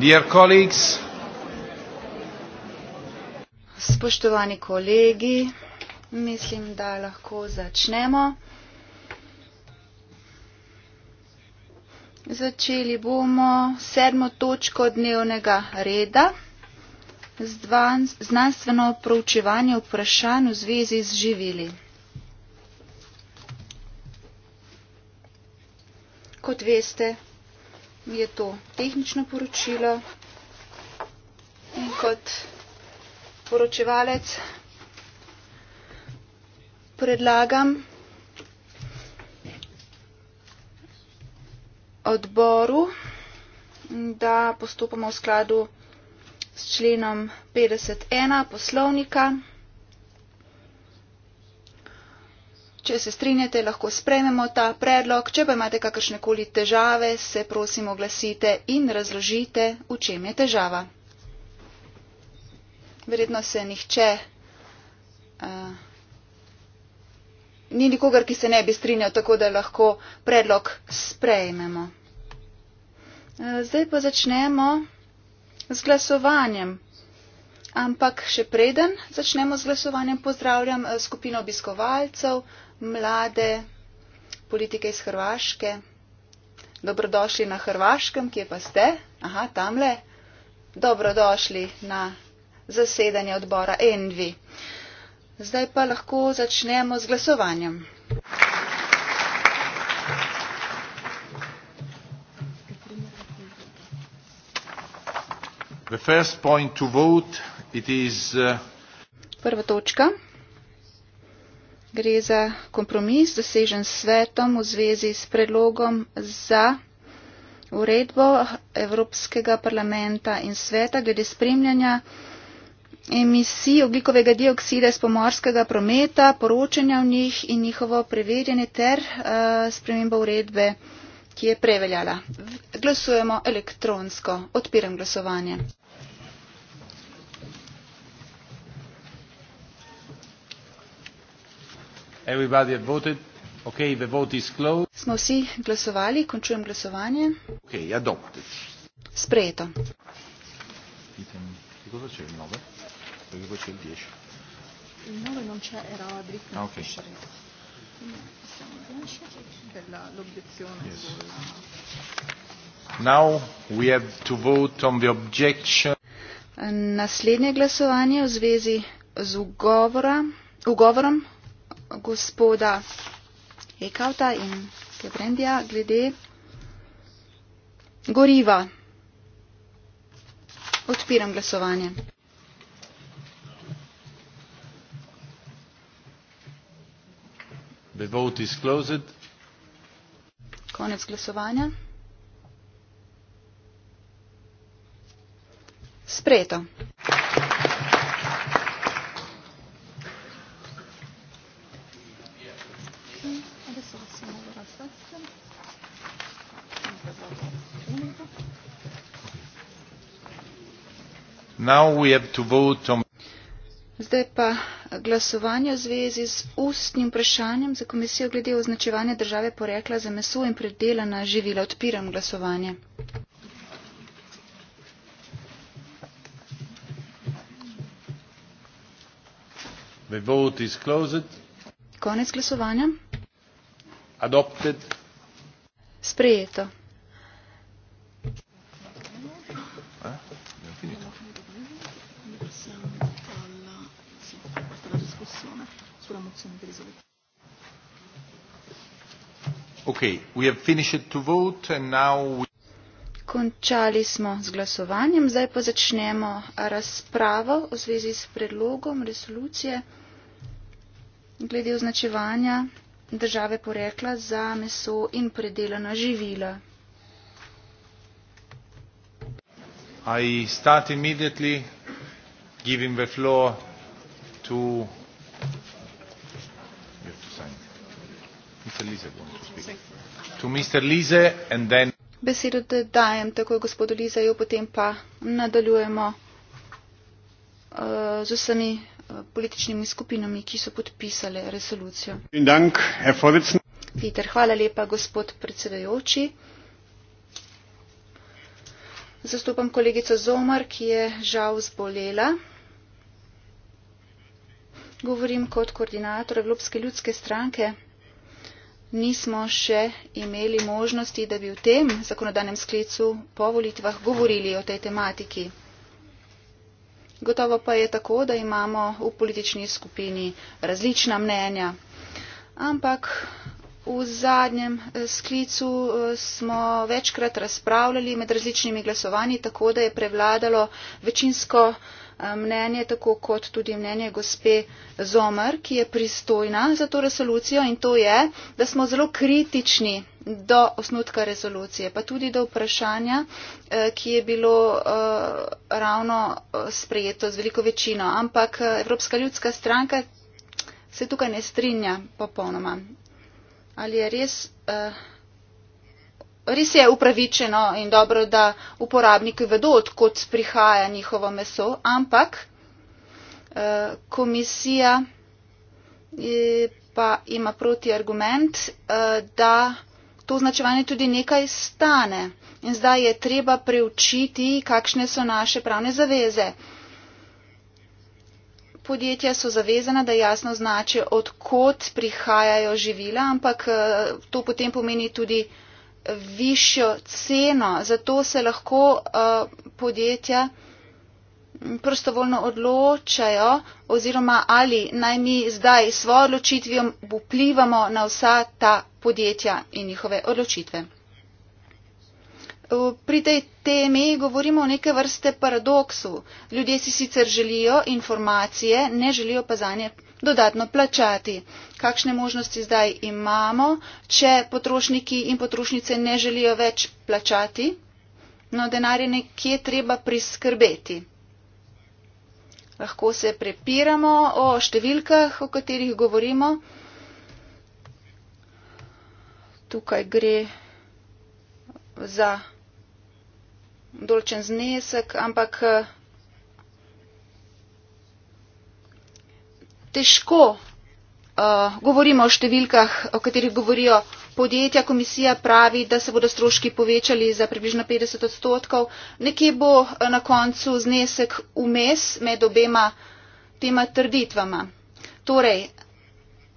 Dear colleagues. Spoštovani kolegi, mislim, da lahko začnemo. Začeli bomo sedmo točko dnevnega reda z znanstveno proučevanje vprašanj v zvezi z živili. kot veste, je to tehnično poročilo in kot poročevalec predlagam odboru, da postopamo v skladu s členom 51 poslovnika. če se strinjate, lahko sprememo ta predlog. Če pa imate kakršnekoli težave, se prosim oglasite in razložite, v čem je težava. Verjetno se nihče. Uh, ni nikogar, ki se ne bi strinjal, tako da lahko predlog sprejmemo. Uh, zdaj pa začnemo z glasovanjem. Ampak še preden začnemo z glasovanjem, pozdravljam eh, skupino obiskovalcev, mlade politike iz Hrvaške. Dobrodošli na Hrvaškem, kje pa ste? Aha, tamle. Dobrodošli na zasedanje odbora Envi. Zdaj pa lahko začnemo z glasovanjem. Uh, Prva točka. Gre za kompromis dosežen s svetom v zvezi s predlogom za uredbo Evropskega parlamenta in sveta glede spremljanja emisij oglikovega dioksida iz pomorskega prometa, poročanja v njih in njihovo preverjanje ter uh, spremembo uredbe, ki je preveljala. Glasujemo elektronsko. Odpiram glasovanje. Everybody had voted. Okay, the vote is closed. Smo vsi glasovali, končujem glasovanje. Okay, adopted. Sprejeto. Item. Cosa c'è il 9? Perché poi c'è il 10. Il 9 non c'è, era la dritta. Ah, ok. Quindi siamo 10, che è l'obiezione. Yes. Now we have to vote on the objection. Naslednje glasovanje v zvezi z ugovora, ugovorom gospoda Ekauta in Kebrendija glede goriva. Odpiram glasovanje. The vote is closed. Konec glasovanja. Sprejeto. Zdaj pa glasovanje v zvezi z ustnim vprašanjem za komisijo glede označevanja države porekla za meso in predelana živila. Odpiram glasovanje. The vote is closed. Konec glasovanja. Adopted. Sprejeto. from Luxembourg. Okay, we have finished to vote and now we Končali smo z glasovanjem, zdaj pa začnemo razpravo v zvezi s predlogom resolucije glede označevanja države porekla za meso in predelana živila. I start immediately giving the floor to Besedo dajem takoj gospodu Lizeju, potem pa nadaljujemo eh, z vsemi eh, političnimi skupinami, ki so podpisale resolucijo. Peter, hvala lepa, gospod predsedajoči. Zastupam kolegico Zomar, ki je žal zbolela. Govorim kot koordinator Evropske ljudske stranke nismo še imeli možnosti, da bi v tem zakonodanem sklicu po volitvah govorili o tej tematiki. Gotovo pa je tako, da imamo v politični skupini različna mnenja, ampak V zadnjem eh, sklicu eh, smo večkrat razpravljali med različnimi glasovanji, tako da je prevladalo večinsko eh, mnenje, tako kot tudi mnenje gospe Zomer, ki je pristojna za to resolucijo in to je, da smo zelo kritični do osnutka rezolucije, pa tudi do vprašanja, ki je bilo ravno sprejeto z veliko večino. Ampak Evropska ljudska stranka se tukaj ne strinja popolnoma ali je res, uh, res je upravičeno in dobro, da uporabniki vedo, odkot prihaja njihovo meso, ampak uh, komisija je, pa ima proti argument, uh, da to označevanje tudi nekaj stane in zdaj je treba preučiti, kakšne so naše pravne zaveze podjetja so zavezana, da jasno znači, odkot prihajajo živila, ampak eh, to potem pomeni tudi višjo ceno. Zato se lahko eh, podjetja prostovoljno odločajo oziroma ali naj mi zdaj s svojo odločitvijo vplivamo na vsa ta podjetja in njihove odločitve. Pri tej temi govorimo o neke vrste paradoksu. Ljudje si sicer želijo informacije, ne želijo pa za nje dodatno plačati. Kakšne možnosti zdaj imamo, če potrošniki in potrošnice ne želijo več plačati? No, denar je nekje treba priskrbeti. Lahko se prepiramo o številkah, o katerih govorimo. Tukaj gre za določen znesek, ampak eh, težko uh, govorimo o številkah, o katerih govorijo podjetja. Komisija pravi, da se bodo stroški povečali za približno 50 odstotkov. Nekje bo eh, na koncu znesek vmes med obema tema trditvama. Torej,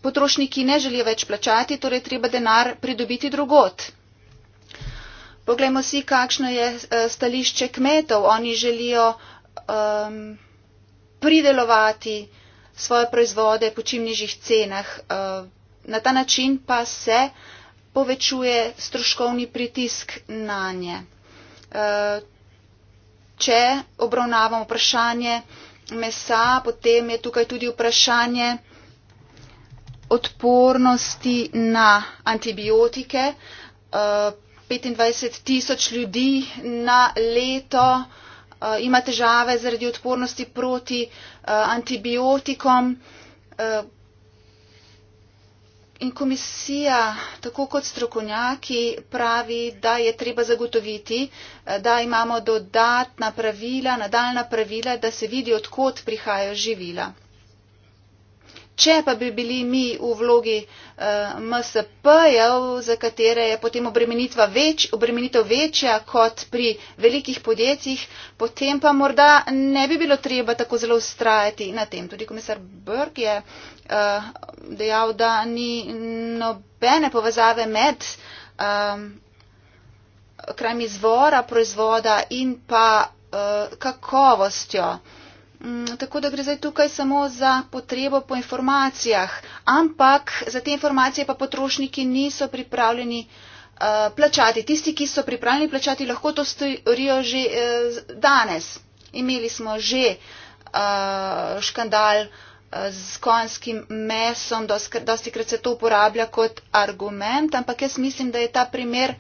potrošniki ne želijo več plačati, torej treba denar pridobiti drugot. Poglejmo si, kakšno je e, stališče kmetov. Oni želijo um, pridelovati svoje proizvode po čim nižjih cenah. Um, na ta način pa se povečuje stroškovni pritisk na nje. E, če obravnavamo vprašanje mesa, potem je tukaj tudi vprašanje odpornosti na antibiotike petindvajset tisoč ljudi na leto eh, ima težave zaradi odpornosti proti eh, antibiotikom. Eh, in komisija, tako kot strokovnjaki, pravi, da je treba zagotoviti, da imamo dodatna pravila, nadaljna pravila, da se vidi, odkot prihajajo živila. Če pa bi bili mi v vlogi uh, eh, MSP-jev, za katere je potem obremenitva več, obremenitev večja kot pri velikih podjetjih, potem pa morda ne bi bilo treba tako zelo ustrajati na tem. Tudi komisar Brg je uh, dejal, da ni nobene povezave med um, krajem izvora proizvoda in pa uh, kakovostjo. Mm, tako da gre zdaj tukaj samo za potrebo po informacijah, ampak za te informacije pa potrošniki niso pripravljeni uh, plačati. Tisti, ki so pripravljeni plačati, lahko to storijo že uh, danes. Imeli smo že uh, škandal uh, z konjskim mesom, dosti krat se to uporablja kot argument, ampak jaz mislim, da je ta primer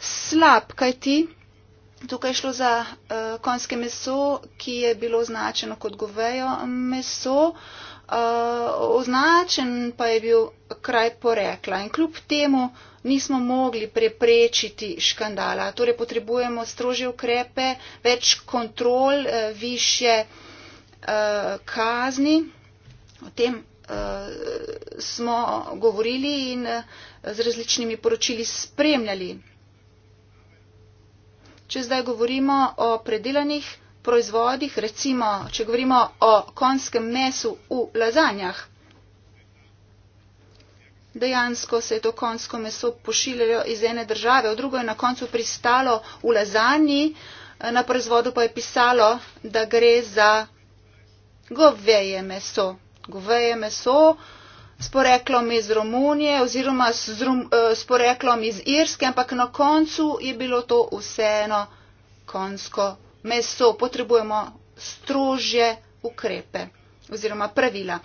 slab, kaj ti? Tukaj je šlo za uh, konjske meso, ki je bilo označeno kot govejo meso. Uh, označen pa je bil kraj porekla in kljub temu nismo mogli preprečiti škandala. Torej potrebujemo strože ukrepe, več kontrol, uh, eh, više uh, kazni. O tem uh, smo govorili in uh, z različnimi poročili spremljali. Če zdaj govorimo o predelanih proizvodih, recimo, če govorimo o konskem mesu v lazanjah, dejansko se je to konsko meso pošiljalo iz ene države, v drugo je na koncu pristalo v lazanji, na proizvodu pa je pisalo, da gre za goveje meso. Goveje meso, uh, s poreklom iz Romunije oziroma s, rum, eh, s poreklom iz Irske, ampak na koncu je bilo to vseeno konsko meso. Potrebujemo strožje ukrepe oziroma pravila.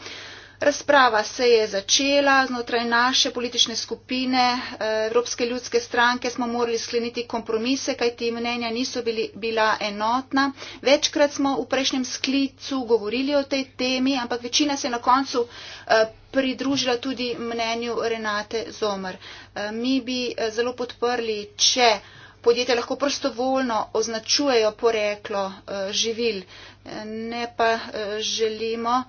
Razprava se je začela znotraj naše politične skupine eh, Evropske ljudske stranke. Smo morali skleniti kompromise, kaj ti mnenja niso bili, bila enotna. Večkrat smo v prejšnjem sklicu govorili o tej temi, ampak večina se je na koncu eh, pridružila tudi mnenju Renate Zomer. Eh, mi bi zelo podprli, če podjetja lahko prostovoljno označujejo poreklo živil. Ne pa želimo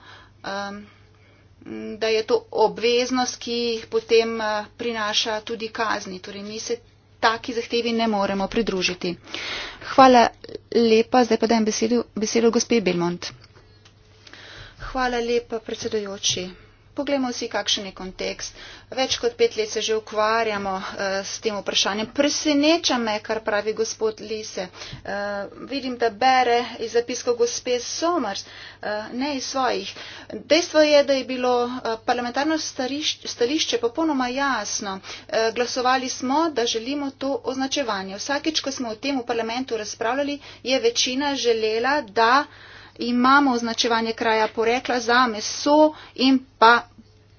da je to obveznost, ki jih potem eh, prinaša tudi kazni. Torej, mi se taki zahtevi ne moremo pridružiti. Hvala lepa. Zdaj pa dajem besedo, besedo gospe Belmont. Hvala lepa, predsedojoči. Poglejmo si, kakšen je kontekst. Več kot pet let se že ukvarjamo uh, s tem vprašanjem. Preseneča me, kar pravi gospod Lise. Uh, vidim, da bere iz zapiska gospe Somers, uh, ne iz svojih. Dejstvo je, da je bilo uh, parlamentarno starišč, stališče popolnoma jasno. Uh, glasovali smo, da želimo to označevanje. Vsakič, ko smo o tem v parlamentu razpravljali, je večina želela, da uh, imamo označevanje kraja porekla za meso in pa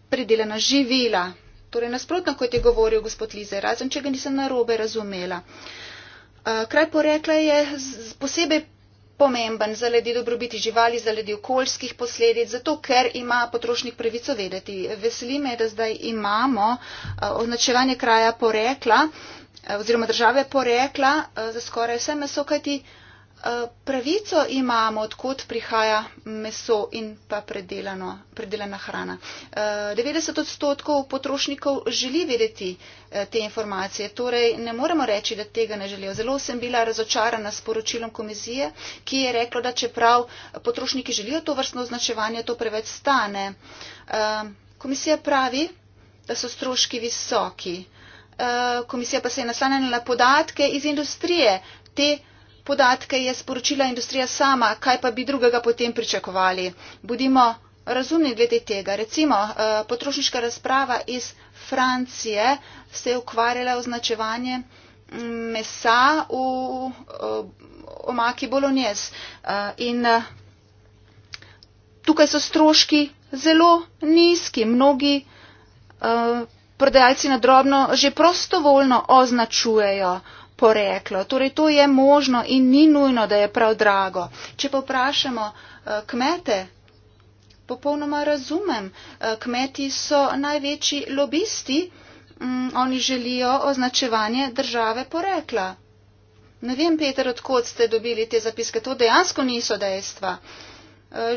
predelana živila. Torej nasprotno, kot je govoril gospod Lize, razen če ga nisem narobe razumela. Eh, kraj porekla je posebej pomemben zaradi dobrobiti živali, zaradi okoljskih posledic, zato ker ima potrošnik pravico vedeti. Veseli me, da zdaj imamo eh, označevanje kraja porekla eh, oziroma države porekla za skoraj vse meso, kajti uh, pravico imamo, odkot prihaja meso in pa predelana hrana. 90 eh, odstotkov potrošnikov želi vedeti eh, te informacije, torej ne moremo reči, da tega ne želijo. Zelo sem bila razočarana s poročilom komisije, ki je reklo, da čeprav potrošniki želijo to vrstno označevanje, to preveč stane. Eh, komisija pravi, da so stroški visoki. Komisija pa se je naslanjala na podatke iz industrije. Te podatke je sporočila industrija sama, kaj pa bi drugega potem pričakovali. Budimo razumni glede tega. Recimo, eh, potrošniška razprava iz Francije se je ukvarjala označevanje mm, mesa v eh, omaki bolognese. Eh, in tukaj so stroški zelo nizki. Mnogi prodajalci nadrobno že prostovoljno označujejo poreklo. Torej, to je možno in ni nujno, da je prav drago. Če pa vprašamo eh, kmete, popolnoma razumem, eh, kmeti so največji lobisti, mm, oni želijo označevanje države porekla. Ne vem, Peter, odkot ste dobili te zapiske, to dejansko niso dejstva.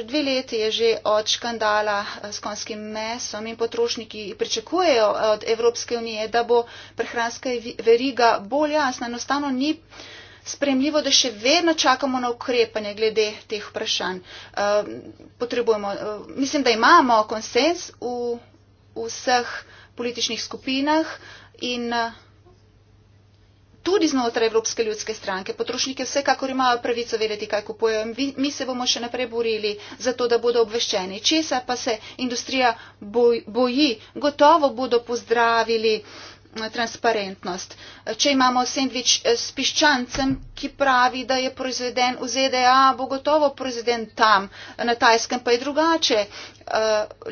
Dve leti je že od škandala eh, s konskim mesom in potrošniki pričakujejo eh, od Evropske unije, da bo prehranska veriga bolj jasna. Enostavno ni spremljivo, da še vedno čakamo na ukrepanje glede teh vprašanj. Eh, potrebujemo, mislim, da imamo konsens v vseh političnih skupinah in tudi znotraj Evropske ljudske stranke. Potrošniki vsekakor imajo pravico vedeti, kaj kupujejo. Mi se bomo še naprej borili za to, da bodo obveščeni. Česa pa se industrija boj, boji, gotovo bodo pozdravili eh, transparentnost. Če imamo sendvič eh, s piščancem, ki pravi, da je proizveden v ZDA, bo gotovo proizveden tam, eh, na Tajskem pa je drugače.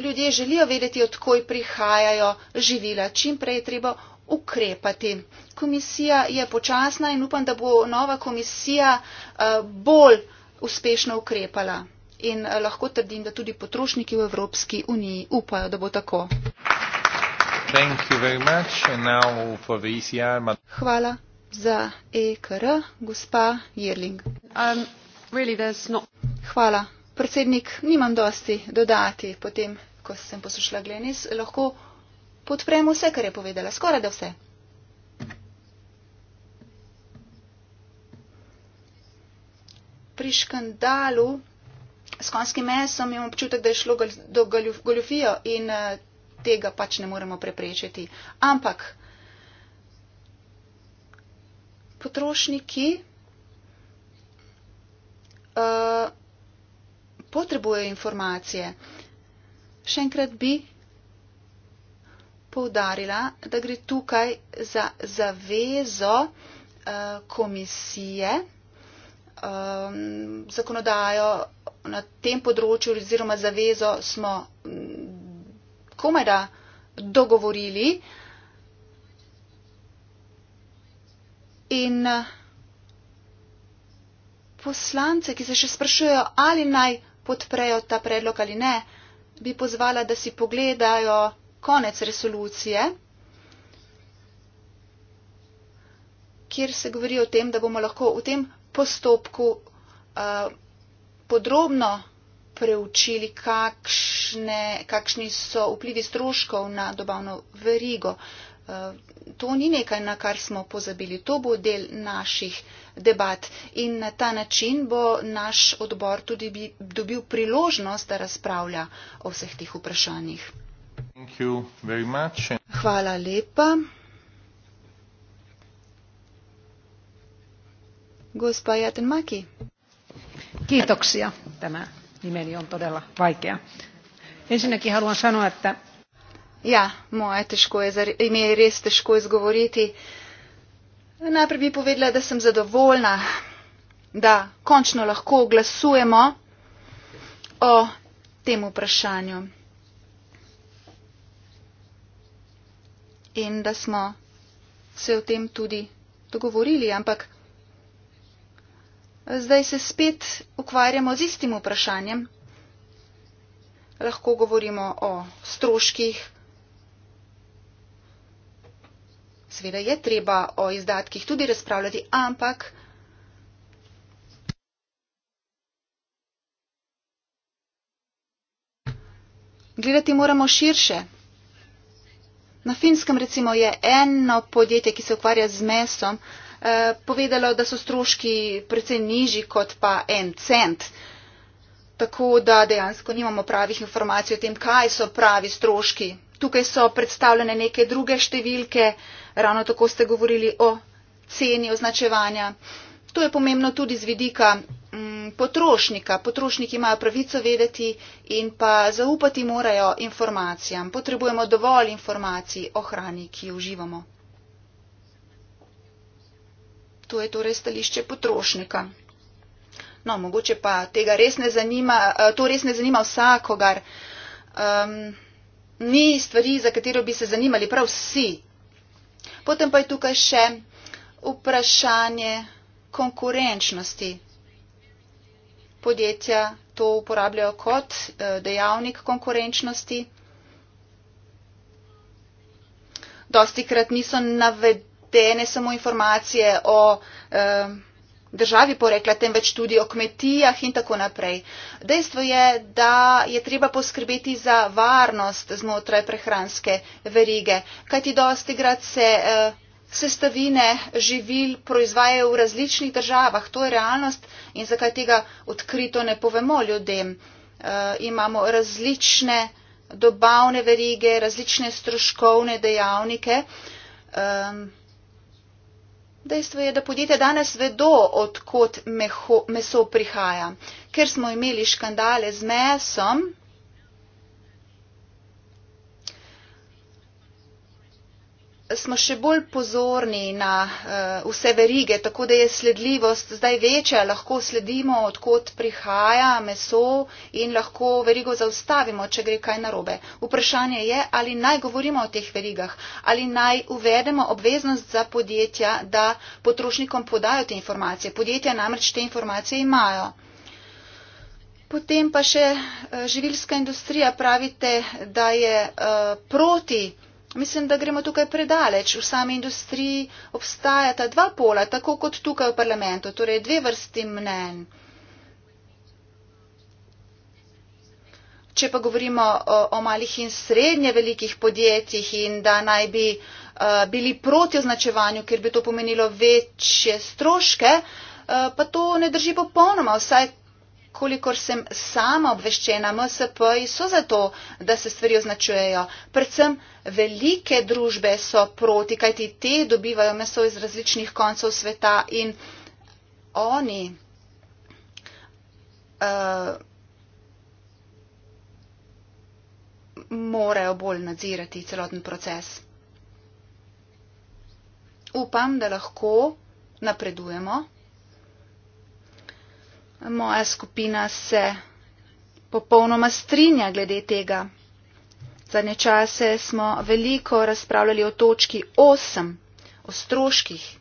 Ljudje želijo vedeti, odkoj prihajajo živila. Čim prej je treba ukrepati komisija je počasna in upam, da bo nova komisija eh, bolj uspešno ukrepala. In eh, lahko trdim, da tudi potrošniki v Evropski uniji upajo, da bo tako. E Hvala za EKR, gospa Jirling. Um, really Hvala, predsednik, nimam dosti dodati potem, ko sem poslušala Glenis. Lahko podprem vse, kar je povedala, skoraj da vse. pri škandalu s konjskim mesom imam občutek, da je šlo do goljufijo in eh, tega pač ne moremo preprečiti. Ampak potrošniki uh, potrebujejo informacije. Še enkrat bi povdarila, da gre tukaj za zavezo uh, komisije um, zakonodajo na tem področju oziroma zavezo smo mm, komaj da dogovorili. In uh, poslance, ki se še sprašujejo, ali naj podprejo ta predlog ali ne, bi pozvala, da si pogledajo konec resolucije, kjer se govori o tem, da bomo lahko v tem postopku eh, podrobno preučili, kakšne, kakšni so vplivi stroškov na dobavno verigo. Eh, to ni nekaj, na kar smo pozabili. To bo del naših debat in na ta način bo naš odbor tudi bi dobil priložnost, da razpravlja o vseh tih vprašanjih. Hvala lepa. kiitoksia tämä nimeni on todella vaikea ensinnäkin haluan sanoa että Ja, moje težko je, ime je res težko izgovoriti. Najprej bi povedala, da sem zadovoljna, da končno lahko glasujemo o tem vprašanju. In da smo se o tem tudi dogovorili, ampak Zdaj se spet ukvarjamo z istim vprašanjem. Lahko govorimo o stroških. Seveda je treba o izdatkih tudi razpravljati, ampak. Gledati moramo širše. Na finskem recimo je eno podjetje, ki se ukvarja z mesom, uh, Eh, povedalo, da so stroški precej nižji kot pa en cent. Tako da dejansko nimamo pravih informacij o tem, kaj so pravi stroški. Tukaj so predstavljene neke druge številke, ravno tako ste govorili o ceni označevanja. To je pomembno tudi z vidika m, mm, potrošnika. Potrošniki imajo pravico vedeti in pa zaupati morajo informacijam. Potrebujemo dovolj informacij o hrani, ki jo uživamo. To je torej stališče potrošnika. No, mogoče pa tega res ne zanima, eh, to res ne zanima vsakogar. Um, ni stvari, za katero bi se zanimali prav vsi. Potem pa je tukaj še vprašanje konkurenčnosti. Podjetja to uporabljajo kot eh, dejavnik konkurenčnosti. Dostikrat niso navedeni te ne samo informacije o državi porekla, temveč tudi o kmetijah in tako naprej. Dejstvo je, da je treba poskrbeti za varnost znotraj prehranske verige, kajti dosti grad se eh, sestavine živil proizvajajo v različnih državah. To je realnost in zakaj tega odkrito ne povemo ljudem. E, imamo različne dobavne verige, različne stroškovne dejavnike. E, Dejstvo je, da podjetja danes vedo, odkot meho, meso prihaja. Ker smo imeli škandale z mesom, smo še bolj pozorni na uh, vse verige, tako da je sledljivost zdaj večja, lahko sledimo, odkot prihaja meso in lahko verigo zaustavimo, če gre kaj narobe. Vprašanje je, ali naj govorimo o teh verigah, ali naj uvedemo obveznost za podjetja, da potrošnikom podajo te informacije. Podjetja namreč te informacije imajo. Potem pa še uh, živilska industrija pravite, da je uh, proti. Mislim, da gremo tukaj predaleč. V sami industriji obstajata dva pola, tako kot tukaj v parlamentu, torej dve vrsti mnenj. Če pa govorimo o, o malih in srednje velikih podjetjih in da naj bi uh, bili proti označevanju, ker bi to pomenilo večje stroške, uh, pa to ne drži popolnoma. Vsaj kolikor sem sama obveščena, MSP-ji so zato, da se stvari označujejo. Predvsem velike družbe so proti, kajti te dobivajo meso iz različnih koncev sveta in oni. Uh, morajo bolj nadzirati celoten proces. Upam, da lahko napredujemo moja skupina se popolnoma strinja glede tega. Zadnje čase smo veliko razpravljali o točki 8, o stroških.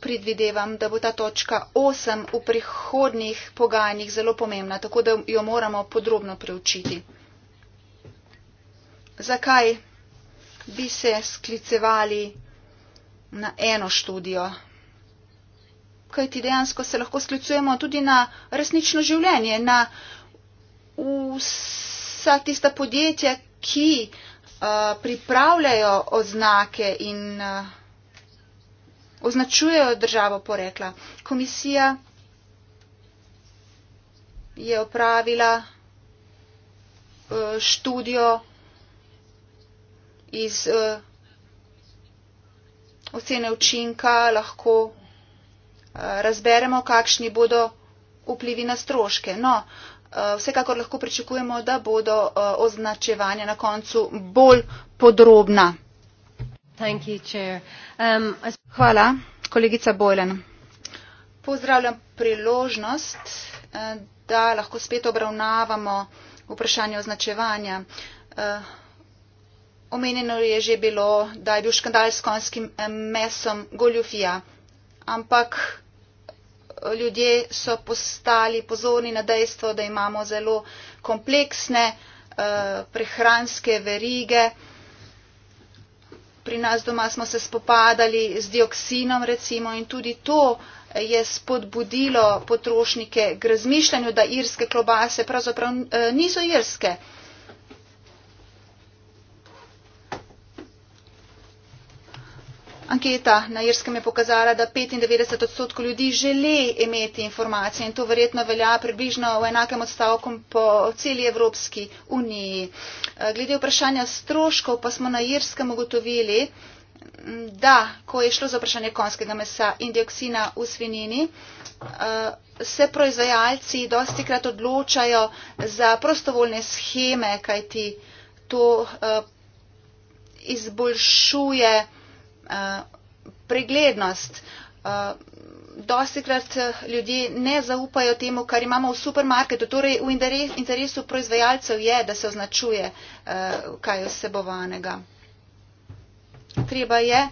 Pridvidevam, da bo ta točka 8 v prihodnih pogajanjih zelo pomembna, tako da jo moramo podrobno preučiti. Zakaj bi se sklicevali na eno študijo. Kaj ti dejansko se lahko sklicujemo tudi na resnično življenje, na vsa tista podjetja, ki uh, pripravljajo oznake in uh, označujejo državo porekla. Komisija je opravila uh, študijo iz uh, ocene učinka lahko eh, razberemo, kakšni bodo vplivi na stroške. No, eh, vsekakor lahko pričakujemo, da bodo eh, označevanja na koncu bolj podrobna. Um, Hvala, kolegica Bojlen. Pozdravljam priložnost, da lahko spet obravnavamo vprašanje označevanja omenjeno je že bilo, da je bil škandal s konjskim eh, mesom goljufija, ampak eh, ljudje so postali pozorni na dejstvo, da imamo zelo kompleksne uh, prehranske verige. Pri nas doma smo se spopadali z dioksinom recimo in tudi to je spodbudilo potrošnike k razmišljanju, da irske klobase pravzaprav niso irske. Uh, Anketa na Irskem je pokazala, da 95 odstotkov ljudi želi imeti informacije in to verjetno velja približno v enakem odstavku po celi Evropski uniji. Eh, glede vprašanja stroškov pa smo na Irskem ugotovili, mm, da ko je šlo za vprašanje konskega mesa in dioksina v svinini, eh, se proizvajalci dosti krat odločajo za prostovoljne scheme, kajti to eh, izboljšuje. Eh, preglednost. Eh, dostikrat eh, ljudje ne zaupajo temu, kar imamo v supermarketu. Torej v interesu proizvajalcev je, da se označuje, kaj je vsebovanega. Treba je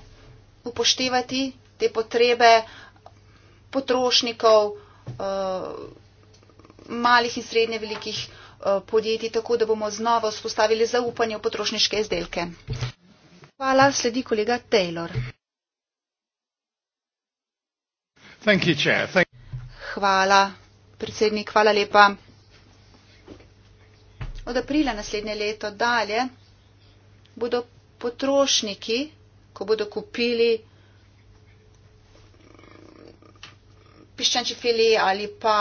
upoštevati te potrebe potrošnikov malih in srednje velikih podjetij, tako da bomo znova vzpostavili zaupanje v potrošniške izdelke. Hvala, sledi kolega Taylor. Thank you, chair. Thank hvala, predsednik, hvala lepa. Od aprila naslednje leto dalje bodo potrošniki, ko bodo kupili piščančji fili ali pa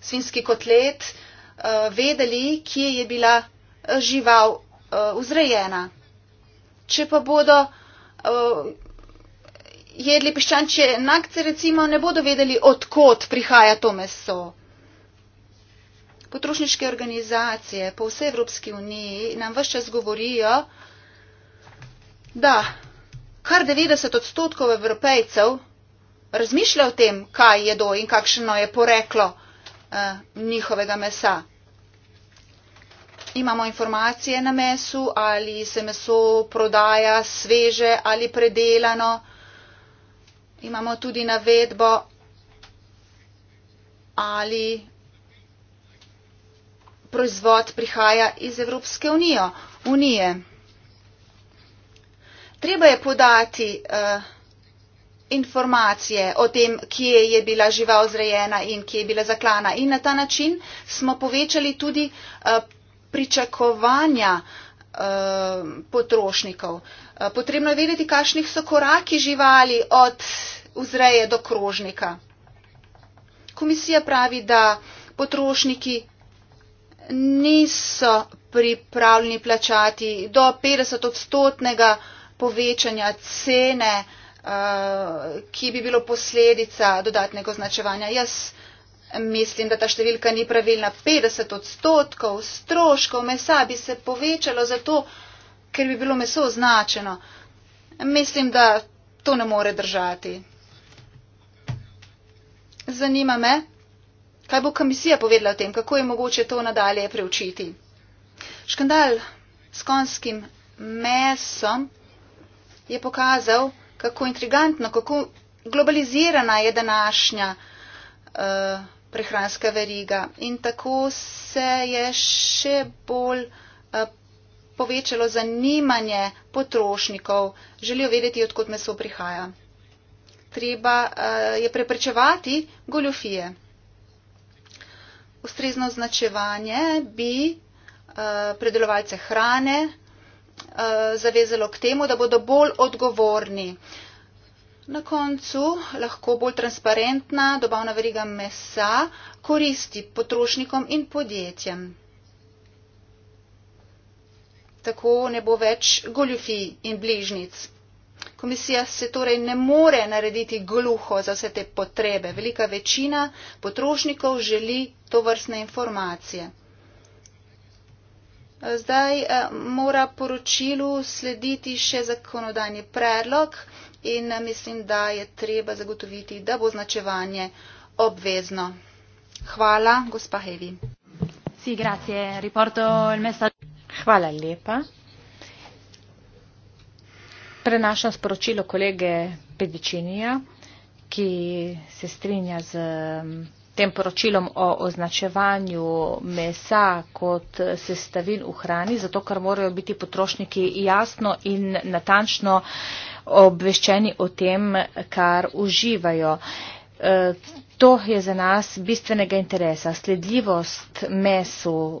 svinski kotlet, eh, vedeli, kje je bila eh, žival eh, vzrejena če pa bodo uh, jedli piščančje nakce, recimo, ne bodo vedeli, odkot prihaja to meso. Potrošniške organizacije po vsej Evropski uniji nam vse čas govorijo, da kar 90 odstotkov evropejcev razmišlja o tem, kaj jedo in kakšno je poreklo uh, njihovega mesa imamo informacije na mesu, ali se meso prodaja sveže ali predelano. Imamo tudi navedbo, ali proizvod prihaja iz Evropske unijo, unije. Treba je podati uh, informacije o tem, kje je bila živa ozrejena in kje je bila zaklana. In na ta način smo povečali tudi uh, pričakovanja eh, potrošnikov. Eh, potrebno je vedeti, kakšni so koraki živali od vzreje do krožnika. Komisija pravi, da potrošniki niso pripravljeni plačati do 50 odstotnega povečanja cene, eh, ki bi bilo posledica dodatnega označevanja. Jaz mislim, da ta številka ni pravilna. 50 odstotkov stroškov mesa bi se povečalo zato, ker bi bilo meso označeno. Mislim, da to ne more držati. Zanima me, kaj bo komisija povedala o tem, kako je mogoče to nadalje preučiti. Škandal s konskim mesom je pokazal, kako intrigantno, kako globalizirana je današnja uh, prehranska veriga. In tako se je še bolj uh, povečalo zanimanje potrošnikov. Želijo vedeti, odkot meso prihaja. Treba uh, je preprečevati goljofije. Ustrezno označevanje bi uh, predelovalce hrane uh, zavezalo k temu, da bodo bolj odgovorni. Uh, Na koncu lahko bolj transparentna dobavna veriga mesa koristi potrošnikom in podjetjem. Tako ne bo več goljufij in bližnic. Komisija se torej ne more narediti gluho za vse te potrebe. Velika večina potrošnikov želi to vrstne informacije. Zdaj eh, mora poročilu slediti še zakonodajni predlog in eh, mislim, da je treba zagotoviti, da bo značevanje obvezno. Hvala, gospa Hevi. Si, grazie, riporto il messaggio. Hvala lepa. Prenašam sporočilo kolege Pedicinija, ki se strinja z mm, tem poročilom o označevanju mesa kot sestavin v hrani, zato ker morajo biti potrošniki jasno in natančno eh, obveščeni o tem, kar uživajo. E, to je za nas bistvenega interesa. Sledljivost mesu e,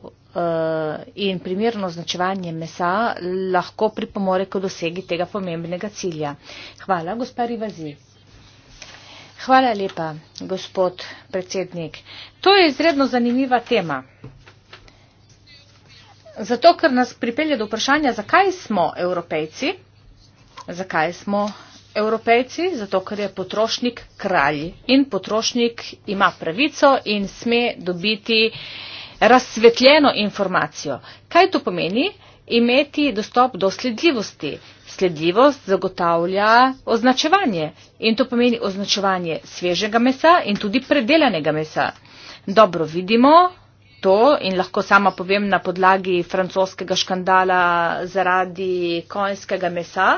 in primerno označevanje mesa lahko pripomore k dosegi tega pomembnega cilja. Hvala, gospod Rivazi. Hvala lepa, gospod predsednik. To je izredno zanimiva tema. Zato, ker nas pripelje do vprašanja, zakaj smo evropejci zakaj smo evropejci, zato ker je potrošnik kralj in potrošnik ima pravico in sme dobiti razsvetljeno informacijo. Kaj to pomeni? Imeti dostop do sledljivosti. Sledljivost zagotavlja označevanje in to pomeni označevanje svežega mesa in tudi predelanega mesa. Dobro vidimo, to in lahko sama povem na podlagi francoskega škandala zaradi konjskega mesa,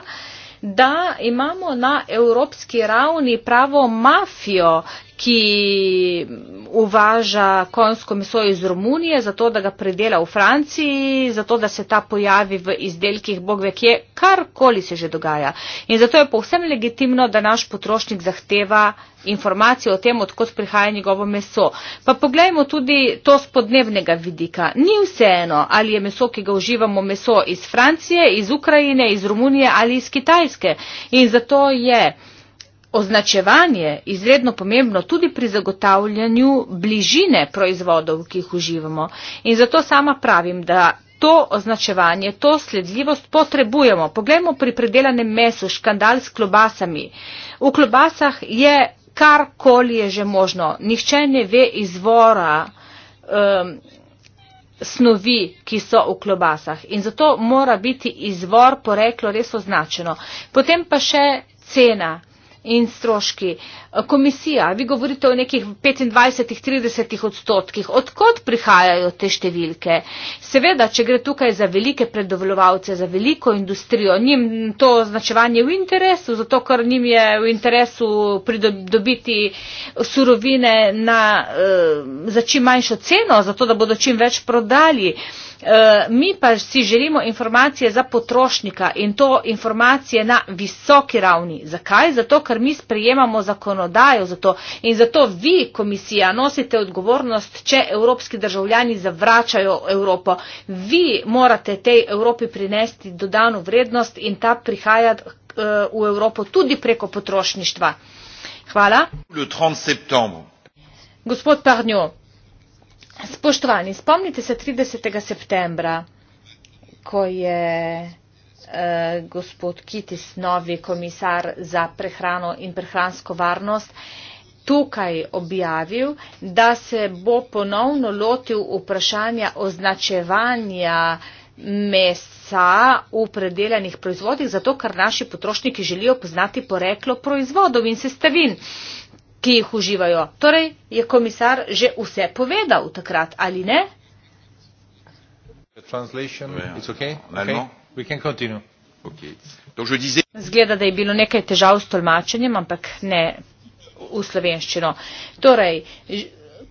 da imamo na evropski ravni pravo mafijo ki uvaža konjsko meso iz Romunije, zato da ga predela v Franciji, zato da se ta pojavi v izdelkih, bog ve kje, karkoli se že dogaja. In zato je povsem legitimno, da naš potrošnik zahteva informacije o tem, odkot prihaja njegovo meso. Pa pogledajmo tudi to z podnebnega vidika. Ni vseeno, ali je meso, ki ga uživamo, meso iz Francije, iz Ukrajine, iz Romunije ali iz Kitajske. In zato je Označevanje izredno pomembno tudi pri zagotavljanju bližine proizvodov, ki jih uživamo. In zato sama pravim, da to označevanje, to sledljivost potrebujemo. Poglejmo pri predelanem mesu škandal s klobasami. V klobasah je karkoli je že možno. Nihče ne ve izvora. Um, snovi, ki so v klobasah in zato mora biti izvor poreklo res označeno. Potem pa še cena in stroški. Komisija, vi govorite o nekih 25-30 odstotkih, odkot prihajajo te številke? Seveda, če gre tukaj za velike predovljovalce, za veliko industrijo, njim to označevanje v interesu, zato ker njim je v interesu pridobiti surovine na, eh, za čim manjšo ceno, zato da bodo čim več prodali. Eh, mi pa si želimo informacije za potrošnika in to informacije na visoki ravni. Zakaj? Zato, ker mi sprejemamo zakonodajo za to in zato vi, komisija, nosite odgovornost, če evropski državljani zavračajo Evropo. Vi morate tej Evropi prinesti dodano vrednost in ta prihaja eh, v Evropo tudi preko potrošništva. Hvala. Gospod Pahnjo. Spoštovani, spomnite se 30. septembra, ko je eh, gospod Kitis, novi komisar za prehrano in prehransko varnost, tukaj objavil, da se bo ponovno lotil vprašanja označevanja mesa v predelanih proizvodih, zato ker naši potrošniki želijo poznati poreklo proizvodov in sestavin. Eh, ki jih uživajo. Torej, je komisar že vse povedal takrat ali ne? Ja. No. Zgleda, da je bilo nekaj težav s tolmačenjem, ampak ne v slovenščino. Torej,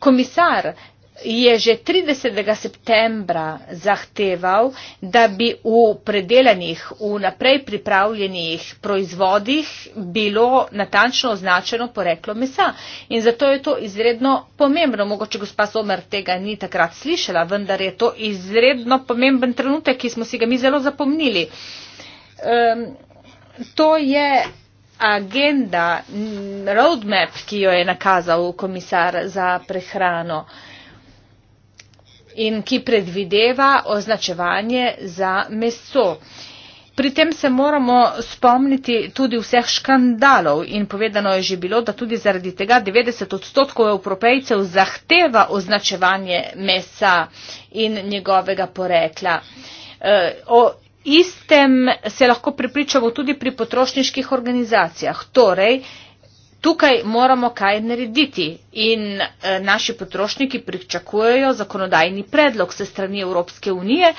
komisar je že trideset septembra zahteval da bi v predelanih vnaprej pripravljenih proizvodih bilo natančno označeno poreklo mesa in zato je to izredno pomembno mogoče gospa somer tega ni takrat slišala vendar je to izredno pomemben trenutek ki smo si ga mi zelo zapomnili um, to je agenda roadmap ki jo je nakazal komisar za prehrano in ki predvideva označevanje za meso. Pri tem se moramo spomniti tudi vseh škandalov in povedano je že bilo, da tudi zaradi tega 90 odstotkov evropejcev zahteva označevanje mesa in njegovega porekla. E, o istem se lahko pripričamo tudi pri potrošniških organizacijah. Torej, Tukaj moramo kaj narediti in eh, naši potrošniki pričakujejo zakonodajni predlog se strani Evropske unije,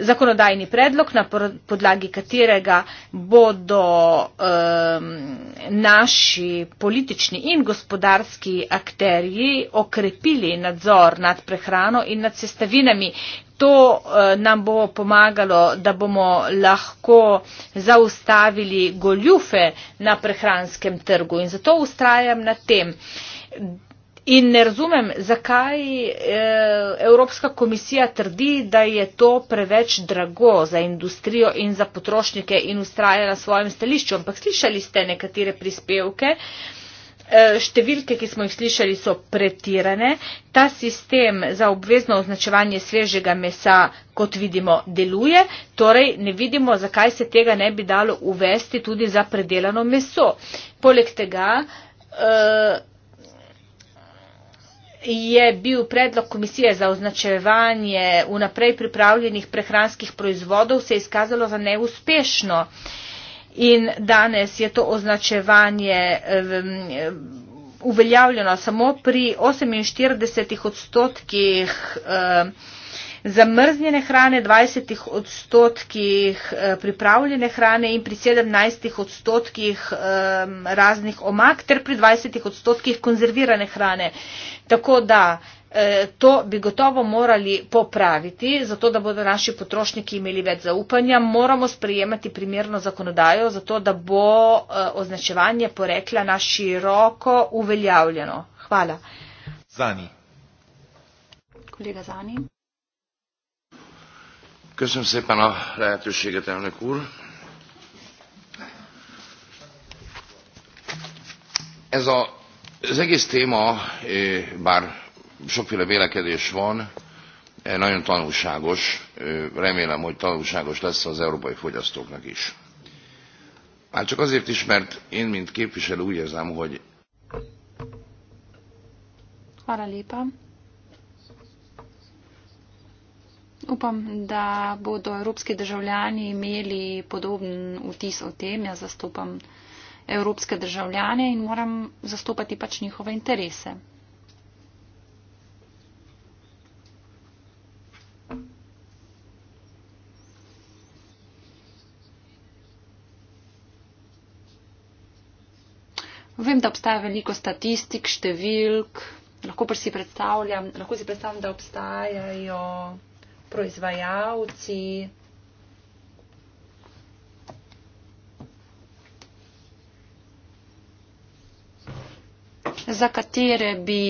zakonodajni predlog, na podlagi katerega bodo um, naši politični in gospodarski akterji okrepili nadzor nad prehrano in nad sestavinami, To eh, nam bo pomagalo, da bomo lahko zaustavili goljufe na prehranskem trgu. In zato ustrajam na tem. In ne razumem, zakaj eh, Evropska komisija trdi, da je to preveč drago za industrijo in za potrošnike in ustraja na svojem stališču. Ampak slišali ste nekatere prispevke. Uh, Eh, številke, ki smo jih slišali, so pretirane. Ta sistem za obvezno označevanje svežega mesa, kot vidimo, deluje, torej ne vidimo, zakaj se tega ne bi dalo uvesti tudi za predelano meso. Poleg tega eh, je bil predlog komisije za označevanje vnaprej pripravljenih prehranskih proizvodov se izkazalo za neuspešno in danes je to označevanje uveljavljeno samo pri 48 odstotkih zamrznjene hrane, 20 odstotkih eh, pripravljene hrane in pri 17 odstotkih raznih omak ter pri 20 odstotkih konzervirane hrane. Tako da Eh, to bi gotovo morali popraviti, zato da bodo naši potrošniki imeli več zaupanja. Moramo sprejemati primerno zakonodajo, zato da bo eh, označevanje porekla na široko uveljavljeno. Hvala. Zani. Kolega Zani. Ker sem se pa na rejtu še ga tam nekur. Ezo, zdaj, ki s temo, bar sokféle vélekedés van e nagyon tanulságos remélem hogy tanulságos lesz az európai fogyasztóknak is. már csak azért is mert én mint képviselő úgy érzem hogy Hvala lepa. Upam, da bodo evropski državljani imeli podoben vtis o tem. Jaz zastopam evropske državljane in moram zastopati pač njihove interese. Vem, da obstaja veliko statistik, številk, lahko pa si predstavljam, lahko si predstavljam, da obstajajo proizvajalci. za katere bi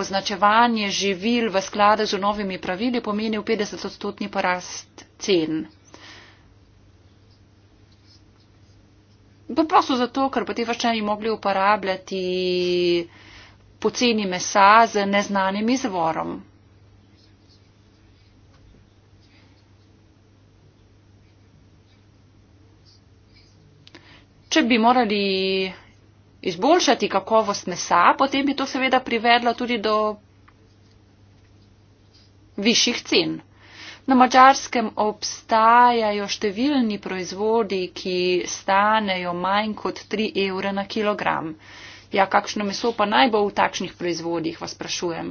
označevanje živil v skladu z novimi pravili pomenil 50-odstotni porast cen. Pa prosto zato, ker pa te vrščani mogli uporabljati poceni mesa z neznanim izvorom. Če bi morali izboljšati kakovost mesa, potem bi to seveda privedlo tudi do višjih cen. Na mačarskem obstajajo številni proizvodi, ki stanejo manj kot 3 evra na kilogram. Ja, kakšno meso pa naj bo v takšnih proizvodih, vas sprašujem.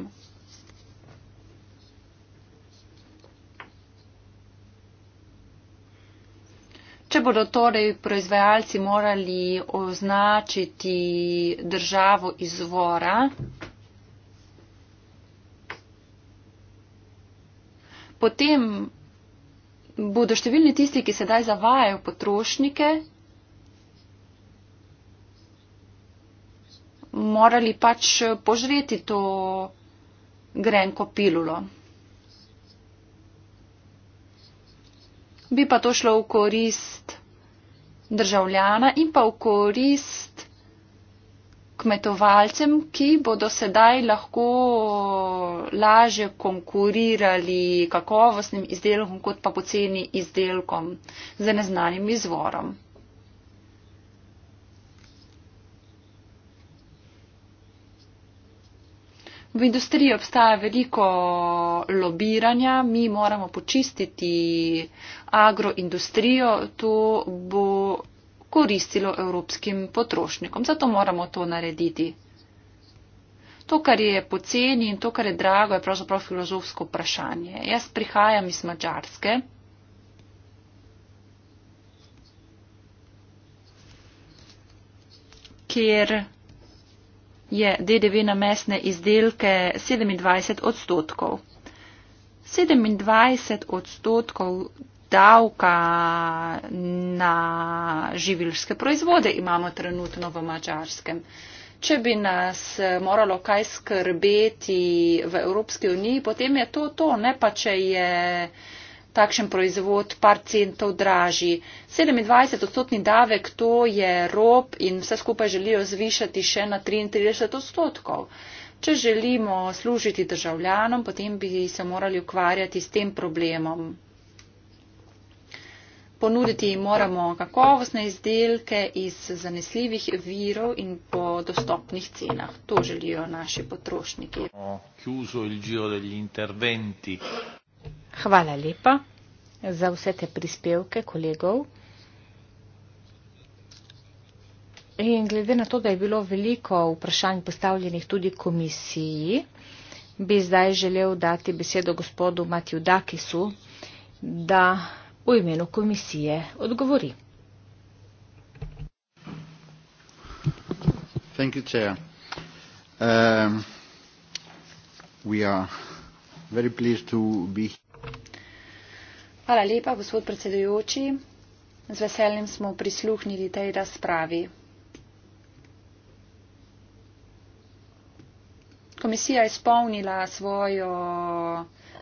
Če bodo torej proizvajalci morali označiti državo izvora, potem bodo številni tisti, ki sedaj zavajajo potrošnike, morali pač požreti to grenko pilulo. Bi pa to šlo v korist državljana in pa v korist kmetovalcem, ki bodo sedaj lahko laže konkurirali kakovostnim izdelkom kot pa poceni izdelkom z neznanim izvorom. V industriji obstaja veliko lobiranja, mi moramo počistiti agroindustrijo, to bo koristilo evropskim potrošnikom. Zato moramo to narediti. To, kar je poceni in to, kar je drago, je pravzaprav filozofsko vprašanje. Jaz prihajam iz Mačarske. kjer je DDV na mesne izdelke 27 odstotkov. 27 odstotkov davka na živilske proizvode imamo trenutno v Mačarskem. Če bi nas moralo kaj skrbeti v Evropski uniji, potem je to to, ne pa če je takšen proizvod par centov dražji. 27 odstotni davek, to je rob in vse skupaj želijo zvišati še na 33 odstotkov. Če želimo služiti državljanom, potem bi se morali ukvarjati s tem problemom. Ponuditi moramo kakovostne izdelke iz zanesljivih virov in po dostopnih cenah. To želijo naši potrošniki. Hvala lepa za vse te prispevke kolegov. In glede na to, da je bilo veliko vprašanj postavljenih tudi komisiji, bi zdaj želel dati besedo gospodu Matiju Dakisu, da v imenu komisije odgovori. Thank you, Chair. Um, we are very pleased to be Hvala lepa, gospod predsedujoči. Z veseljem smo prisluhnili tej razpravi. Komisija je izpolnila svojo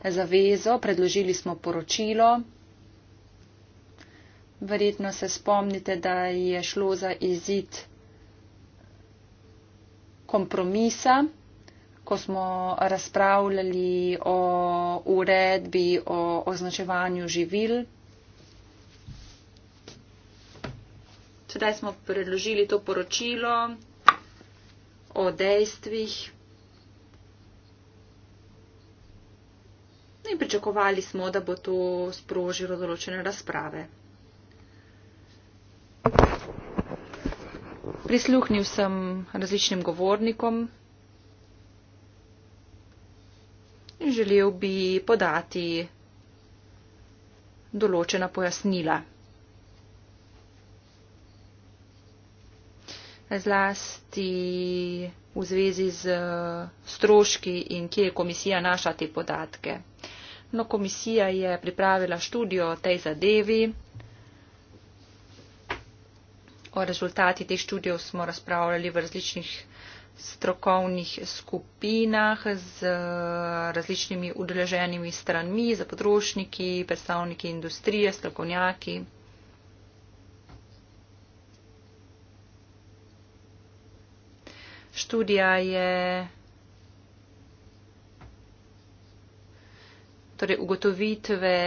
zavezo, predložili smo poročilo. Verjetno se spomnite, da je šlo za izid kompromisa, ko smo razpravljali o uredbi o označevanju živil. Sedaj smo predložili to poročilo o dejstvih. In pričakovali smo, da bo to sprožilo določene razprave prisluhnil sem različnim govornikom in želel bi podati določena pojasnila. Zlasti v zvezi z eh, stroški in kje je komisija našla te podatke. No, komisija je pripravila študijo o tej zadevi o rezultatih teh študijov smo razpravljali v različnih strokovnih skupinah z eh, različnimi udeleženimi stranmi, za potrošniki, predstavniki industrije, strokovnjaki. Študija je torej ugotovitve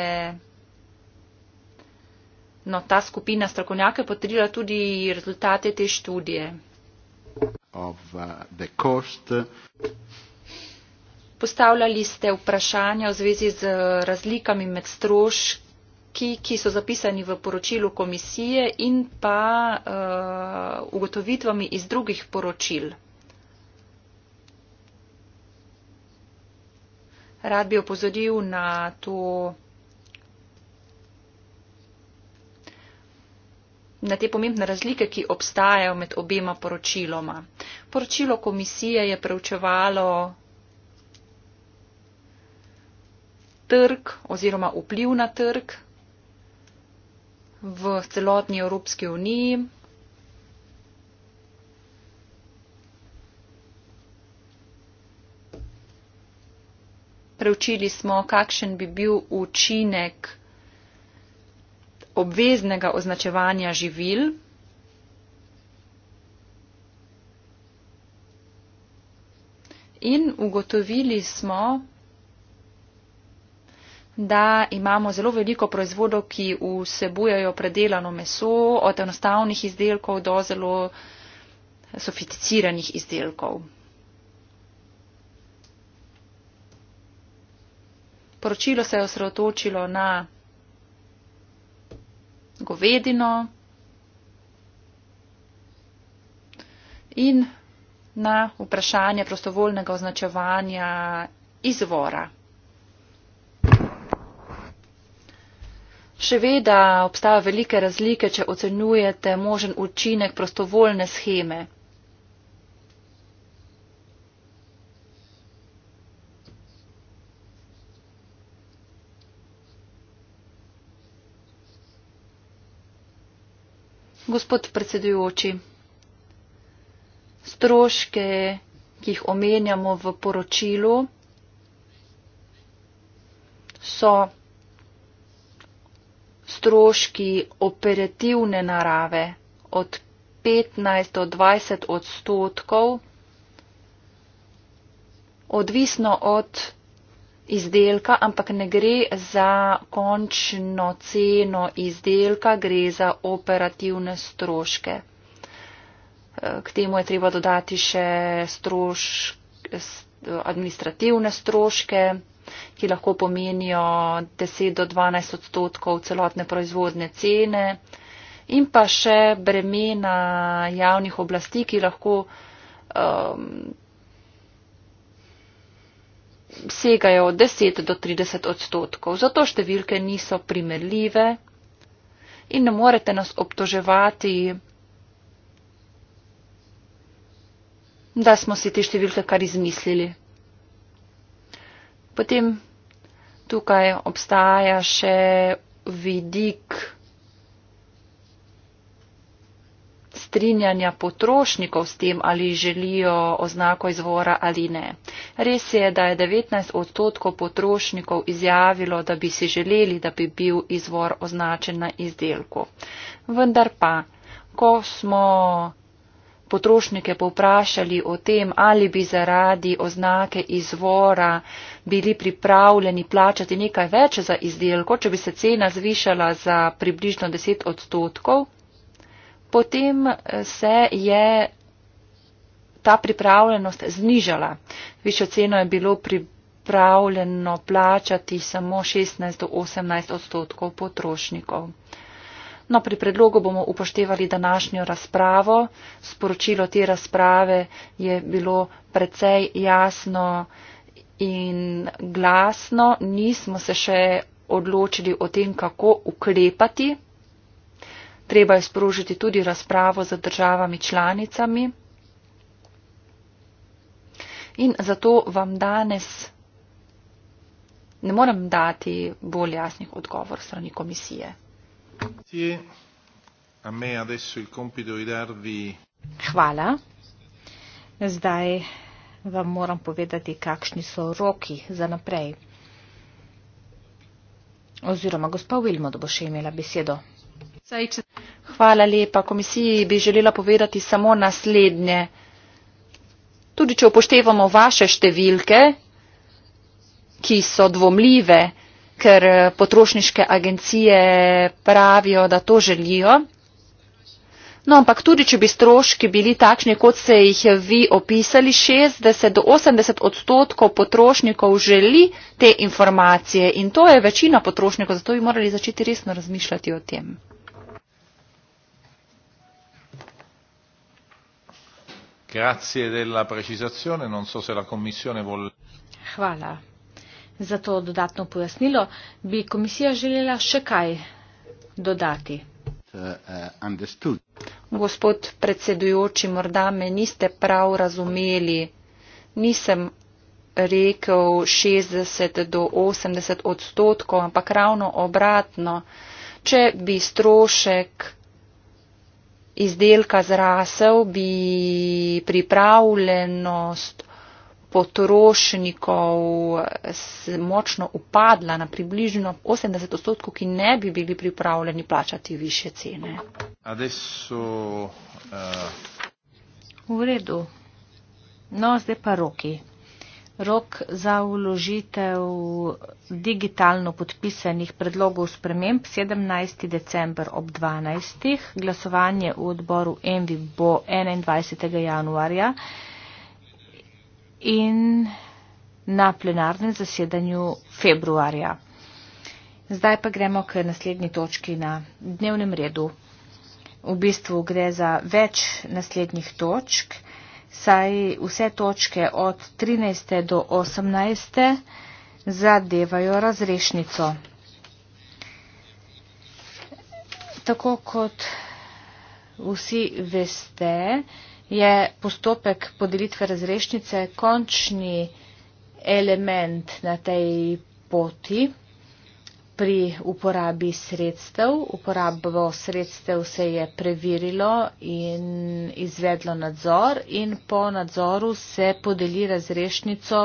no, ta skupina strokovnjaka potrdila tudi rezultate te študije. Of, uh, Postavljali ste vprašanja v zvezi z razlikami med stroški, ki so zapisani v poročilu komisije in pa uh, ugotovitvami iz drugih poročil. Rad bi opozoril na to na te pomembne razlike, ki obstajajo med obema poročiloma. Poročilo komisije je preučevalo trg oziroma vpliv na trg v celotni Evropski uniji. Preučili smo, kakšen bi bil učinek obveznega označevanja živil, In ugotovili smo, da imamo zelo veliko proizvodov, ki vsebujejo predelano meso, od enostavnih izdelkov do zelo sofisticiranih izdelkov. Poročilo se je osredotočilo na govedino in na vprašanje prostovoljnega označevanja izvora. Seveda obstaja velike razlike, če ocenjujete možen učinek prostovoljne scheme. Gospod predsedujoči, stroške, ki jih omenjamo v poročilu, so stroški operativne narave od 15 do 20 odstotkov, odvisno od izdelka, ampak ne gre za končno ceno izdelka, gre za operativne stroške. Eh, k temu je treba dodati še strošk, administrativne stroške, ki lahko pomenijo 10 do 12 odstotkov celotne proizvodne cene in pa še bremena javnih oblasti, ki lahko um, segajo od 10 do 30 odstotkov, zato številke niso primerljive in ne morete nas obtoževati, da smo si te številke kar izmislili. Potem tukaj obstaja še vidik. strinjanja potrošnikov s tem, ali želijo oznako izvora ali ne. Res je, da je 19 odstotkov potrošnikov izjavilo, da bi si želeli, da bi bil izvor označen na izdelku. Vendar pa, ko smo potrošnike povprašali o tem, ali bi zaradi oznake izvora bili pripravljeni plačati nekaj več za izdelko, če bi se cena zvišala za približno 10 odstotkov, potem eh, se je ta pripravljenost znižala. Višjo ceno je bilo pripravljeno plačati samo 16 do 18 odstotkov potrošnikov. No, pri predlogu bomo upoštevali današnjo razpravo. Sporočilo te razprave je bilo precej jasno in glasno. Nismo se še odločili o tem, kako ukrepati treba je sprožiti tudi razpravo z državami članicami. In zato vam danes ne morem dati bolj jasnih odgovor strani komisije. Hvala. Zdaj vam moram povedati, kakšni so roki za naprej. Oziroma, gospod Wilmot bo še imela besedo. Hvala lepa. Komisiji bi želela povedati samo naslednje. Tudi če upoštevamo vaše številke, ki so dvomljive, ker potrošniške agencije pravijo, da to želijo. No, ampak tudi, če bi stroški bili takšni, kot ste jih vi opisali, 60 do 80 odstotkov potrošnikov želi te informacije in to je večina potrošnikov, zato bi morali začeti resno razmišljati o tem. Grazie della precisazione, non so se la Commissione vuole. Hvala. Za to dodatno pojasnilo bi komisija želela še kaj dodati. Uh, Gospod predsedujoči, morda me niste prav razumeli. Nisem rekel 60 do 80 odstotkov, ampak ravno obratno. Če bi strošek izdelka zrasel, bi pripravljenost potrošnikov močno upadla na približno 80 odstotkov, ki ne bi bili pripravljeni plačati više cene. Adesso, uh... V redu. No, zdaj pa roki. Rok za uložitev digitalno podpisanih predlogov sprememb 17. december ob 12. Glasovanje v odboru Envi bo 21. januarja in na plenarnem zasedanju februarja. Zdaj pa gremo k naslednji točki na dnevnem redu. V bistvu gre za več naslednjih točk saj vse točke od 13. do 18. zadevajo razrešnico. Tako kot vsi veste, je postopek podelitve razrešnice končni element na tej poti pri uporabi sredstev. Uporabo sredstev se je preverilo in izvedlo nadzor in po nadzoru se podeli razrešnico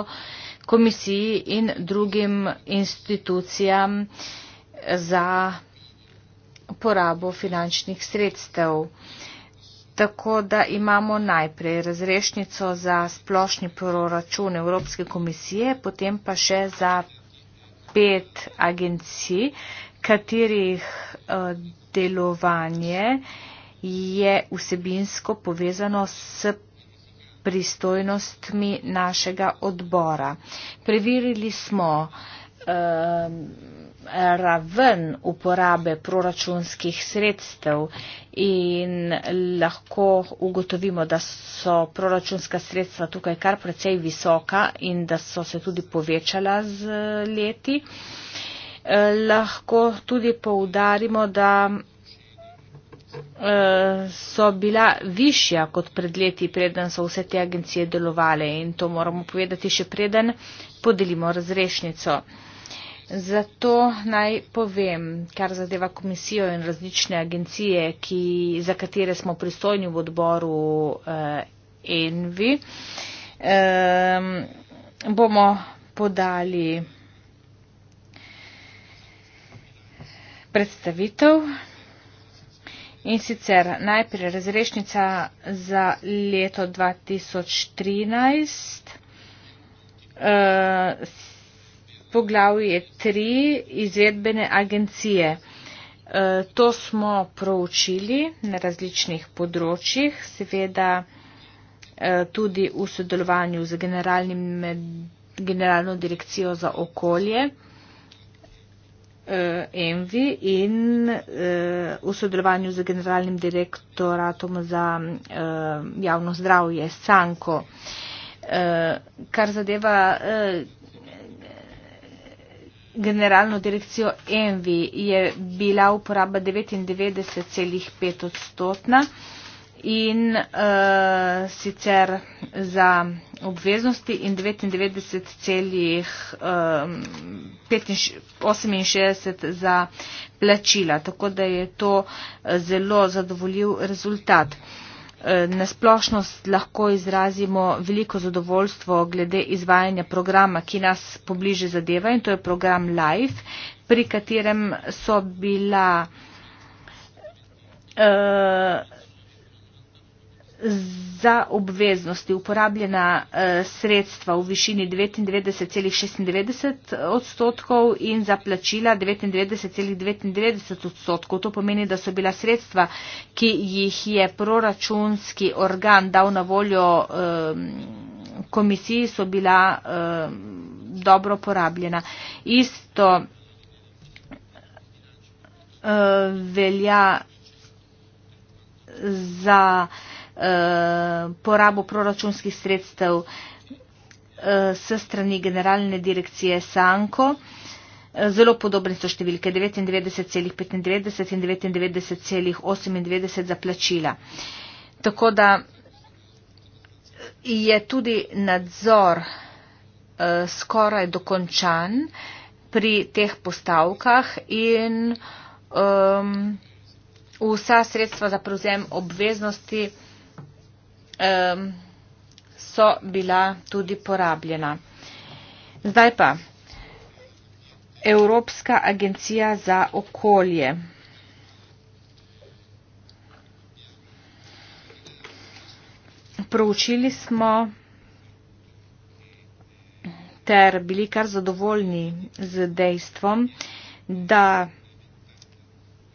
komisiji in drugim institucijam za uporabo finančnih sredstev. Tako da imamo najprej razrešnico za splošni proračun Evropske komisije, potem pa še za pet agencij, katerih eh, delovanje je vsebinsko povezano s pristojnostmi našega odbora. Preverili smo um, raven uporabe proračunskih sredstev in lahko ugotovimo, da so proračunska sredstva tukaj kar precej visoka in da so se tudi povečala z leti. Eh, lahko tudi poudarimo, da eh, so bila višja kot pred leti, preden so vse te agencije delovale in to moramo povedati še preden podelimo razrešnico. Zato naj povem, kar zadeva komisijo in različne agencije, ki, za katere smo pristojni v odboru eh, Envi, eh, bomo podali predstavitev. In sicer najprej razrešnica za leto 2013. Eh, poglavje 3 izvedbene agencije. E, to smo proučili na različnih področjih, seveda e, tudi v sodelovanju z Generalno direkcijo za okolje e, ENVI in v sodelovanju z Generalnim direktoratom za javno zdravje SANKO. Kar zadeva generalno direkcijo ENVI je bila uporaba 99,5 odstotna in e, sicer za obveznosti in 99,68 eh, za plačila. Tako da je to eh, zelo zadovoljiv rezultat. E, Eh, na splošno lahko izrazimo veliko zadovoljstvo glede izvajanja programa, ki nas pobliže zadeva in to je program LIFE, pri katerem so bila uh, za obveznosti uporabljena eh, sredstva v višini 99,96 odstotkov in za plačila 99,99 odstotkov. To pomeni, da so bila sredstva, ki jih je proračunski organ dal na voljo ehm, komisiji, so bila ehm, dobro porabljena. Isto eh, velja za Eh, porabo proračunskih sredstev eh, s strani generalne direkcije Sanko. Eh, zelo podobne so številke 99,95 in 99,98 za plačila. Tako da je tudi nadzor skoraj dokončan pri teh postavkah in um, vsa sredstva za prevzem obveznosti um, so bila tudi porabljena. Zdaj pa Evropska agencija za okolje. Proučili smo ter bili kar zadovoljni z dejstvom, da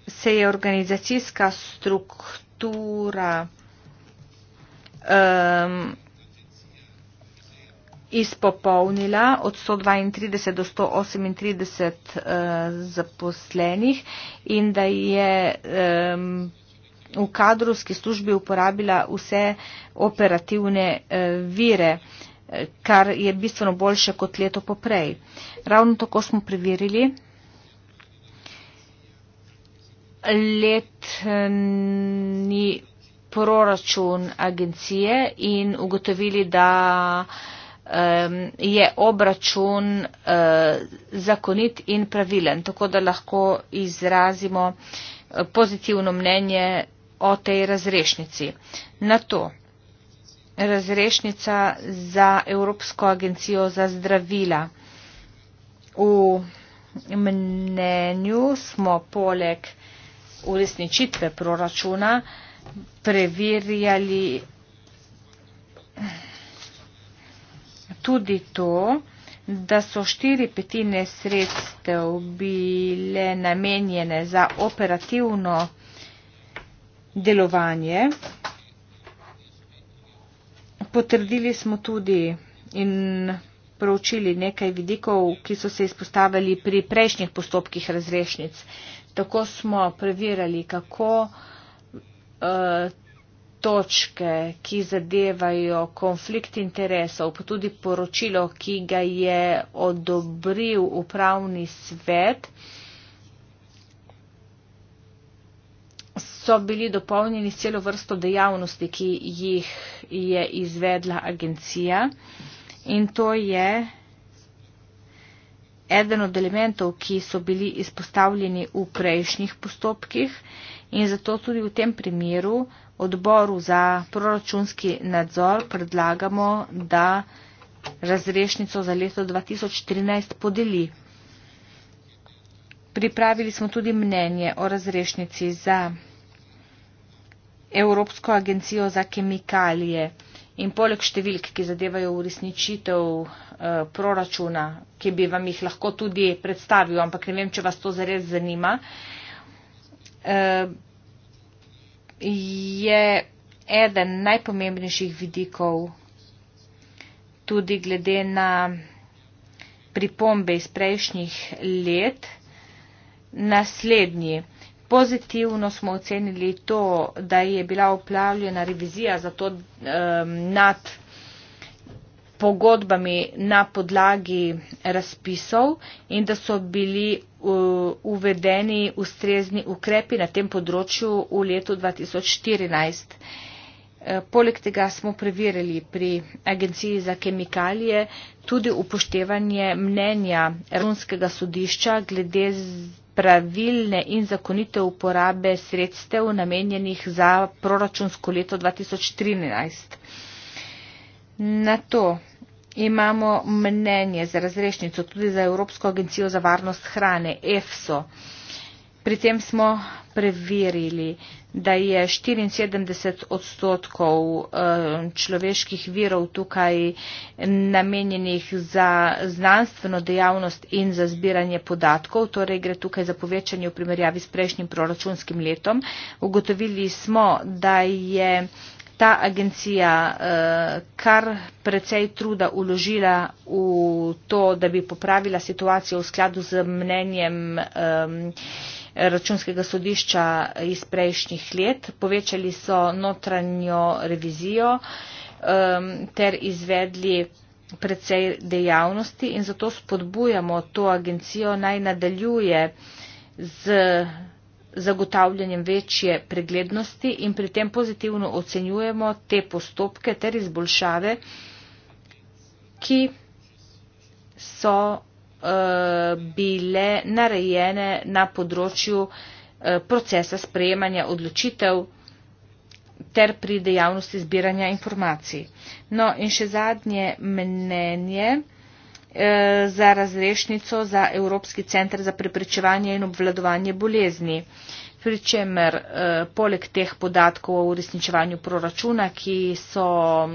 se je organizacijska struktura um, izpopolnila od 132 do 138 uh, eh, zaposlenih in da je um, v kadrovski službi uporabila vse operativne uh, vire eh, kar je bistveno boljše kot leto poprej. Ravno tako smo preverili letni proračun agencije in ugotovili, da um, je obračun uh, zakonit in pravilen, tako da lahko izrazimo eh, pozitivno mnenje o tej razrešnici. Na to razrešnica za Evropsko agencijo za zdravila. V mnenju smo poleg uresničitve proračuna, preverjali tudi to, da so štiri petine sredstev bile namenjene za operativno delovanje. Potrdili smo tudi in proučili nekaj vidikov, ki so se izpostavili pri prejšnjih postopkih razrešnic. Tako smo preverjali, kako uh, točke, ki zadevajo konflikt interesov, pa tudi poročilo, ki ga je odobril upravni svet, so bili dopolnjeni s celo vrsto dejavnosti, ki jih je izvedla agencija. In to je eden od elementov, ki so bili izpostavljeni v prejšnjih postopkih in zato tudi v tem primeru odboru za proračunski nadzor predlagamo, da razrešnico za leto 2013 podeli. Pripravili smo tudi mnenje o razrešnici za Evropsko agencijo za kemikalije in poleg številk, ki zadevajo uresničitev eh, proračuna, ki bi vam jih lahko tudi predstavil, ampak ne vem, če vas to zares zanima, eh, Eh, je eden najpomembnejših vidikov tudi glede na pripombe iz prejšnjih let. Naslednji. Pozitivno smo ocenili to, da je bila upravljena revizija zato um, nad pogodbami na podlagi razpisov in da so bili uvedeni ustrezni ukrepi na tem področju v letu 2014. E, poleg tega smo preverili pri Agenciji za kemikalije tudi upoštevanje mnenja Runskega sodišča glede pravilne in zakonite uporabe sredstev namenjenih za proračunsko leto 2013. Na to imamo mnenje za razrešnico tudi za Evropsko agencijo za varnost hrane, EFSO. Pri tem smo preverili, da je 74 odstotkov eh, človeških virov tukaj namenjenih za znanstveno dejavnost in za zbiranje podatkov, torej gre tukaj za povečanje v primerjavi s prejšnjim proračunskim letom. Ugotovili smo, da je ta agencija eh, kar precej truda uložila v to, da bi popravila situacijo v skladu z mnenjem eh, računskega sodišča iz prejšnjih let. Povečali so notranjo revizijo eh, ter izvedli precej dejavnosti in zato spodbujamo to agencijo naj nadaljuje z zagotavljanjem večje preglednosti in pri tem pozitivno ocenjujemo te postopke ter izboljšave, ki so uh, bile narejene na področju uh, procesa sprejemanja odločitev ter pri dejavnosti zbiranja informacij. No in še zadnje mnenje. Eh, za razrešnico za Evropski centr za preprečevanje in obvladovanje bolezni. Pričemer, eh, poleg teh podatkov o uresničevanju proračuna, ki so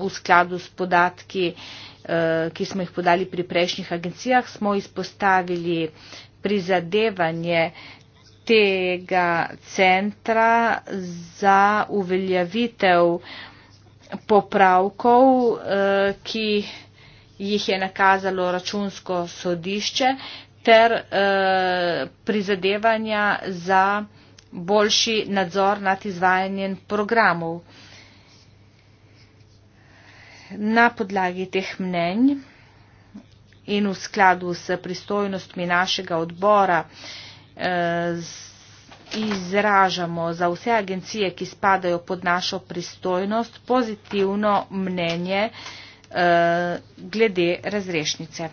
v skladu s podatki, eh, ki smo jih podali pri prejšnjih agencijah, smo izpostavili prizadevanje tega centra za uveljavitev popravkov, ki jih je nakazalo računsko sodišče ter eh, prizadevanja za boljši nadzor nad izvajanjem programov. Na podlagi teh mnenj in v skladu s pristojnostmi našega odbora eh, izražamo za vse agencije, ki spadajo pod našo pristojnost, pozitivno mnenje, glede razrešnice.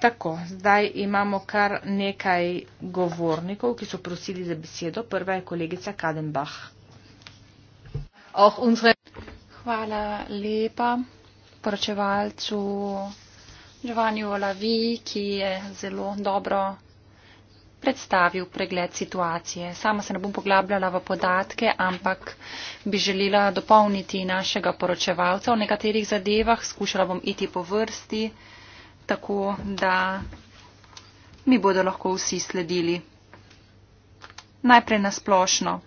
Tako, zdaj imamo kar nekaj govornikov, ki so prosili za besedo. Prva je kolegica Kadenbach. Hvala lepa poročevalcu Giovanni Olavi, ki je zelo dobro predstavil pregled situacije. Sama se ne bom poglabljala v podatke, ampak bi želela dopolniti našega poročevalca o nekaterih zadevah. Skušala bom iti po vrsti, tako da mi bodo lahko vsi sledili. Najprej na splošno.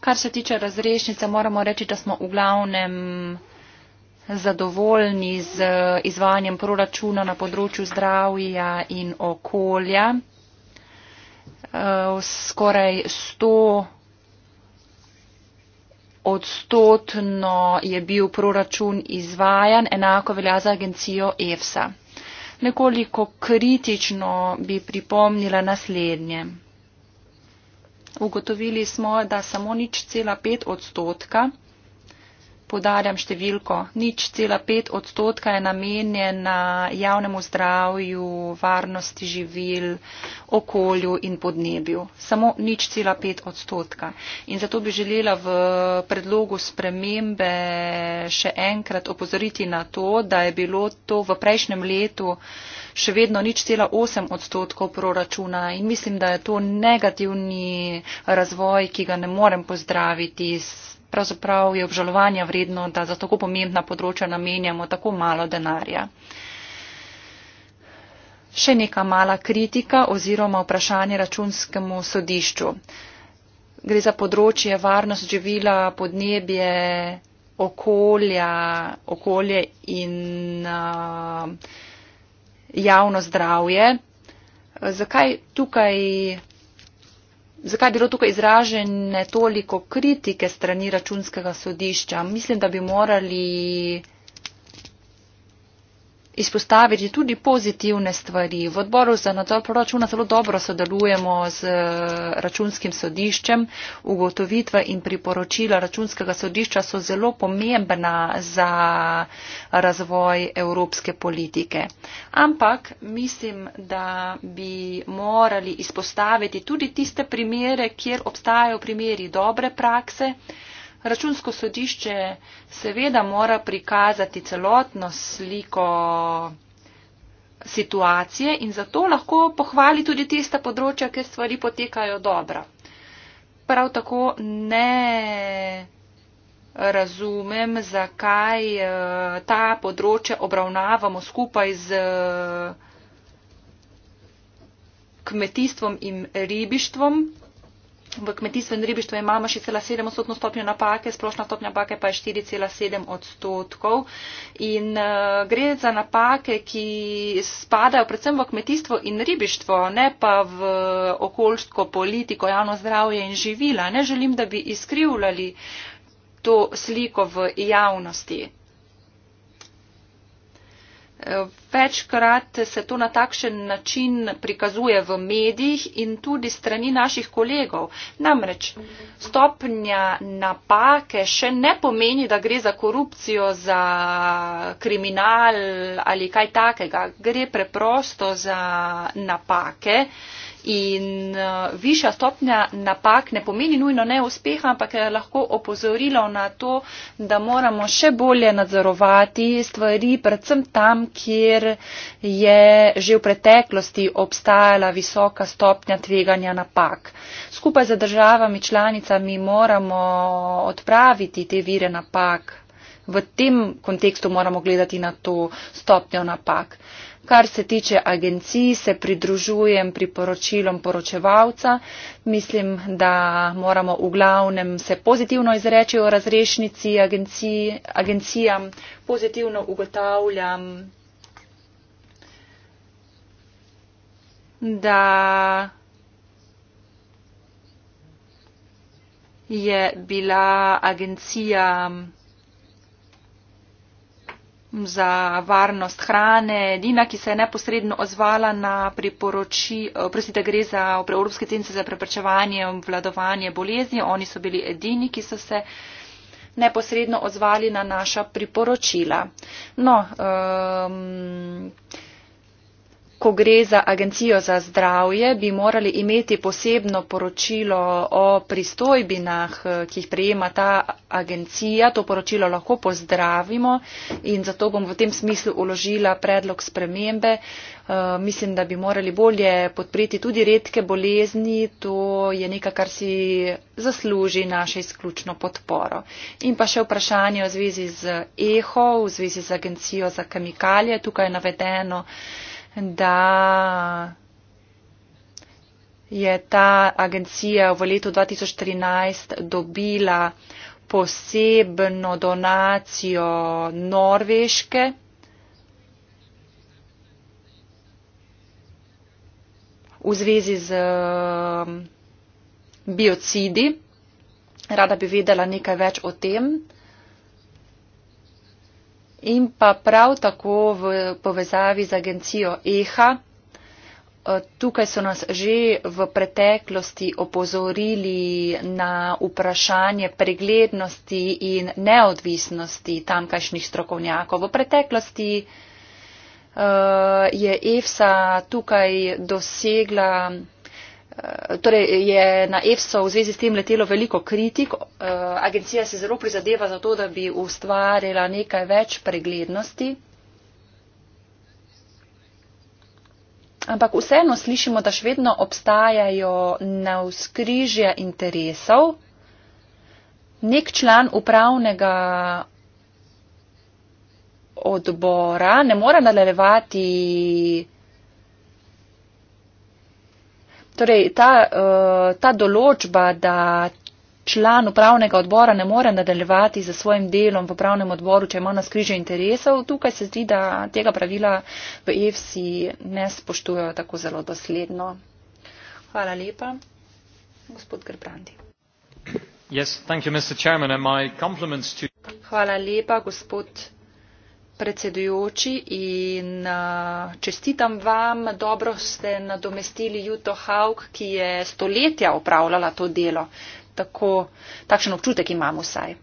Kar se tiče razrešnice, moramo reči, da smo v glavnem zadovoljni z eh, izvajanjem proračuna na področju zdravja in okolja. Eh, skoraj 100 odstotno je bil proračun izvajan, enako velja za agencijo EFSA. Nekoliko kritično bi pripomnila naslednje. Ugotovili smo, da samo nič cela pet odstotka podarjam številko, nič cela pet odstotka je namenjena javnemu zdravju, varnosti živil, okolju in podnebju. Samo nič cela pet odstotka. In zato bi želela v predlogu spremembe še enkrat opozoriti na to, da je bilo to v prejšnjem letu še vedno nič cela osem odstotkov proračuna in mislim, da je to negativni razvoj, ki ga ne morem pozdraviti pravzaprav je obžalovanja vredno, da za tako pomembna področja namenjamo tako malo denarja. Še neka mala kritika oziroma vprašanje računskemu sodišču. Gre za področje varnost živila, podnebje, okolja, okolje in uh, javno zdravje. Zakaj tukaj zakaj je bilo tukaj izražene toliko kritike strani računskega sodišča. Mislim, da bi morali izpostaviti tudi pozitivne stvari. V odboru za nadzor proračuna zelo dobro sodelujemo z eh, računskim sodiščem. Ugotovitve in priporočila računskega sodišča so zelo pomembna za razvoj evropske politike. Ampak mislim, da bi morali izpostaviti tudi tiste primere, kjer obstajajo primeri dobre prakse, Računsko sodišče seveda mora prikazati celotno sliko situacije in zato lahko pohvali tudi tista področja, kjer stvari potekajo dobro. Prav tako ne razumem, zakaj eh, ta področja obravnavamo skupaj z eh, kmetijstvom in ribištvom, v kmetijstvu in ribištvu imamo 6,7 odstotno stopnjo napake, splošna stopnja napake pa je 4,7 odstotkov. In uh, gre za napake, ki spadajo predvsem v kmetijstvo in ribištvo, ne pa v okoljsko politiko, javno zdravje in živila. Ne želim, da bi izkrivljali to sliko v javnosti. Večkrat se to na takšen način prikazuje v medijih in tudi strani naših kolegov. Namreč stopnja napake še ne pomeni, da gre za korupcijo, za kriminal ali kaj takega. Gre preprosto za napake, In uh, višja stopnja napak ne pomeni nujno neuspeha, ampak je lahko opozorilo na to, da moramo še bolje nadzorovati stvari, predvsem tam, kjer je že v preteklosti obstajala visoka stopnja tveganja napak. Skupaj z državami članicami moramo odpraviti te vire napak. V tem kontekstu moramo gledati na to stopnjo napak. Uh, Kar se tiče agencij, se pridružujem priporočilom poročevalca. Mislim, da moramo v glavnem se pozitivno izreči o razrešnici agencij, agencijam. Pozitivno ugotavljam, da je bila agencija za varnost hrane, Dina, ki se je neposredno ozvala na priporoči, prosite, gre za Evropske cence za preprečevanje in vladovanje bolezni. Oni so bili edini, ki so se neposredno ozvali na naša priporočila. No, um, ko gre za agencijo za zdravje, bi morali imeti posebno poročilo o pristojbinah, eh, ki jih prejema ta agencija. To poročilo lahko pozdravimo in zato bom v tem smislu uložila predlog spremembe. Uh, mislim, da bi morali bolje podpreti tudi redke bolezni. To je nekaj, kar si zasluži naše izključno podporo. In pa še vprašanje v zvezi z EHO, v zvezi z agencijo za kemikalije. Tukaj je navedeno, uh, da je ta agencija v letu 2013 dobila posebno donacijo Norveške. V zvezi z um, biocidi, rada bi vedela nekaj več o tem in pa prav tako v povezavi z agencijo EHA. Eh, tukaj so nas že v preteklosti opozorili na vprašanje preglednosti in neodvisnosti tamkajšnjih strokovnjakov. V preteklosti eh, je EFSA tukaj dosegla Eh, torej je na EFSA v zvezi s tem letelo veliko kritik. Eh, agencija se zelo prizadeva za to, da bi ustvarila nekaj več preglednosti. Ampak vseeno slišimo, da še vedno obstajajo navskrižja interesov. Nek član upravnega odbora ne more nadaljevati Torej, ta, eh, ta določba, da član upravnega odbora ne more nadaljevati za svojim delom v upravnem odboru, če ima naskrižje interesov, tukaj se zdi, da tega pravila v EFSI ne spoštujejo tako zelo dosledno. Hvala lepa. Gospod Grbrandi. Yes, thank you, Mr. Chairman, and my compliments to... Hvala lepa, gospod predsedujoči in čestitam vam, dobro ste nadomestili Juto Hauk, ki je stoletja upravljala to delo. Tako, takšen občutek imam vsaj.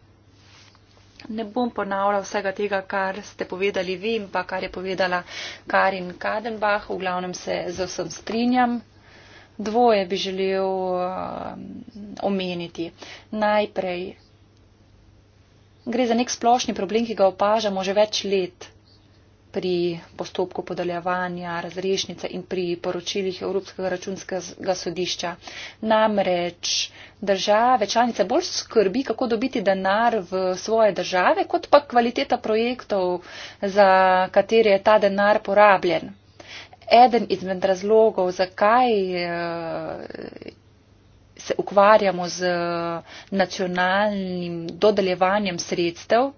Ne bom ponavljal vsega tega, kar ste povedali vi in pa kar je povedala Karin Kadenbach. V glavnem se z vsem strinjam. Dvoje bi želel uh, omeniti. Najprej Gre za nek splošni problem, ki ga opažamo že več let pri postopku podaljevanja razrešnice in pri poročilih Evropskega računskega sodišča. Namreč države članice bolj skrbi, kako dobiti denar v svoje države, kot pa kvaliteta projektov, za katere je ta denar porabljen. Eden izmed razlogov, zakaj eh, se ukvarjamo z eh, nacionalnim dodeljevanjem sredstev.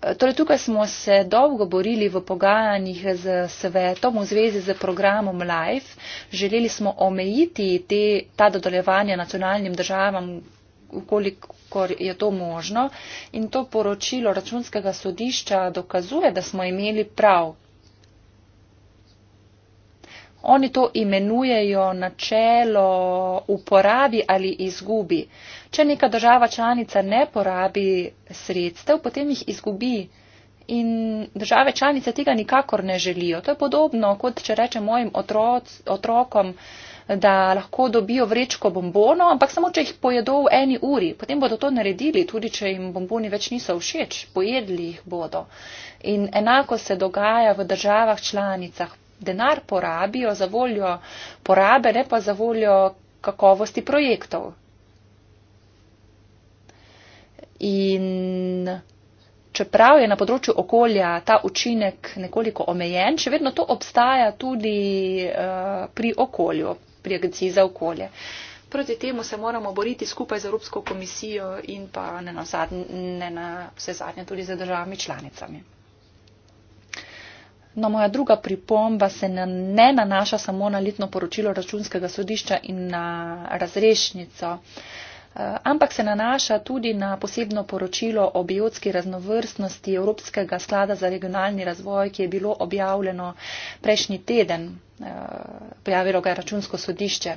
Eh, torej, tukaj smo se dolgo borili v pogajanjih z svetom v zvezi z programom LIFE. Želeli smo omejiti te, ta dodeljevanja nacionalnim državam, kolikor je to možno. In to poročilo računskega sodišča dokazuje, da smo imeli prav. Oni to imenujejo načelo uporabi ali izgubi. Če neka država članica ne porabi sredstev, potem jih izgubi. In države članice tega nikakor ne želijo. To je podobno, kot če rečem mojim otroc, otrokom, da lahko dobijo vrečko bombono, ampak samo, če jih pojedo v eni uri. Potem bodo to naredili, tudi če jim bomboni več niso všeč, pojedli jih bodo. In enako se dogaja v državah članicah denar porabijo za voljo porabe, ne pa za voljo kakovosti projektov. In čeprav je na področju okolja ta učinek nekoliko omejen, še vedno to obstaja tudi uh, pri okolju, pri agenciji za okolje. Proti temu se moramo boriti skupaj z Evropsko komisijo in pa ne na, zadnje, ne na vse zadnje tudi z državami članicami. No, moja druga pripomba se ne nanaša samo na letno poročilo računskega sodišča in na razrešnico, eh, ampak se nanaša tudi na posebno poročilo o biotski raznovrstnosti Evropskega sklada za regionalni razvoj, ki je bilo objavljeno prejšnji teden, eh, pojavilo ga je računsko sodišče.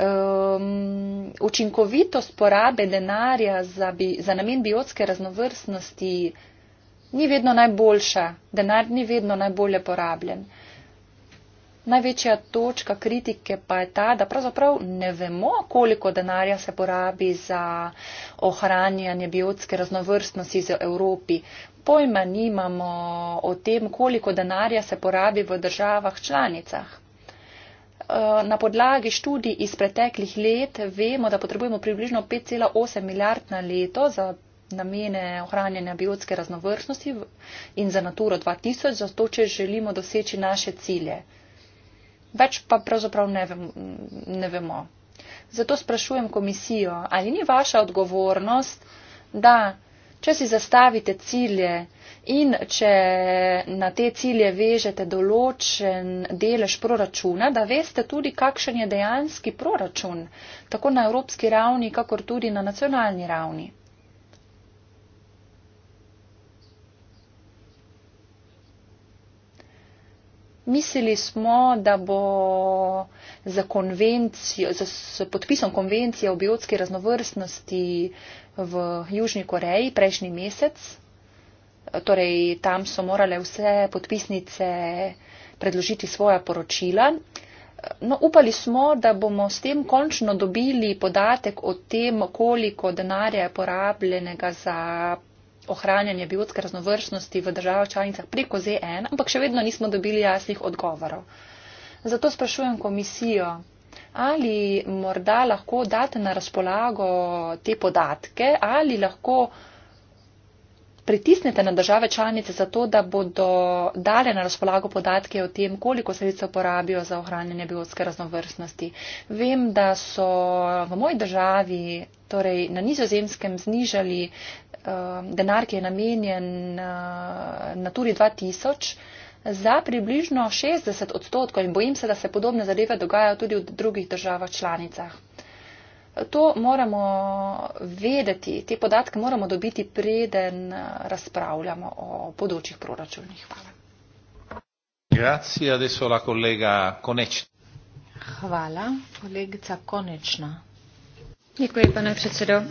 um, učinkovitost porabe denarja za, bi, za namen biotske raznovrstnosti ni vedno najboljša, denar ni vedno najbolje porabljen. Največja točka kritike pa je ta, da pravzaprav ne vemo, koliko denarja se porabi za ohranjanje biotske raznovrstnosti v Evropi. Pojma nimamo o tem, koliko denarja se porabi v državah članicah. Eh, na podlagi študij iz preteklih let vemo, da potrebujemo približno 5,8 milijard na leto za namene ohranjanja biotske raznovrstnosti in za naturo 2000, zato če želimo doseči naše cilje. Več pa pravzaprav ne, vem, ne vemo. Zato sprašujem komisijo, ali ni vaša odgovornost, da če si zastavite cilje, In če na te cilje vežete določen delež proračuna, da veste tudi, kakšen je dejanski proračun, tako na evropski ravni, kakor tudi na nacionalni ravni. Mislili smo, da bo za z, z podpisom konvencije o biotski raznovrstnosti v Južni Koreji prejšnji mesec torej tam so morale vse podpisnice predložiti svoja poročila. No, upali smo, da bomo s tem končno dobili podatek o tem, koliko denarja je porabljenega za ohranjanje biotske raznovrstnosti v državah članicah preko ZN, ampak še vedno nismo dobili jasnih odgovorov. Zato sprašujem komisijo, ali morda lahko date na razpolago te podatke, ali lahko pritisnete na države članice za to, da bodo dale na razpolago podatke o tem, koliko sredstev porabijo za ohranjanje biotske raznovrstnosti. Vem, da so v moji državi, torej na nizozemskem, znižali uh, denar, ki je namenjen uh, Naturi 2000 za približno 60 odstotkov in bojim se, da se podobne zadeve dogajajo tudi v drugih državah članicah to moramo vedeti, te podatke moramo dobiti, preden eh, razpravljamo o področjih proračunih. Hvala. Grazie, la kolega Hvala, kolegica Konečna. Děkuji, pane předsedo.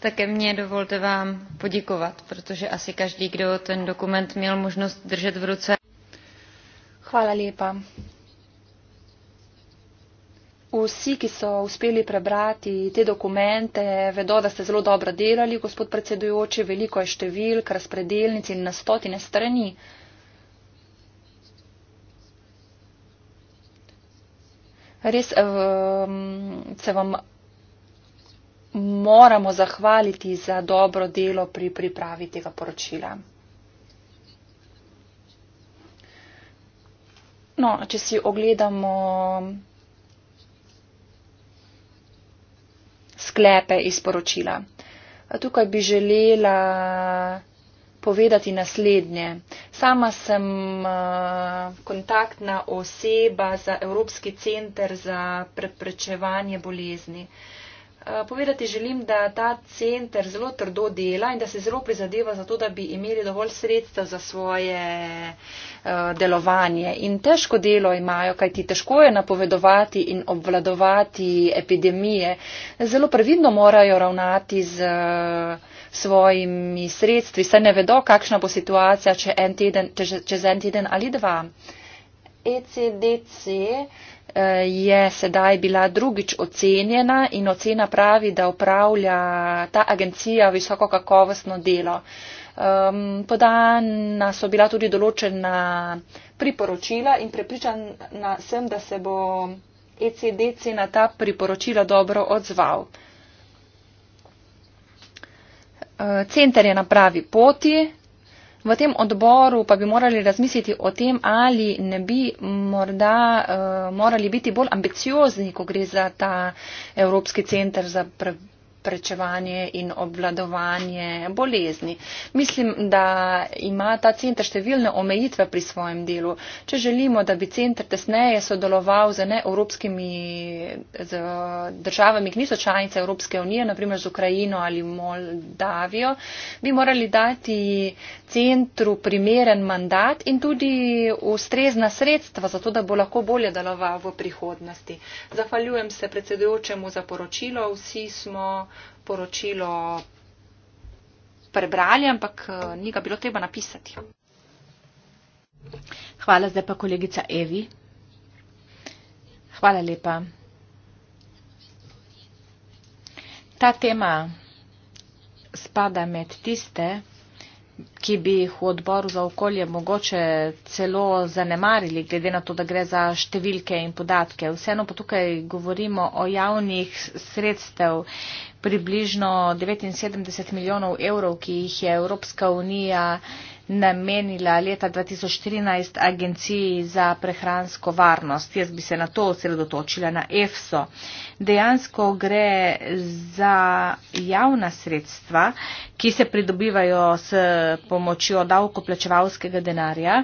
Také mě dovolte vám poděkovat, protože asi každý, kdo ten dokument měl možnost držet v ruce. Hvala lepa. Vsi, ki so uspeli prebrati te dokumente, vedo, da ste zelo dobro delali, gospod predsedujoči. Veliko je številk, razpredelnic in na stotine strani. Res ehm, se vam moramo zahvaliti za dobro delo pri pripravi tega poročila. No, če si ogledamo sklepe iz poročila. Tukaj bi želela povedati naslednje. Sama sem kontaktna oseba za Evropski center za preprečevanje bolezni. Eh, povedati želim, da ta center zelo trdo dela in da se zelo prizadeva za to, da bi imeli dovolj sredstev za svoje eh, delovanje. In težko delo imajo, kajti težko je napovedovati in obvladovati epidemije. Zelo previdno morajo ravnati z eh, svojimi sredstvi, saj ne vedo, kakšna bo situacija en teden, čez, čez en teden ali dva. ECDC je sedaj bila drugič ocenjena in ocena pravi, da upravlja ta agencija visoko kakovostno delo. Um, podana so bila tudi določena priporočila in prepričana sem, da se bo ECDC na ta priporočila dobro odzval. Uh, center je na pravi poti, v tem odboru pa bi morali razmisliti o tem, ali ne bi morda uh, morali biti bolj ambiciozni, ko gre za ta Evropski center za pravice preprečevanje in obvladovanje bolezni. Mislim, da ima ta centr številne omejitve pri svojem delu. Če želimo, da bi centr tesneje sodeloval z neevropskimi državami, ki niso članice Evropske unije, naprimer z Ukrajino ali Moldavijo, bi morali dati centru primeren mandat in tudi ustrezna sredstva, zato da bo lahko bolje deloval v prihodnosti. Zahvaljujem se predsedujočemu za poročilo. Vsi smo poročilo prebrali, ampak eh, ni ga bilo treba napisati. Hvala zdaj pa kolegica Evi. Hvala lepa. Ta tema spada med tiste, ki bi jih v odboru za okolje mogoče celo zanemarili, glede na to, da gre za številke in podatke. Vseeno pa tukaj govorimo o javnih sredstev, približno 79 milijonov evrov, ki jih je Evropska unija namenila leta 2013 Agenciji za prehransko varnost. Jaz bi se na to osredotočila, na EFSO. Dejansko gre za javna sredstva, ki se pridobivajo s pomočjo pomočjo davkoplačevalskega denarja,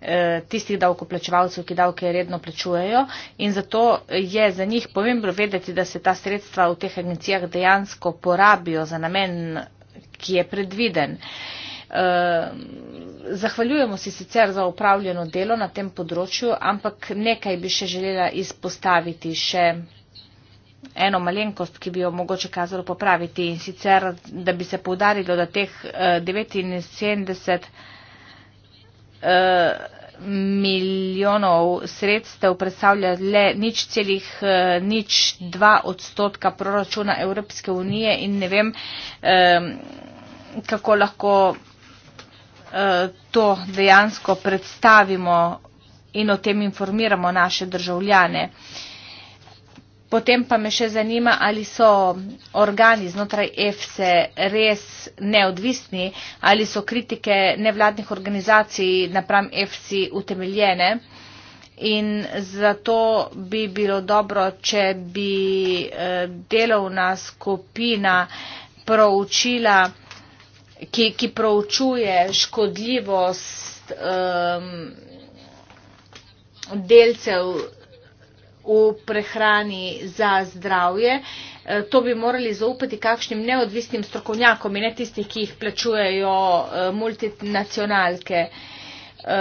eh, tistih davkoplačevalcev, ki davke redno plačujejo in zato je za njih pomembno vedeti, da se ta sredstva v teh agencijah dejansko porabijo za namen, ki je predviden. Eh, zahvaljujemo si sicer za upravljeno delo na tem področju, ampak nekaj bi še želela izpostaviti še eno malenkost, ki bi jo mogoče kazalo popraviti in sicer, da bi se povdarilo, da teh 79 eh, eh, milijonov sredstev predstavlja le nič celih, eh, nič dva odstotka proračuna Evropske unije in ne vem, kako lahko to dejansko predstavimo in o tem informiramo naše državljane. Uh, Potem pa me še zanima, ali so organi znotraj EFSE res neodvisni, ali so kritike nevladnih organizacij napram EFSE utemeljene. In zato bi bilo dobro, če bi eh, delovna skupina proučila, ki, ki proučuje škodljivost um, delcev v prehrani za zdravje. E, to bi morali zaupati kakšnim neodvisnim strokovnjakom in ne tistih, ki jih plačujejo e, multinacionalke. E,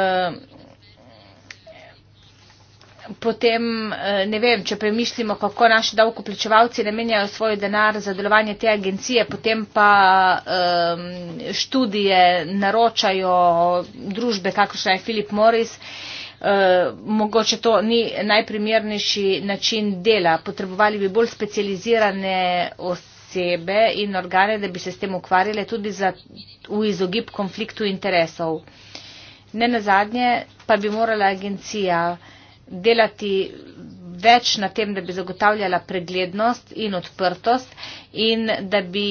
potem ne vem, če premišljimo, kako naši davkoplačevalci namenjajo svoj denar za delovanje te agencije, potem pa študije naročajo družbe, kakršna je Philip Morris Eh, mogoče to ni najprimernejši način dela. Potrebovali bi bolj specializirane osebe in organe, da bi se s tem ukvarjali tudi za, v izogib konfliktu interesov. Ne nazadnje pa bi morala agencija delati več na tem, da bi zagotavljala preglednost in odprtost in da bi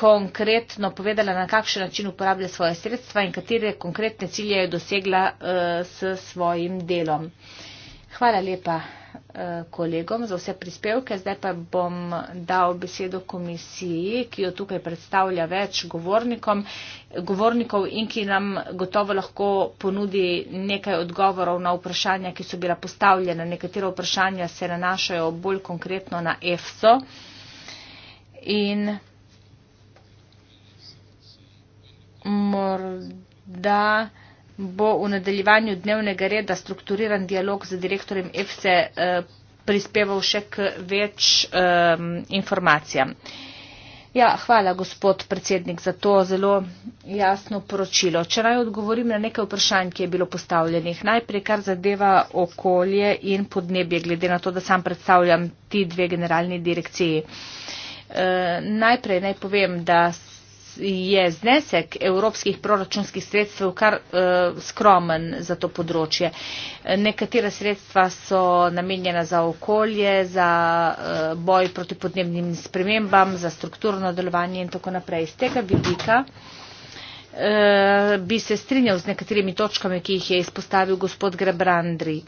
konkretno povedala, na kakšen način uporablja svoje sredstva in katere konkretne cilje je dosegla uh, s svojim delom. Uh, Hvala lepa eh, kolegom za vse prispevke. Zdaj pa bom dal besedo komisiji, ki jo tukaj predstavlja več govornikov in ki nam gotovo lahko ponudi nekaj odgovorov na vprašanja, ki so bila postavljena. Nekatera vprašanja se nanašajo bolj konkretno na EFSO. In morda bo v nadaljevanju dnevnega reda strukturiran dialog z direktorjem EFSE eh, prispeval še k več um, informacijam. Ja, hvala, gospod predsednik, za to zelo jasno poročilo. Če naj odgovorim na nekaj vprašanj, ki je bilo postavljenih. Najprej, kar zadeva okolje in podnebje, glede na to, da sam predstavljam ti dve generalni direkciji. E, najprej naj povem, da je znesek evropskih proračunskih sredstev kar uh, skromen za to področje. Nekatera sredstva so namenjena za okolje, za uh, boj proti podnebnim spremembam, za strukturno delovanje in tako naprej. Z tega vidika uh, Eh, bi se strinjal z nekaterimi točkami, ki jih je izpostavil gospod Grebrandri.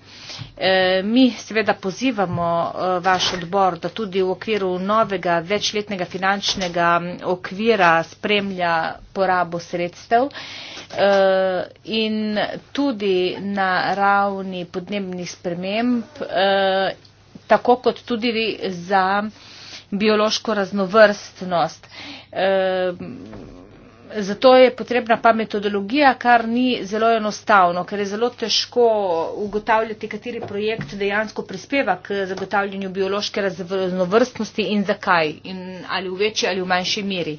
Eh, mi seveda pozivamo eh, vaš odbor, da tudi v okviru novega večletnega finančnega okvira spremlja porabo sredstev in tudi na ravni podnebnih sprememb, tako kot tudi za biološko raznovrstnost. Zato je potrebna metodologija, kar ni zelo enostavno, ker je zelo težko ugotavljati, kateri projekt dejansko prispeva k zagotavljanju biološke raznovrstnosti in zakaj, in ali v večji ali v manjši meri.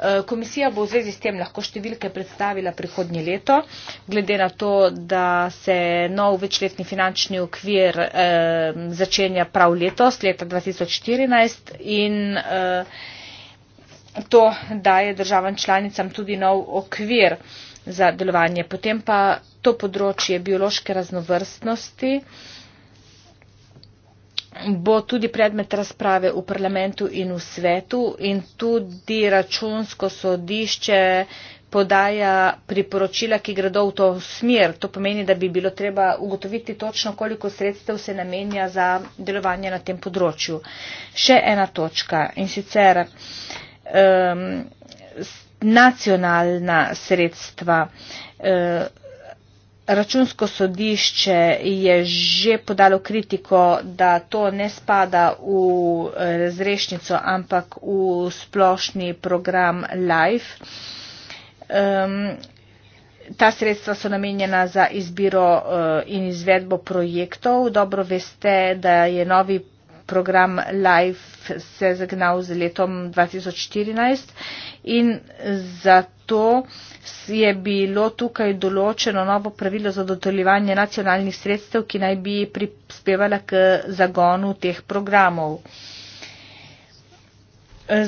Eh, komisija bo v zvezi s tem lahko številke predstavila prihodnje leto, glede na to, da se nov večletni finančni okvir eh, začenja prav letos, leta 2014. In, eh, to daje državam članicam tudi nov okvir za delovanje. Potem pa to področje biološke raznovrstnosti bo tudi predmet razprave v parlamentu in v svetu in tudi računsko sodišče podaja priporočila, ki gredo v to smer. To pomeni, da bi bilo treba ugotoviti točno, koliko sredstev se namenja za delovanje na tem področju. Še ena točka in sicer um, nacionalna sredstva. Računsko sodišče je že podalo kritiko, da to ne spada v eh, razrešnico, ampak v splošni program LIFE. Um, ta sredstva so namenjena za izbiro uh, in izvedbo projektov. Dobro veste, da je novi program Life se je zagnal z letom 2014 in zato je bilo tukaj določeno novo pravilo za dotoljevanje nacionalnih sredstev, ki naj bi prispevala k zagonu teh programov.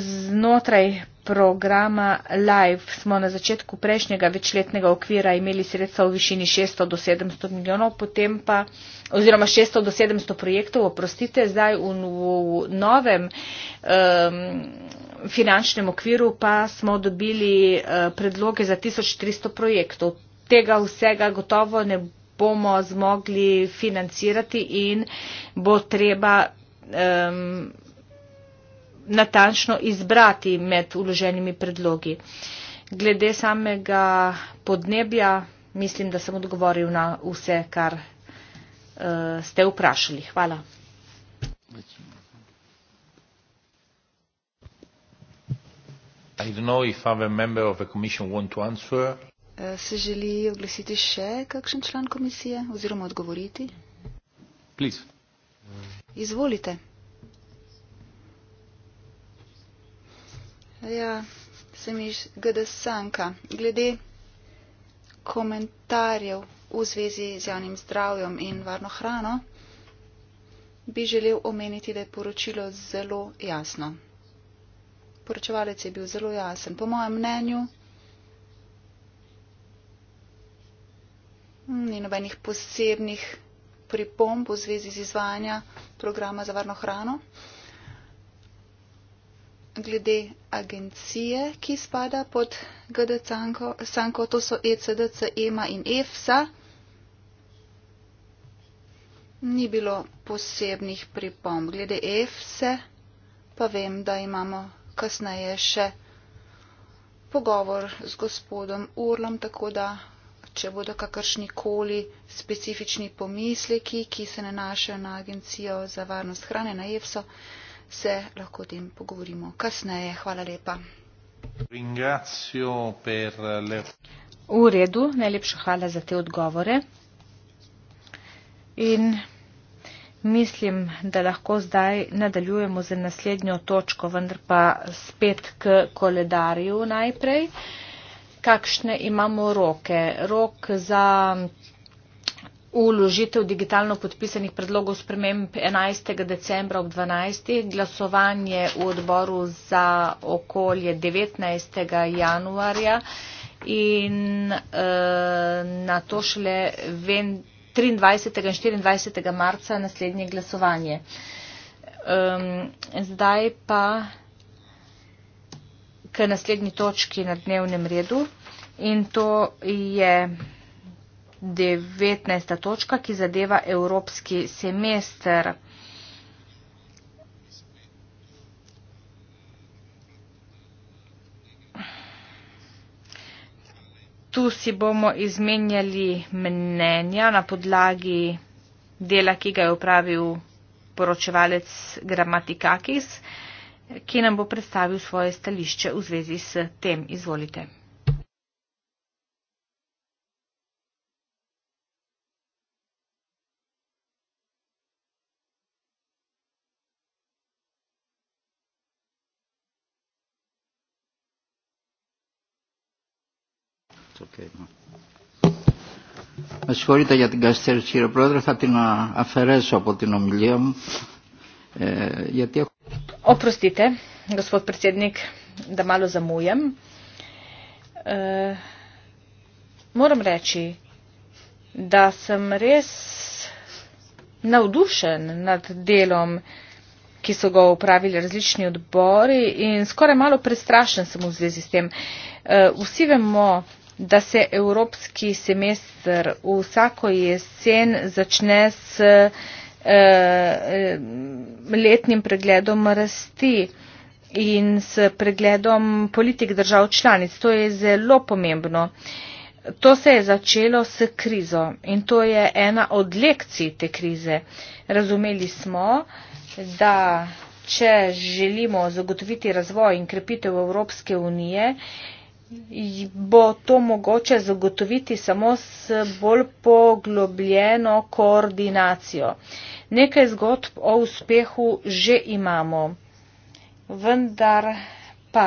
Znotraj programa Live smo na začetku prejšnjega večletnega okvira imeli sredstva v višini 600 do 700 milijonov, potem pa, oziroma 600 do 700 projektov, oprostite, zdaj v, v, v novem um, finančnem okviru pa smo dobili uh, predloge za 1300 projektov. Tega vsega gotovo ne bomo zmogli financirati in bo treba. Um, natančno izbrati med uloženimi predlogi. Glede samega podnebja, mislim, da sem odgovoril na vse, kar uh, ste vprašali. Hvala. Eh, se želi oglasiti še kakšen član komisije oziroma odgovoriti? Please. Izvolite. Ja, se mi gde sanka. Glede komentarjev v zvezi z javnim zdravjem in varno hrano, bi želel omeniti, da je poročilo zelo jasno. Poročevalec je bil zelo jasen. Po mojem mnenju ni nobenih posebnih pripomb v zvezi z izvajanja programa za varno hrano glede agencije, ki spada pod GD Sanko, to so ECDC, EMA in EFSA. Ni bilo posebnih pripomb. Glede EFSE pa vem, da imamo kasneje še pogovor z gospodom Urlom, tako da, če bodo kakršnikoli specifični pomisleki, ki se nanašajo na agencijo za varnost hrane, na EFSO, se lahko o tem pogovorimo kasneje. Hvala lepa. V redu, najlepša hvala za te odgovore. In mislim, da lahko zdaj nadaljujemo z naslednjo točko, vendar pa spet k koledarju najprej. Kakšne imamo roke? Rok za v ložitev digitalno podpisanih predlogov sprememb 11. decembra ob 12. glasovanje v odboru za okolje 19. januarja in e, eh, na to šele ven 23. in 24. marca naslednje glasovanje. Um, zdaj pa k naslednji točki na dnevnem redu in to je 19. točka, ki zadeva evropski semester. Tu si bomo izmenjali mnenja na podlagi dela, ki ga je upravil poročevalec Grammatikakis, ki nam bo predstavil svoje stališče v zvezi s tem. Izvolite. Okay. Με συγχωρείτε για την καστέρηση κύριε Πρόεδρε, θα την αφαιρέσω από την ομιλία μου. Ε, γιατί έχω... Οπροστείτε, господ Πρεσέντνικ, да мало замујам. Морам речи да сам рез наудушен над делом ki so ga upravili različni odbori in skoraj malo prestrašen sem v zvezi s tem. E, vsi vemo, da se evropski semestr vsako jesen začne s eh, letnim pregledom rasti in s pregledom politik držav članic. To je zelo pomembno. To se je začelo s krizo in to je ena od lekcij te krize. Razumeli smo, da če želimo zagotoviti razvoj in krepitev Evropske unije, bo to mogoče zagotoviti samo s bolj poglobljeno koordinacijo. Nekaj zgodb o uspehu že imamo, vendar pa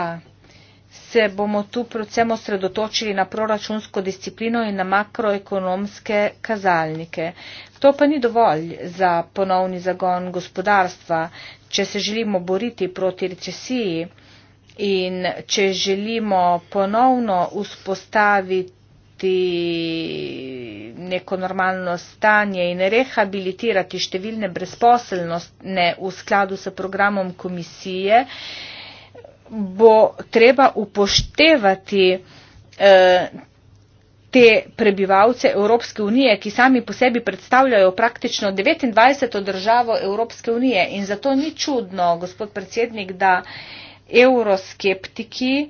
se bomo tu predvsem osredotočili na proračunsko disciplino in na makroekonomske kazalnike. To pa ni dovolj za ponovni zagon gospodarstva, če se želimo boriti proti recesiji. In če želimo ponovno vzpostaviti neko normalno stanje in rehabilitirati številne brezposelnostne v skladu s programom komisije, bo treba upoštevati eh, te prebivalce Evropske unije, ki sami po sebi predstavljajo praktično 29. državo Evropske unije. In zato ni čudno, gospod predsednik, da euroskeptiki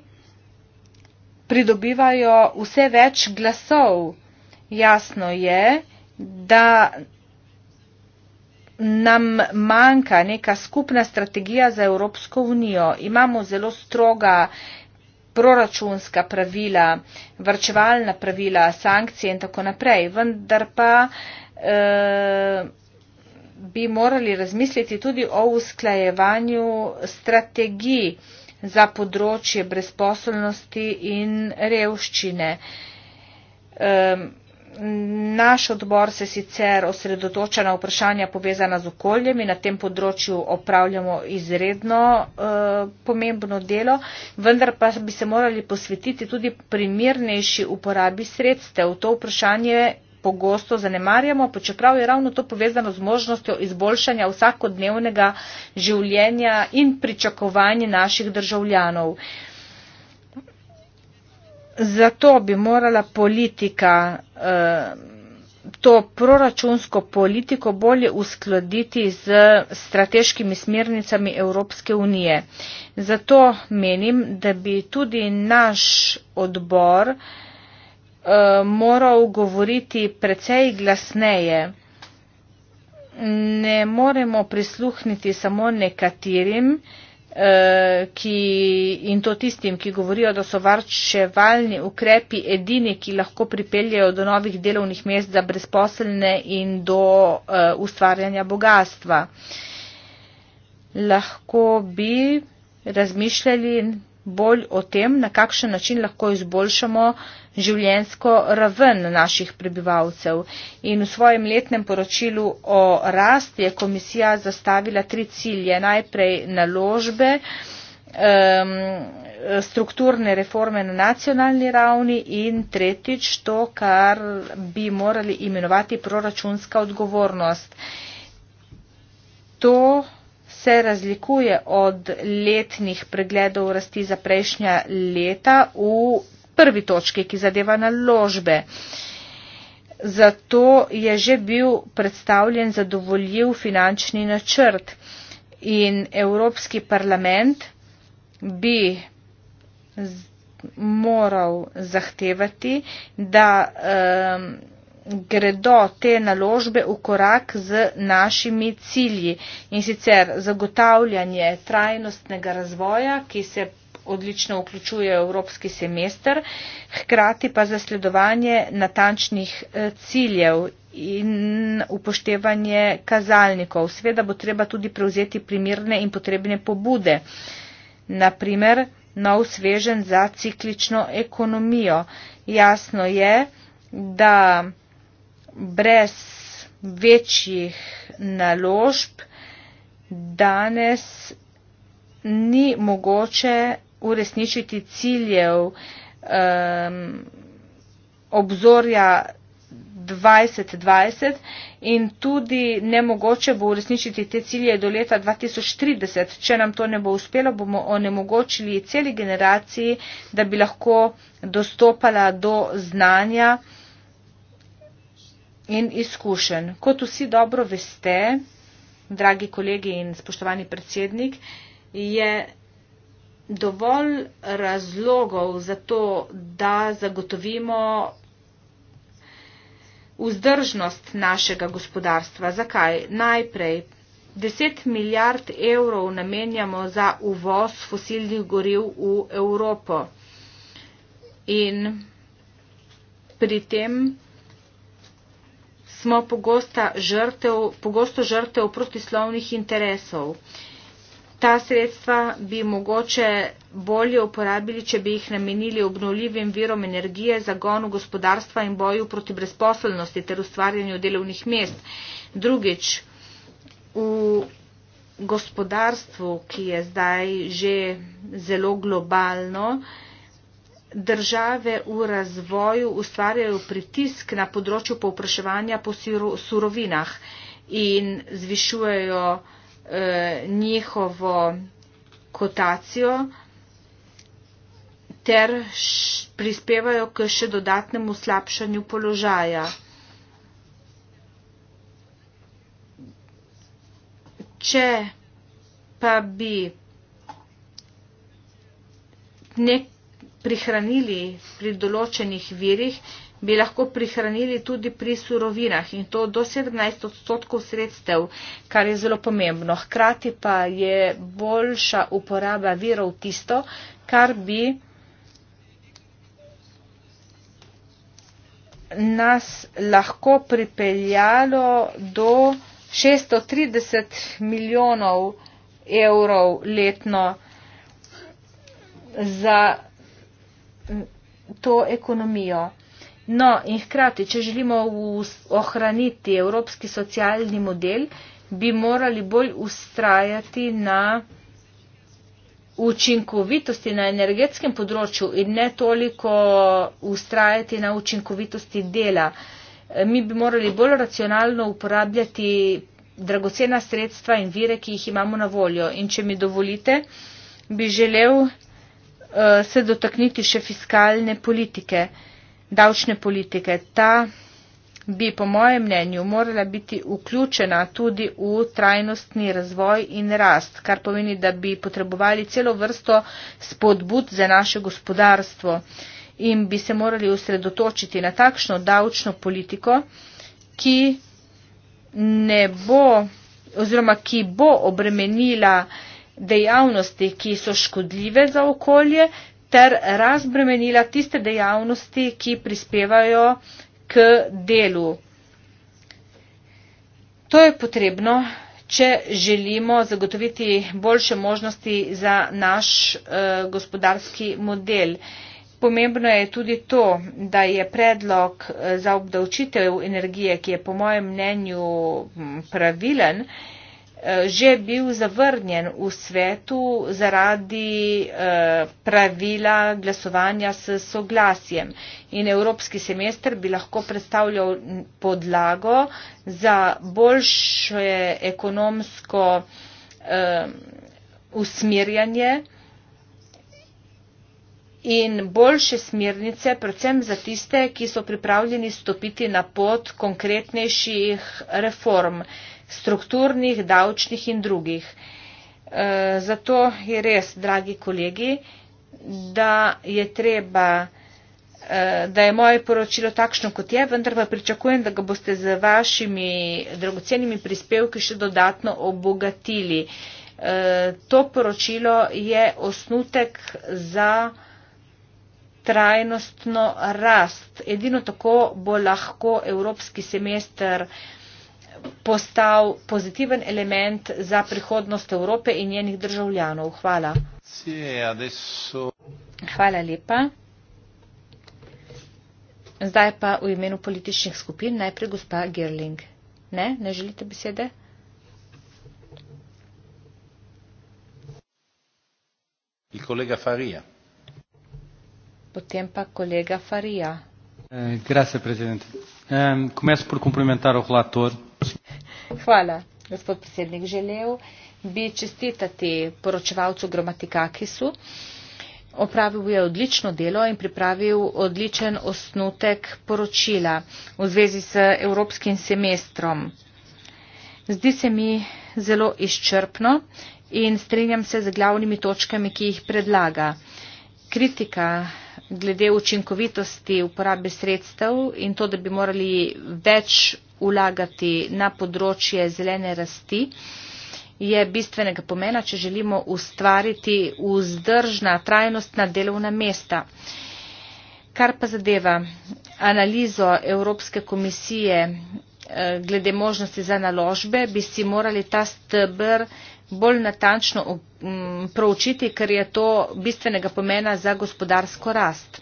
pridobivajo vse več glasov. Jasno je, da nam manjka neka skupna strategija za Evropsko unijo. Imamo zelo stroga proračunska pravila, vrčevalna pravila, sankcije in tako naprej. Vendar pa eh, bi morali razmisliti tudi o usklajevanju strategij za področje brezposobnosti in revščine. Naš odbor se sicer osredotoča na vprašanja povezana z okoljem in na tem področju opravljamo izredno e, pomembno delo, vendar pa bi se morali posvetiti tudi primernejši uporabi sredstev. To vprašanje pogosto zanemarjamo, pa čeprav je ravno to povezano z možnostjo izboljšanja vsakodnevnega življenja in pričakovanja naših državljanov. Zato bi morala politika eh, to proračunsko politiko bolje uskladiti z strateškimi smernicami Evropske unije. Zato menim, da bi tudi naš odbor eh, Eh, moral govoriti precej glasneje. Ne moremo prisluhniti samo nekaterim, eh, ki, in to tistim, ki govorijo, da so varčevalni ukrepi edini, ki lahko pripeljajo do novih delovnih mest za brezposelne in do eh, ustvarjanja bogatstva. Lahko bi razmišljali bolj o tem, na kakšen način lahko izboljšamo življensko raven naših prebivalcev. In v svojem letnem poročilu o rasti je komisija zastavila tri cilje. Najprej naložbe, strukturne reforme na nacionalni ravni in tretjič to, kar bi morali imenovati proračunska odgovornost. To se razlikuje od letnih pregledov rasti za prejšnja leta v prvi točki, ki zadeva naložbe. Zato je že bil predstavljen zadovoljiv finančni načrt in Evropski parlament bi moral zahtevati, da um, gredo te naložbe v korak z našimi cilji in sicer zagotavljanje trajnostnega razvoja, ki se odlično vključuje evropski semester, hkrati pa zasledovanje natančnih eh, ciljev in upoštevanje kazalnikov. Sveda bo treba tudi prevzeti primirne in potrebne pobude, naprimer nov svežen za ciklično ekonomijo. Jasno je, da brez večjih naložb danes ni mogoče uresničiti ciljev um, obzorja 2020 in tudi nemogoče bo uresničiti te cilje do leta 2030. Če nam to ne bo uspelo, bomo onemogočili celi generaciji, da bi lahko dostopala do znanja in izkušenj. Kot vsi dobro veste, dragi kolegi in spoštovani predsednik, je dovolj razlogov za to, da zagotovimo vzdržnost našega gospodarstva. Zakaj? Najprej. 10 milijard evrov namenjamo za uvoz fosilnih goriv v Evropo. In pri tem smo žrtev, pogosto žrtev protislovnih interesov. Ta sredstva bi mogoče bolje uporabili, če bi jih namenili obnovljivim virom energije, zagonu gospodarstva in boju proti brezposelnosti ter ustvarjanju delovnih mest. Drugič, v gospodarstvu, ki je zdaj že zelo globalno, eh, države v razvoju ustvarjajo pritisk na področju povpraševanja po surovinah in zvišujejo eh, njihovo kotacijo ter prispevajo k še dodatnemu slabšanju položaja. Če pa bi nek prihranili pri določenih virih, bi lahko prihranili tudi pri surovinah in to do 17 odstotkov sredstev, kar je zelo pomembno. Hkrati pa je boljša uporaba virov tisto, kar bi nas lahko pripeljalo do 630 milijonov evrov letno za to ekonomijo. No in hkrati, če želimo ohraniti evropski socialni model, bi morali bolj ustrajati na učinkovitosti na energetskem področju in ne toliko ustrajati na učinkovitosti dela. Mi bi morali bolj racionalno uporabljati dragocena sredstva in vire, ki jih imamo na voljo. In če mi dovolite, bi želel Eh, se dotakniti še fiskalne politike, davčne politike. Ta bi, po mojem mnenju, morala biti vključena tudi v trajnostni razvoj in rast, kar pomeni, da bi potrebovali celo vrsto spodbud za naše gospodarstvo in bi se morali usredotočiti na takšno davčno politiko, ki ne bo oziroma ki bo obremenila dejavnosti, ki so škodljive za okolje, ter razbremenila tiste dejavnosti, ki prispevajo k delu. To je potrebno, če želimo zagotoviti boljše možnosti za naš e, gospodarski model. Pomembno je tudi to, da je predlog eh, za obdavčitev energije, ki je po mojem mnenju pravilen, e, že bil zavrnjen v svetu zaradi eh, pravila glasovanja s soglasjem. In evropski semester bi lahko predstavljal podlago za boljše ekonomsko eh, usmirjanje in boljše smernice, predvsem za tiste, ki so pripravljeni stopiti na pot konkretnejših reform strukturnih, davčnih in drugih. E, zato je res, dragi kolegi, da je treba, e, da je moje poročilo takšno, kot je, vendar pa pričakujem, da ga boste z vašimi dragocenimi prispevki še dodatno obogatili. E, to poročilo je osnutek za trajnostno rast. Edino tako bo lahko evropski semester postal pozitiven element za prihodnost Evrope in njenih državljanov. Hvala. Hvala lepa. Zdaj pa v imenu političnih skupin najprej gospa Gerling. Ne, ne želite besede? Il kolega Farija. Potem pa kolega Farija. Eh, grazie, predsednik. Eh, começo por cumprimentar o relator. Hvala, gospod predsednik. Želel bi čestitati poročevalcu Gramatikakisu. Opravil je odlično delo in pripravil odličen osnutek poročila v zvezi s evropskim semestrom. Zdi se mi zelo izčrpno in strinjam se z glavnimi točkami, ki jih predlaga. Kritika glede učinkovitosti uporabe sredstev in to, da bi morali več vlagati na področje zelene rasti, je bistvenega pomena, če želimo ustvariti vzdržna, trajnostna delovna mesta. Kar pa zadeva analizo Evropske komisije eh, glede možnosti za naložbe, bi si morali ta stebr bolj natančno proučiti, ker je to bistvenega pomena za gospodarsko rast.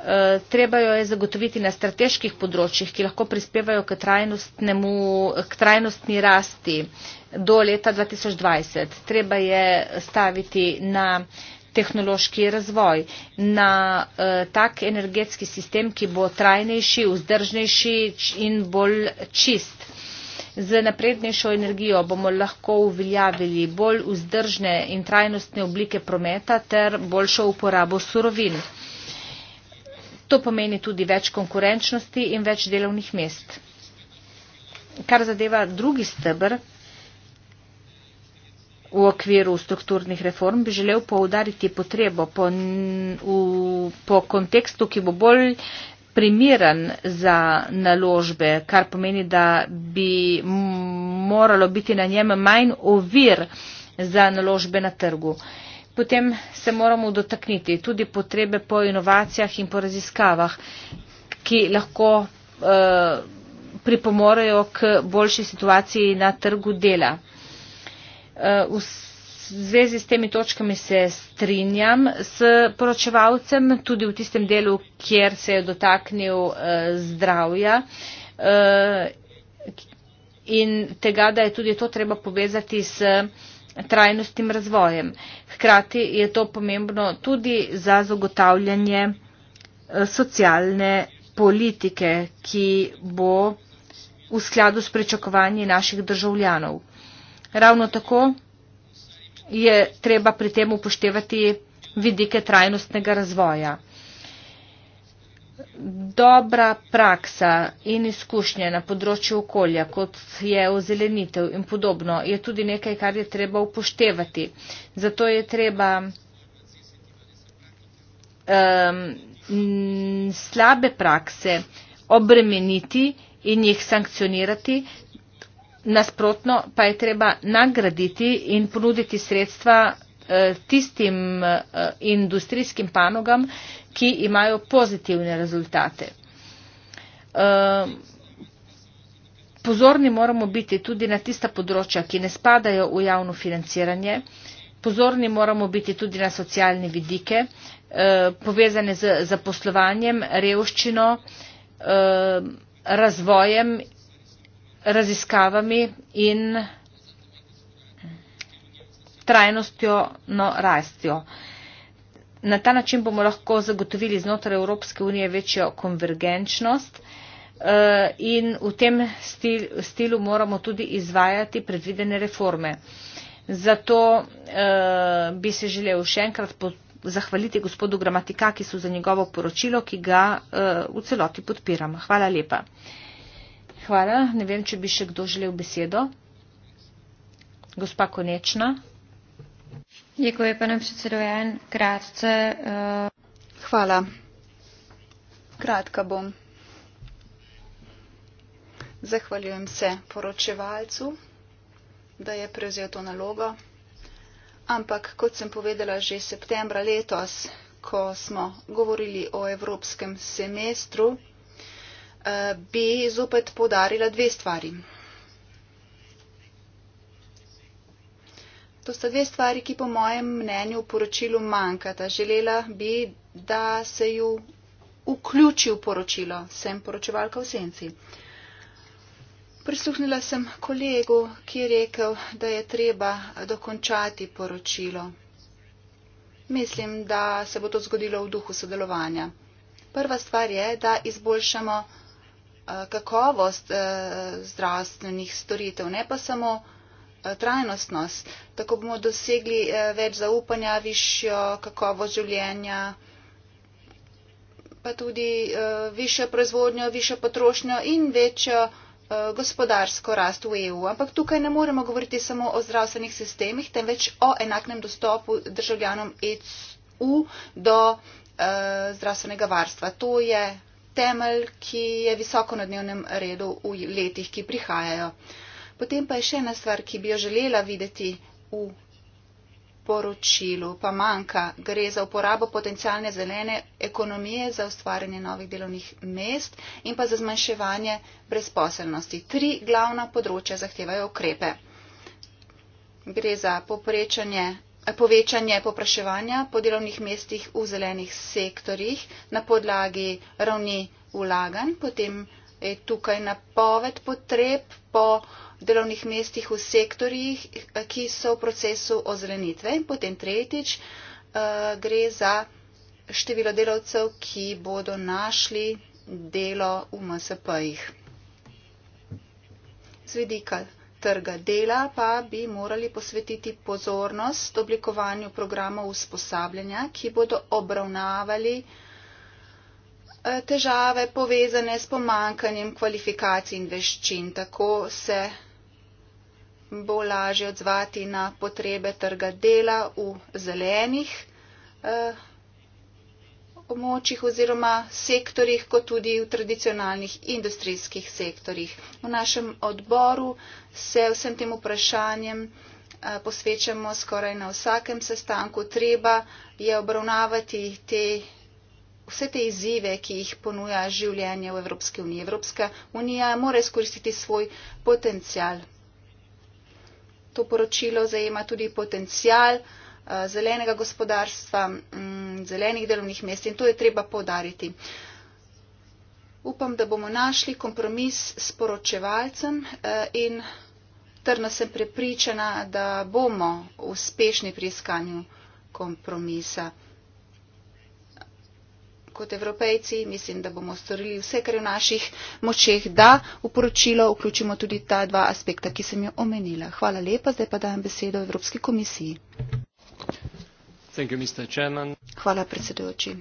E, treba jo je zagotoviti na strateških področjih, ki lahko prispevajo k, k trajnostni rasti do leta 2020. Treba je staviti na tehnološki razvoj, na e, tak energetski sistem, ki bo trajnejši, vzdržnejši in bolj čist. Z naprednejšo energijo bomo lahko uveljavili bolj vzdržne in trajnostne oblike prometa ter boljšo uporabo surovin. To pomeni tudi več konkurenčnosti in več delovnih mest. Kar zadeva drugi stebr v okviru strukturnih reform, bi želel poudariti potrebo po, po kontekstu, ki bo bolj primeren za naložbe, kar pomeni, da bi moralo biti na njem manj ovir za naložbe na trgu. Potem se moramo dotakniti tudi potrebe po inovacijah in po raziskavah, ki lahko eh, pripomorejo k boljši situaciji na trgu dela. Eh, zvezi s temi točkami se strinjam s poročevalcem, tudi v tistem delu, kjer se je dotaknil uh, zdravja uh, in tega, da je tudi to treba povezati s trajnostnim razvojem. Hkrati je to pomembno tudi za zagotavljanje eh, socialne politike, ki bo v skladu s pričakovanji naših državljanov. Ravno tako je treba pri tem upoštevati vidike trajnostnega razvoja. Dobra praksa in izkušnje na področju okolja, kot je ozelenitev in podobno, je tudi nekaj, kar je treba upoštevati. Zato je treba um, slabe prakse obremeniti in jih sankcionirati, nasprotno pa je treba nagraditi in ponuditi sredstva eh, tistim eh, industrijskim panogam, ki imajo pozitivne rezultate. Ehm, pozorni moramo biti tudi na tista področja, ki ne spadajo v javno financiranje, pozorni moramo biti tudi na socialne vidike, eh, povezane z zaposlovanjem, revščino, ehm, razvojem raziskavami in trajnostjo no, rastjo. Na ta način bomo lahko zagotovili znotraj Evropske unije večjo konvergenčnost eh, in v tem stilu moramo tudi izvajati predvidene reforme. Zato eh, bi se želel še enkrat zahvaliti gospodu Gramatikakisu za njegovo poročilo, ki ga eh, v celoti podpiram. Hvala lepa hvala. Ne vem, če bi še kdo želel besedo. Gospa Konečna. Děkuji, pane předsedo, jen krátce. Uh... Hvala. Kratka bom. Zahvaljujem se poročevalcu, da je prevzel to nalogo. Ampak, kot sem povedala že septembra letos, ko smo govorili o evropskem semestru, bi zopet podarila dve stvari. To sta dve stvari, ki po mojem mnenju v poročilu manjkata. Želela bi, da se ju vključi v poročilo. Sem poročevalka v senci. Prisluhnila sem kolegu, ki je rekel, da je treba dokončati poročilo. Mislim, da se bo to zgodilo v duhu sodelovanja. Prva stvar je, da izboljšamo Eh, kakovost eh, zdravstvenih storitev, ne pa samo eh, trajnostnost. Tako bomo dosegli več zaupanja, višjo kakovost življenja, pa tudi višjo proizvodnjo, višjo potrošnjo in večjo gospodarsko rast v EU. Ampak tukaj ne moremo govoriti samo o zdravstvenih sistemih, temveč o enakem dostopu državljanom EU do zdravstvenega varstva. To je temelj, ki je visoko na dnevnem redu v letih, ki prihajajo. Potem pa je še ena stvar, ki bi jo želela videti v poročilu, pa manjka. Gre za uporabo potencijalne zelene ekonomije za ustvarjanje novih delovnih mest in pa za zmanjševanje brezposelnosti. Tri glavna področja zahtevajo ukrepe. Gre za poprečanje povečanje popraševanja po delovnih mestih v zelenih sektorjih na podlagi ravni vlaganj, potem je tukaj napoved potreb po delovnih mestih v sektorjih, ki so v procesu ozelenitve in potem tretjič eh, gre za število delavcev, ki bodo našli delo v MSP-jih. Z vidika trga dela pa bi morali posvetiti pozornost oblikovanju programov usposabljanja, ki bodo obravnavali eh, težave povezane s pomankanjem kvalifikacij in veščin. Tako se bo lažje odzvati na potrebe trga dela v zelenih eh, območjih oziroma sektorjih, kot tudi v tradicionalnih industrijskih sektorjih. V našem odboru se vsem tem vprašanjem eh, posvečamo skoraj na vsakem sestanku. Treba je obravnavati te, vse te izzive, ki jih ponuja življenje v Evropski uniji. Evropska unija mora izkoristiti svoj potencial. To poročilo zajema tudi potencial, Eh, zelenega gospodarstva, mm, zelenih delovnih mest in to je treba podariti. Upam, da bomo našli kompromis s poročevalcem eh, in trdno sem prepričana, da bomo uspešni pri iskanju kompromisa. Kot evropejci mislim, da bomo storili vse, kar je v naših močeh, da v poročilo vključimo tudi ta dva aspekta, ki sem jo omenila. Hvala lepa, zdaj pa dajem besedo Evropski komisiji. Hvala predsedujoči.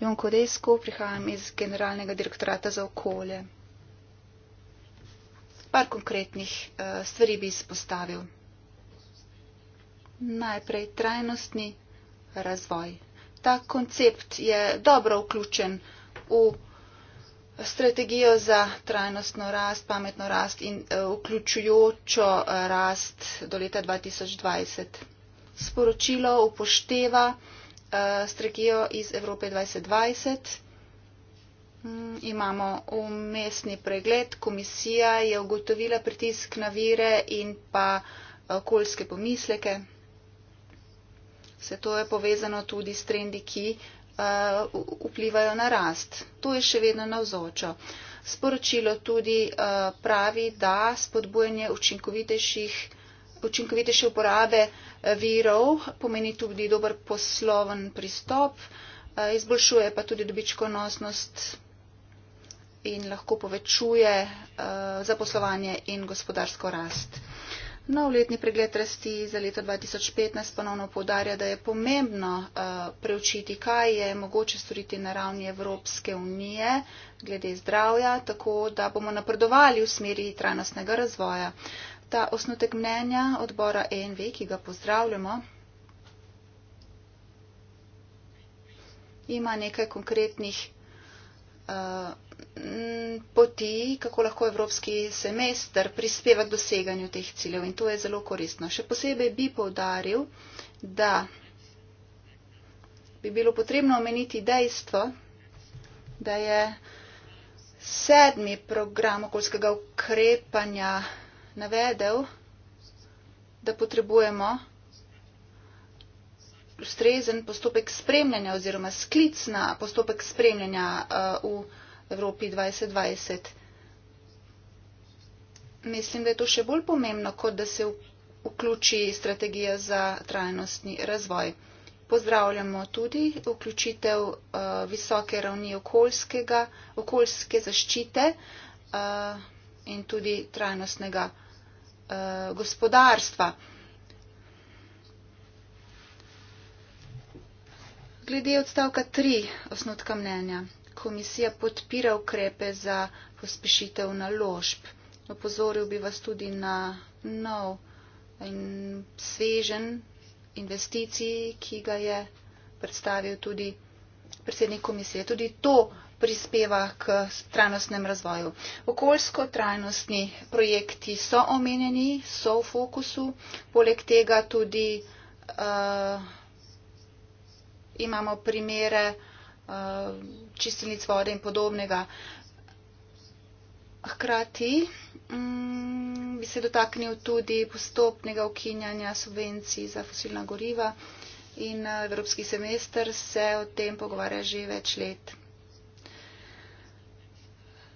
Jon Kodesko, prihajam iz Generalnega direktorata za okolje. Par konkretnih uh, stvari bi izpostavil. Najprej trajnostni razvoj. Ta koncept je dobro vključen v strategijo za trajnostno rast, pametno rast in uh, vključujočo eh, rast do leta 2020 sporočilo upošteva eh, strategijo iz Evrope 2020. Mm, imamo umestni pregled. Komisija je ugotovila pritisk na vire in pa eh, okoljske pomisleke. Vse to je povezano tudi s trendi, ki eh, vplivajo na rast. To je še vedno navzočo. Sporočilo tudi pravi, da spodbujanje učinkovitejših učinkovitejše uporabe eh, virov pomeni tudi dober posloven pristop, eh, izboljšuje pa tudi dobičkonosnost in lahko povečuje eh, zaposlovanje in gospodarsko rast. Nov letni pregled rasti za leto 2015 ponovno podarja, da je pomembno preučiti, kaj je mogoče storiti na ravni Evropske unije glede zdravja, tako da bomo napredovali v smeri trajnostnega razvoja ta osnutek mnenja odbora ENV, ki ga pozdravljamo, ima nekaj konkretnih uh, poti, kako lahko evropski semester prispeva k doseganju teh ciljev in to je zelo koristno. Še posebej bi povdaril, da bi bilo potrebno omeniti dejstvo, da je sedmi program okoljskega ukrepanja navedel, da potrebujemo ustrezen postopek spremljanja oziroma sklic na postopek spremljanja eh, v Evropi 2020. Mislim, da je to še bolj pomembno, kot da se vključi strategija za trajnostni razvoj. Pozdravljamo tudi vključitev uh, visoke ravni okoljske zaščite. Uh, in tudi trajnostnega uh, gospodarstva. Glede odstavka 3 osnotka mnenja, komisija podpira ukrepe za pospešitev naložb. Opozoril bi vas tudi na nov in svežen investiciji, ki ga je predstavil tudi predsednik komisije. Tudi to prispeva k trajnostnem razvoju. Okoljsko trajnostni projekti so omenjeni, so v fokusu, poleg tega tudi uh, imamo primere uh, čistilnic vode in podobnega. Hkrati um, bi se dotaknil tudi postopnega ukinjanja subvencij za fosilna goriva in uh, Evropski semester se o tem pogovarja že več let.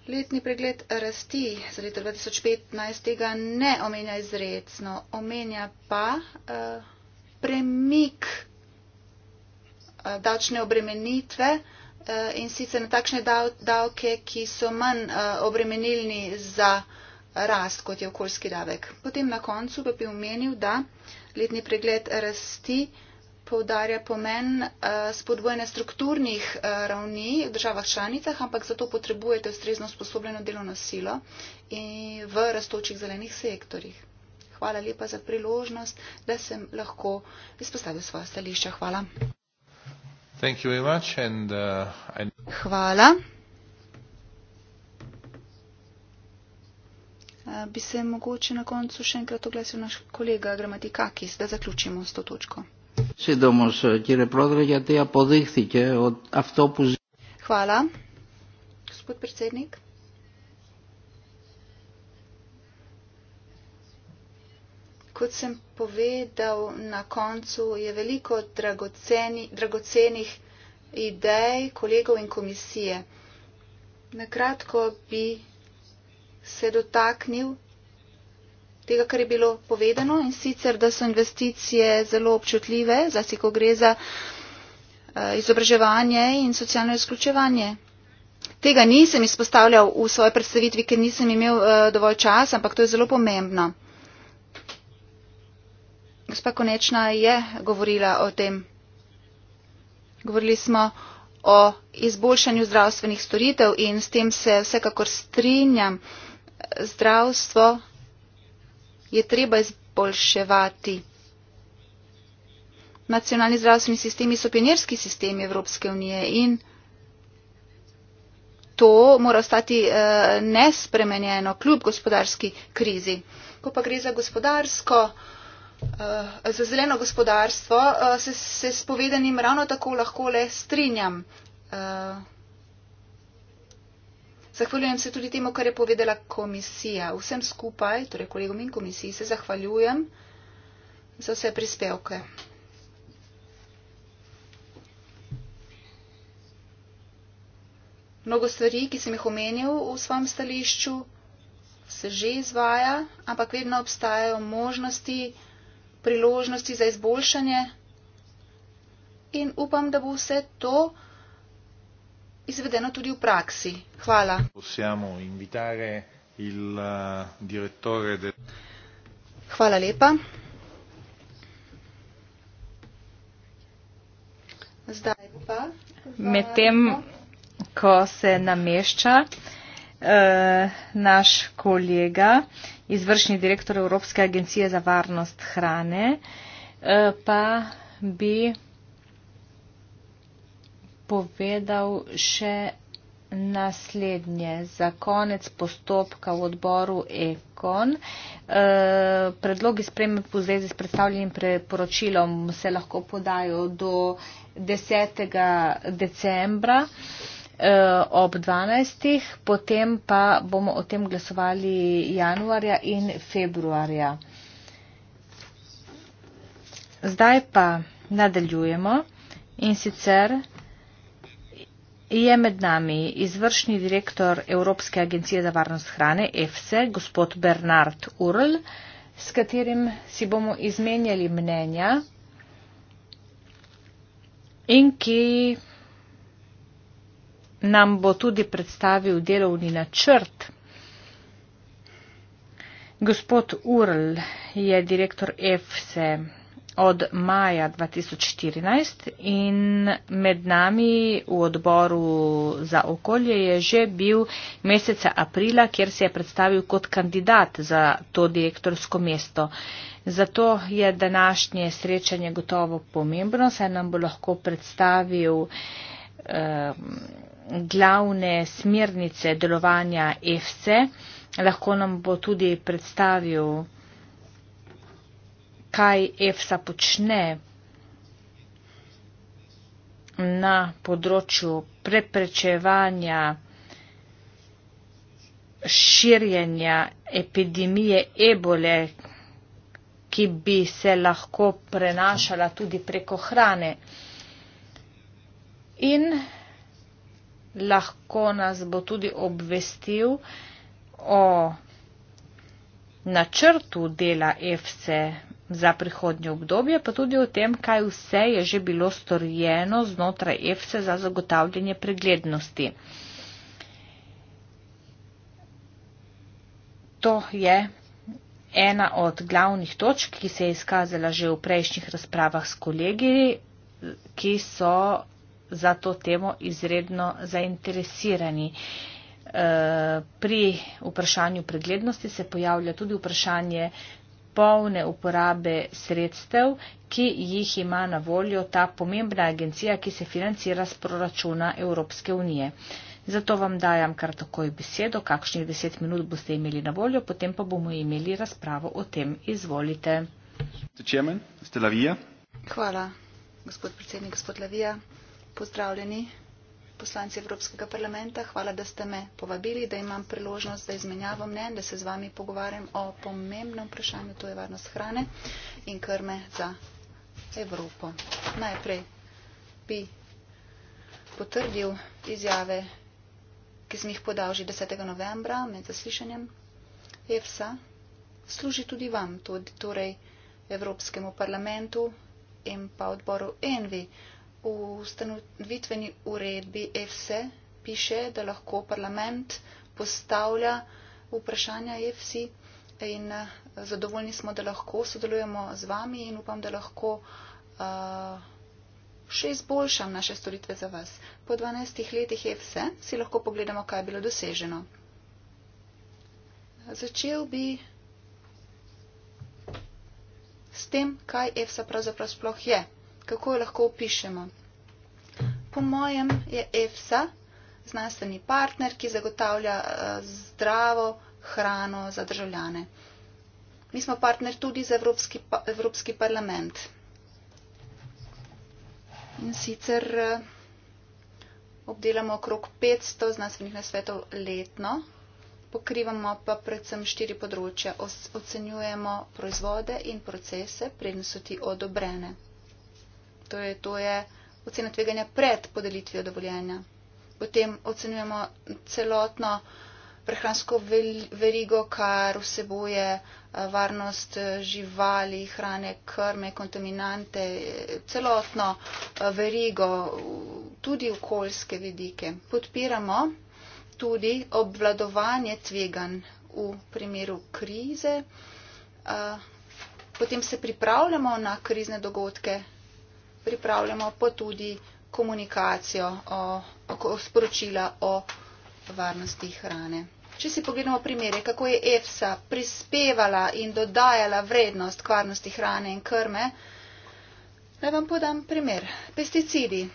Letni pregled rasti za leto 2015 tega ne omenja izredno, omenja pa uh, premik uh, davčne obremenitve uh, in sicer na takšne dav, davke, ki so manj uh, obremenilni za rast, kot je okoljski davek. Potem na koncu pa bi omenil, da letni pregled rasti uh, poudarja pomen eh, spodbojene strukturnih eh, ravni v državah članicah, ampak za to potrebujete ustrezno usposobljeno delovno silo in v raztočih zelenih sektorjih. Hvala lepa za priložnost, da sem lahko izpostavil svoje stališče. Hvala. Thank you very much and, uh, I... Hvala. Eh, bi se mogoče na koncu še enkrat oglasil naš kolega Gramatikakis, da zaključimo s to točko. Σύντομος, κύριε Πρόεδρε, γιατί αποδείχθηκε αυτό που ζει... Χαλά. Σπούτ Περτσένικ. Kot sem povedal na koncu, je veliko dragoceni, dragocenih idej kolegov in komisije. Nakratko bi se dotaknil tega, kar je bilo povedano in sicer, da so investicije zelo občutljive, zasi ko gre za eh, izobraževanje in socialno izključevanje. Tega nisem izpostavljal v svoji predstavitvi, ker nisem imel eh, dovolj časa, ampak to je zelo pomembno. Gospa Konečna je govorila o tem. Govorili smo o izboljšanju zdravstvenih storitev in s tem se vsekakor strinjam. Zdravstvo je treba izboljševati. Nacionalni zdravstveni sistemi so pionirski sistemi Evropske unije in to mora ostati uh, nespremenjeno kljub gospodarski krizi. Ko pa gre za gospodarsko, uh, za zeleno gospodarstvo, uh, se, se s povedanim ravno tako lahko le strinjam. Uh, Zahvaljujem se tudi temu, kar je povedala komisija. Vsem skupaj, torej kolegom in komisiji, se zahvaljujem za vse prispevke. Mnogo stvari, ki sem jih omenil v svojem stališču, se že izvaja, ampak vedno obstajajo možnosti, priložnosti za izboljšanje in upam, da bo vse to izvedeno tudi v praksi. Hvala. Eh, Hvala lepa. Zdaj pa. Medtem, ko se namešča eh, naš kolega, izvršni direktor Evropske agencije za varnost hrane, eh, pa bi povedal še naslednje. Za konec postopka v odboru Ekon. Eh, predlogi spreme v zvezi s predstavljenim preporočilom se lahko podajo do 10. decembra eh, ob 12. Potem pa bomo o tem glasovali januarja in februarja. Zdaj pa nadaljujemo in sicer je med nami izvršni direktor Evropske agencije za varnost hrane, EFSE, gospod Bernard Url, s katerim si bomo izmenjali mnenja in ki nam bo tudi predstavil delovni načrt. Gospod Url je direktor EFSE od maja 2014 in med nami v odboru za okolje je že bil meseca aprila, kjer se je predstavil kot kandidat za to direktorsko mesto. Zato je današnje srečanje gotovo pomembno, saj nam bo lahko predstavil eh, glavne smernice delovanja EFSE, lahko nam bo tudi predstavil kaj EFSA počne na področju preprečevanja širjenja epidemije ebole, ki bi se lahko prenašala tudi preko hrane. In lahko nas bo tudi obvestil o načrtu dela EFSE za prihodnje obdobje, pa tudi o tem, kaj vse je že bilo storjeno znotraj EFSE za zagotavljanje preglednosti. To je ena od glavnih točk, ki se je izkazala že v prejšnjih razpravah s kolegi, ki so za to temo izredno zainteresirani. Eh, pri vprašanju preglednosti se pojavlja tudi vprašanje polne uporabe sredstev, ki jih ima na voljo ta pomembna agencija, ki se financira z proračuna Evropske unije. Zato vam dajam kar takoj besedo, kakšnih deset minut boste imeli na voljo, potem pa bomo imeli razpravo o tem. Izvolite. Hvala, gospod predsednik, gospod Lavija. Pozdravljeni poslanci Evropskega parlamenta, hvala, da ste me povabili, da imam priložnost za izmenjavo mnen, da se z vami pogovarjam o pomembnem vprašanju, to je varnost hrane in krme za Evropo. Najprej bi potrdil izjave, ki sem jih podal že 10. novembra med zaslišanjem EFSA, služi tudi vam, tudi, torej Evropskemu parlamentu in pa odboru ENVI. V ustanovitveni uredbi EFSE piše, da lahko parlament postavlja vprašanja EFSI in eh, zadovoljni smo, da lahko sodelujemo z vami in upam, da lahko uh, še izboljšam naše storitve za vas. Po 12 letih EFSE si lahko pogledamo, kaj je bilo doseženo. Začel bi s tem, kaj EFSA pravzaprav sploh je kako jo lahko opišemo. Po mojem je EFSA znanstveni partner, ki zagotavlja eh, zdravo hrano za državljane. Mi smo partner tudi za Evropski, Evropski parlament. In sicer eh, obdelamo okrog 500 znanstvenih nasvetov letno, pokrivamo pa predvsem štiri področja. Ocenjujemo proizvode in procese, predn so ti odobrene torej to je ocena tveganja pred podelitvijo dovoljenja. Potem ocenjujemo celotno prehransko verigo, kar vseboje eh, varnost eh, živali, hrane, krme, kontaminante, celotno eh, verigo, tudi okoljske vidike. Podpiramo tudi obvladovanje tvegan v primeru krize. Potem se pripravljamo na krizne dogodke, pripravljamo pa tudi komunikacijo, o, o, sporočila o varnosti hrane. Če si pogledamo primere, kako je EFSA prispevala in dodajala vrednost k varnosti hrane in krme, naj vam podam primer. Pesticidi.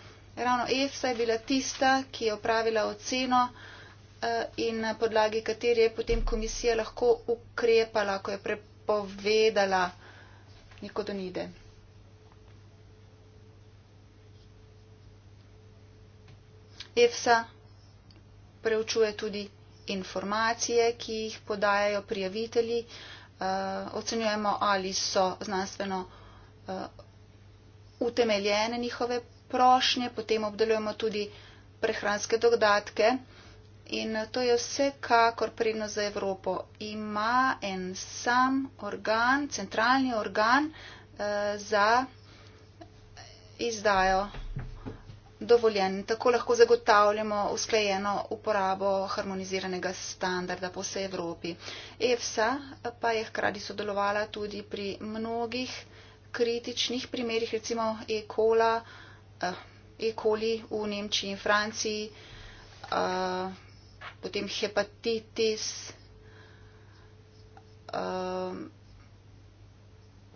Ravno EFSA je bila tista, ki je upravila oceno eh, in na podlagi katere je potem komisija lahko ukrepala, ko je prepovedala nikodonide. EFSA preučuje tudi informacije, ki jih podajajo prijavitelji, eh, ocenjujemo, ali so znanstveno eh, utemeljene njihove prošnje, potem obdelujemo tudi prehranske dodatke. In eh, to je vse, kakor prednost za Evropo. Ima en sam organ, centralni organ za izdajo dovoljen. Tako lahko zagotavljamo usklajeno uporabo harmoniziranega standarda po vsej Evropi. EFSA pa je hkrati sodelovala tudi pri mnogih kritičnih primerjih, recimo E-kola, E-koli eh, v Nemčiji in Franciji, eh, potem hepatitis, eh,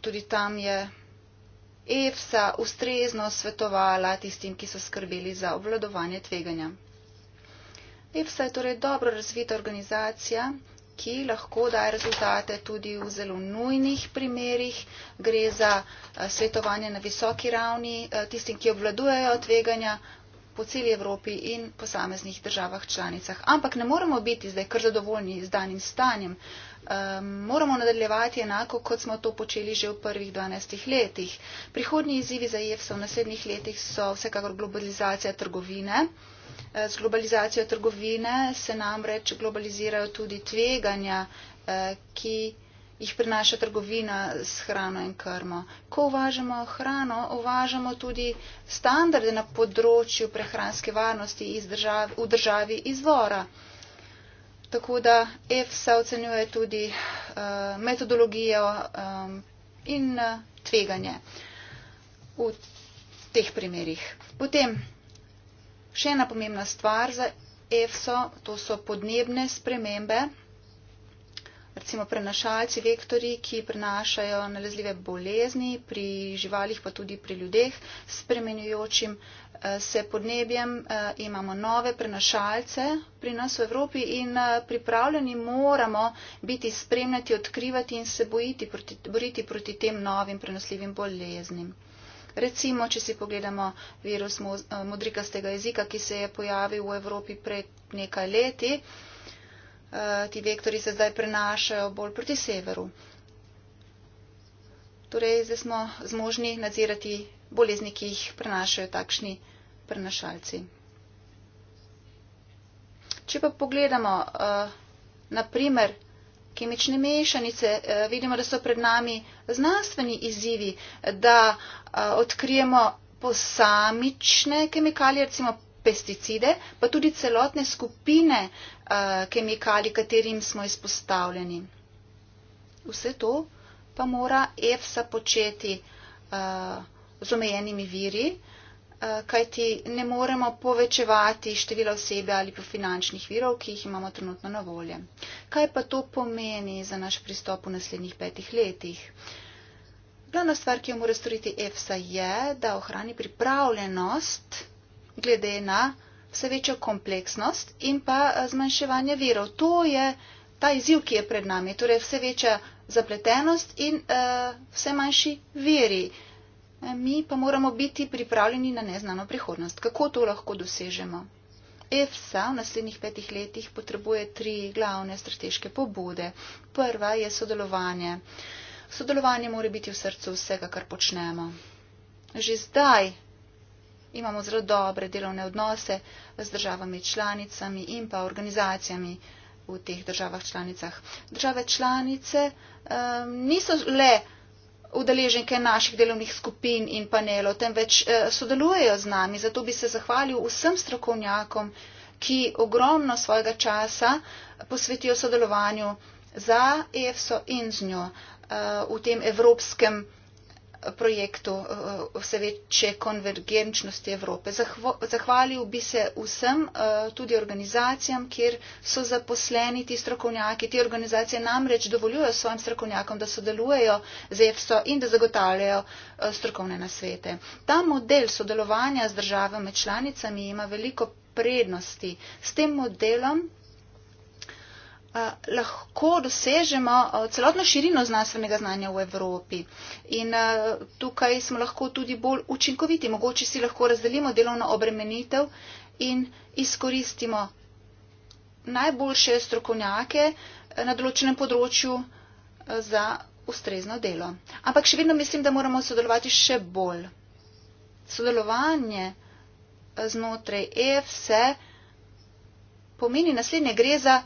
tudi tam je. EFSA ustrezno svetovala tistim, ki so skrbeli za obvladovanje tveganja. EFSA je torej dobro razvita organizacija, ki lahko daje rezultate tudi v zelo nujnih primerjih. Gre za eh, svetovanje na visoki ravni eh, tistim, ki obvladujejo tveganja po celi Evropi in posameznih državah članicah. Ampak ne moremo biti zdaj kar zadovoljni z danim stanjem um, moramo nadaljevati enako, kot smo to počeli že v prvih 12 letih. Prihodnji izzivi za IEF-sa v naslednjih letih so vsekakor globalizacija trgovine. Eh, z globalizacijo trgovine se namreč globalizirajo tudi tveganja, eh, ki jih prinaša trgovina s hrano in krmo. Ko uvažamo hrano, uvažamo tudi standarde na področju prehranske varnosti iz državi, v državi izvora. Tako da EFSA ocenjuje tudi uh, metodologijo um, in uh, tveganje v teh primerjih. Potem še ena pomembna stvar za EFSO, to so podnebne spremembe recimo prenašalci, vektori, ki prenašajo nalezljive bolezni pri živalih, pa tudi pri ljudeh, spremenjujočim eh, se podnebjem. Eh, imamo nove prenašalce pri nas v Evropi in eh, pripravljeni moramo biti spremljati, odkrivati in se bojiti, boriti proti tem novim prenosljivim boleznim. Recimo, če si pogledamo virus modrikastega jezika, ki se je pojavil v Evropi pred nekaj leti, Eh, ti vektori se zdaj prenašajo bolj proti severu. Torej, zdaj smo zmožni nadzirati bolezni, ki jih prenašajo takšni prenašalci. Če pa pogledamo eh, na primer kemične mešanice, eh, vidimo, da so pred nami znanstveni izzivi, da odkrijemo posamične kemikalije, recimo pesticide, pa tudi celotne skupine uh, Eh, kemikalij, katerim smo izpostavljeni. Vse to pa mora EFSA početi eh, z omejenimi viri, eh, kajti ne moremo povečevati števila osebe ali pa finančnih virov, ki jih imamo trenutno na volje. Kaj pa to pomeni za naš pristop v naslednjih petih letih? Glavna stvar, ki jo mora storiti EFSA, je, da ohrani pripravljenost glede na vse večjo kompleksnost in pa eh, zmanjševanje virov. To je ta izziv, ki je pred nami, torej vse večja zapletenost in uh, vse manjši veri. Eh, mi pa moramo biti pripravljeni na neznano prihodnost. Kako to lahko dosežemo? EFSA v naslednjih petih letih potrebuje tri glavne strateške pobude. Prva je sodelovanje. Sodelovanje mora biti v srcu vsega, kar počnemo. Že zdaj imamo zelo dobre delovne odnose z državami članicami in pa organizacijami v teh državah članicah. Države članice um, niso le udeleženke naših delovnih skupin in panelov, temveč eh, sodelujejo z nami. Zato bi se zahvalil vsem strokovnjakom, ki ogromno svojega časa posvetijo sodelovanju za EFSO in z njo eh, v tem evropskem projektu eh, vse večje konvergenčnosti Evrope. Zahvalil bi se vsem, eh, tudi organizacijam, kjer so zaposleni ti strokovnjaki. Ti organizacije namreč dovoljujo svojim strokovnjakom, da sodelujejo z EFSO in da zagotavljajo eh, strokovne nasvete. Ta model sodelovanja z državami članicami ima veliko prednosti. S tem modelom Eh, lahko dosežemo eh, celotno širino znanstvenega znanja v Evropi. In eh, tukaj smo lahko tudi bolj učinkoviti. Mogoče si lahko razdelimo delovno obremenitev in izkoristimo najboljše strokovnjake na določenem področju za ustrezno delo. Ampak še vedno mislim, da moramo sodelovati še bolj. Sodelovanje znotraj EFSE e pomeni naslednje gre za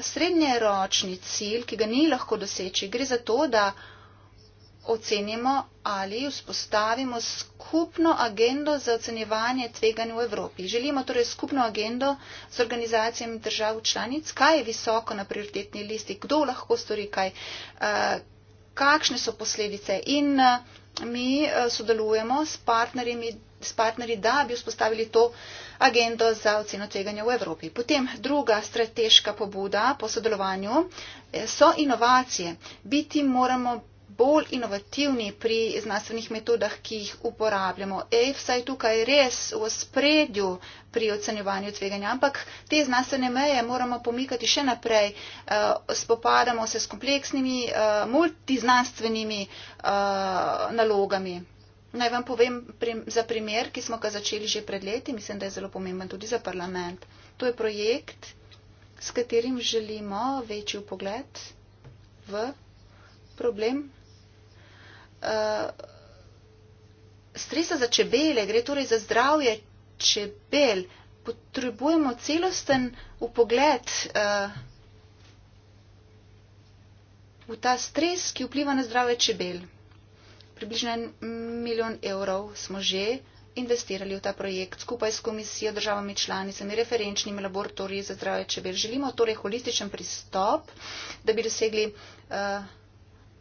srednjeročni cilj, ki ga ni lahko doseči, gre za to, da ocenimo ali vzpostavimo skupno agendo za ocenjevanje tveganj v Evropi. Želimo torej skupno agendo z organizacijami držav članic, kaj je visoko na prioritetni listi, kdo lahko stori kaj, eh, kakšne so posledice in eh, mi eh, sodelujemo s partnerji, da bi vzpostavili to uh, agendo za oceno tveganja v Evropi. Potem druga strateška pobuda po sodelovanju eh, so inovacije. Biti moramo bolj inovativni pri znanstvenih metodah, ki jih uporabljamo. EFSA eh, je tukaj res v spredju pri ocenjevanju tveganja, ampak te znanstvene meje moramo pomikati še naprej. Eh, spopadamo se s kompleksnimi multiznanstvenimi nalogami. Naj vam povem za primer, ki smo ga začeli že pred leti, mislim, da je zelo pomemben tudi za parlament. To je projekt, s katerim želimo večji pogled v problem. Uh, stresa za čebele, gre torej za zdravje čebel. Potrebujemo celosten upogled uh, eh, v ta stres, ki vpliva na zdrave čebele približno en milijon evrov smo že investirali v ta projekt skupaj s komisijo, državami članicami, referenčnimi laboratoriji za zdravje čebel. Želimo torej holističen pristop, da bi dosegli uh,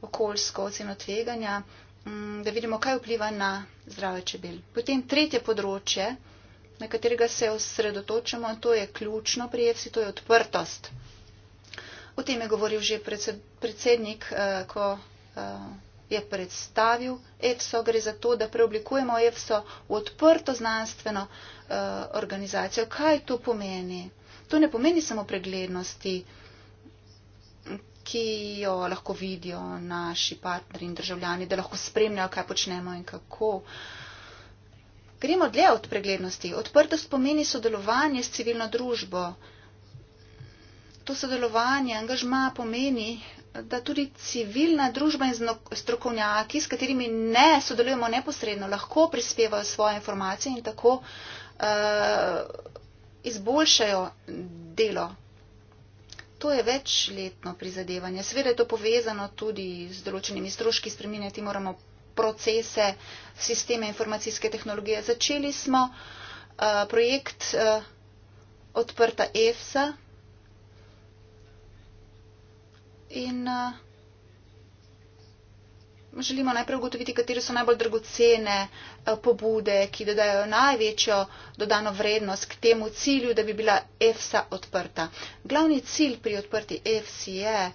okoljsko oceno tveganja, um, da vidimo, kaj vpliva na zdravje čebel. Potem tretje področje, na katerega se osredotočamo, in to je ključno pri EFSI, to je odprtost. O tem je govoril že predsednik, uh, ko. Uh, je predstavil EFSO, gre za to, da preoblikujemo EFSO v odprto znanstveno uh, organizacijo. Kaj to pomeni? To ne pomeni samo preglednosti, ki jo lahko vidijo naši partneri in državljani, da lahko spremljajo, kaj počnemo in kako. Gremo dlje od preglednosti. Odprtost pomeni sodelovanje s civilno družbo. To sodelovanje, angažma pomeni, da tudi civilna družba in strokovnjaki, s katerimi ne sodelujemo neposredno, lahko prispevajo svoje informacije in tako uh, izboljšajo delo. To je večletno prizadevanje. Sveda je to povezano tudi z določenimi stroški spreminjati moramo procese, sisteme informacijske tehnologije. Začeli smo uh, projekt uh, odprta EFSA. In uh, želimo najprej ugotoviti, katere so najbolj dragocene uh, pobude, ki dodajo največjo dodano vrednost k temu cilju, da bi bila EFSA odprta. Glavni cilj pri odprti EFSI je,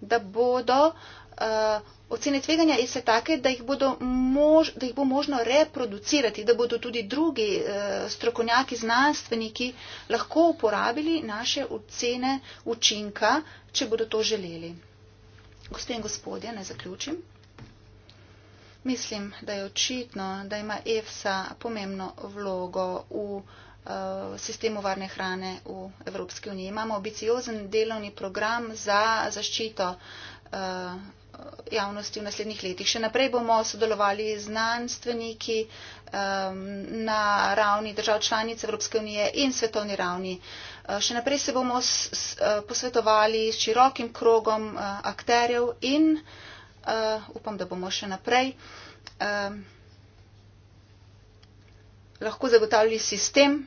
da bodo uh, Eh, ocene tveganja in se take, da jih, mož, da jih bo možno reproducirati, da bodo tudi drugi eh, strokovnjaki, znanstveniki lahko uporabili naše ocene učinka, če bodo to želeli. Gospod in gospodje, naj zaključim. Mislim, da je očitno, da ima EFSA pomembno vlogo v eh, sistemu varne hrane v Evropski uniji. Imamo ambiciozen delovni program za zaščito javnosti v naslednjih letih. Še naprej bomo sodelovali z znanstveniki na ravni držav članic Evropske unije in svetovni ravni. E, še naprej se bomo e, posvetovali s širokim krogom e, akterjev in upam, da bomo še naprej lahko zagotavljali sistem,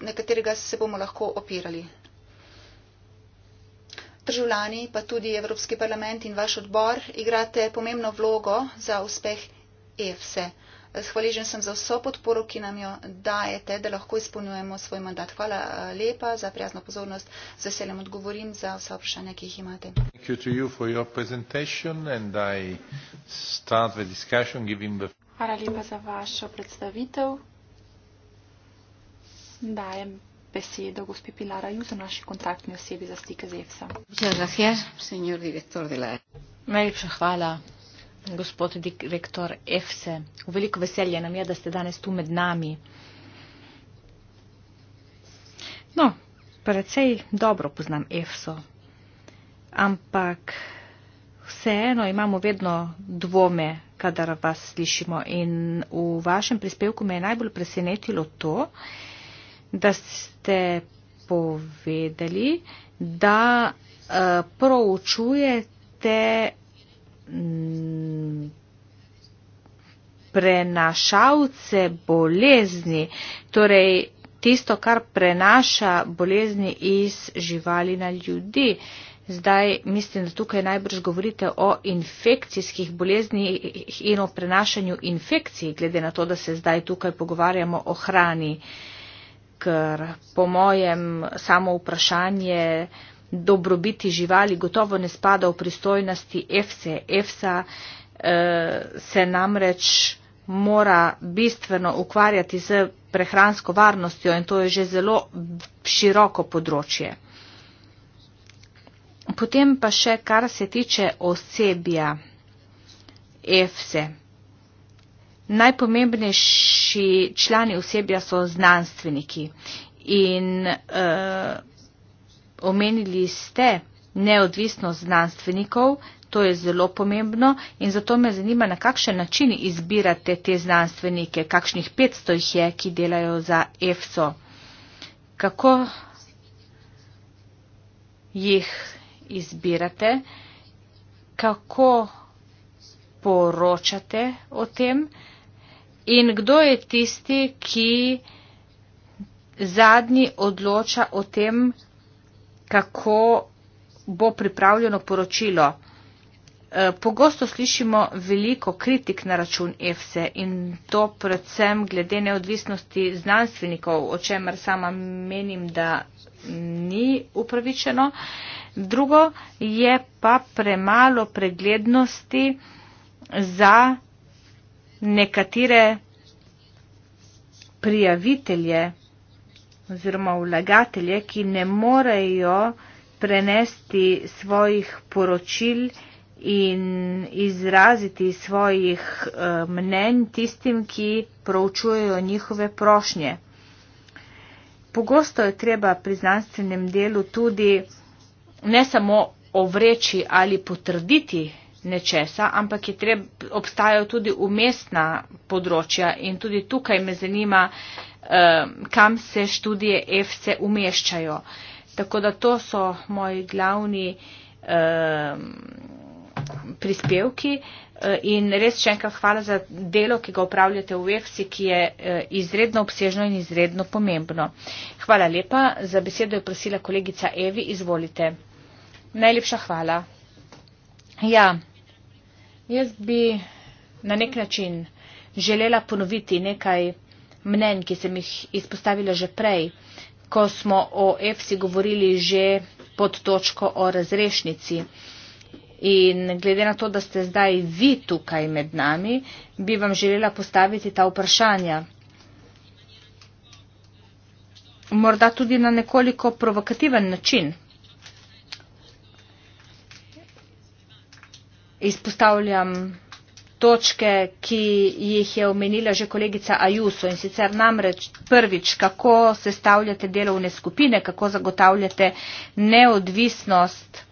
na katerega se bomo lahko opirali državljani, pa tudi Evropski parlament in vaš odbor igrate pomembno vlogo za uspeh EFSE. E. Hvaležen sem za vso podporo, ki nam jo dajete, da lahko izpolnjujemo svoj mandat. Hvala eh, lepa za prijazno pozornost. Z veseljem odgovorim za vsa vprašanja, ki jih imate. Hvala lepa za vašo predstavitev. Dajem besedo gospe Pilara Juz, naši kontaktni osebi za stike z EFSA. Najlepša hvala, gospod direktor EFSE. Veliko veselje nam je, da ste danes tu med nami. No, precej dobro poznam EFSO, ampak vseeno imamo vedno dvome, kadar vas slišimo. In v vašem prispevku me je najbolj presenetilo to, da da ste povedali, da uh, proučujete m, mm, prenašalce bolezni, torej tisto, kar prenaša bolezni iz živali na ljudi. Zdaj mislim, da tukaj najbrž govorite o infekcijskih boleznih in o prenašanju infekcij, glede na to, da se zdaj tukaj pogovarjamo o hrani. Uh, ker po mojem samo vprašanje dobrobiti živali gotovo ne spada v pristojnosti EFSE. EFSA eh, se namreč mora bistveno ukvarjati z prehransko varnostjo in to je že zelo široko področje. Potem pa še kar se tiče osebja EFSE najpomembnejši člani osebja so znanstveniki. In uh, omenili ste neodvisnost znanstvenikov, to je zelo pomembno in zato me zanima, na kakšen način izbirate te znanstvenike, kakšnih 500 jih je, ki delajo za EFSO. Kako jih izbirate, kako poročate o tem, uh, In kdo je tisti, ki zadnji odloča o tem, kako bo pripravljeno poročilo? E, pogosto slišimo veliko kritik na račun EFSE in to predvsem glede neodvisnosti znanstvenikov, o čemer sama menim, da ni upravičeno. Drugo je pa premalo preglednosti za nekatere prijavitelje oziroma vlagatelje, ki ne morejo prenesti svojih poročil in izraziti svojih eh, mnenj tistim, ki proučujejo njihove prošnje. Pogosto je treba pri znanstvenem delu tudi ne samo ovreči ali potrditi nečesa, ampak je treba, obstajajo tudi umestna področja in tudi tukaj me zanima, eh, kam se študije FC umeščajo. Tako da to so moji glavni eh, prispevki eh, in res še enkrat hvala za delo, ki ga upravljate v EFSI, ki je izredno obsežno in izredno pomembno. Hvala lepa. Za besedo je prosila kolegica Evi. Izvolite. Najlepša hvala. Ja, jaz bi na nek način želela ponoviti nekaj mnen, ki sem jih izpostavila že prej, ko smo o EFSI govorili že pod točko o razrešnici. In glede na to, da ste zdaj vi tukaj med nami, bi vam želela postaviti ta vprašanja. Morda tudi na nekoliko provokativen način. izpostavljam točke, ki jih je omenila že kolegica Ajuso in sicer namreč prvič, kako sestavljate delovne skupine, kako zagotavljate neodvisnost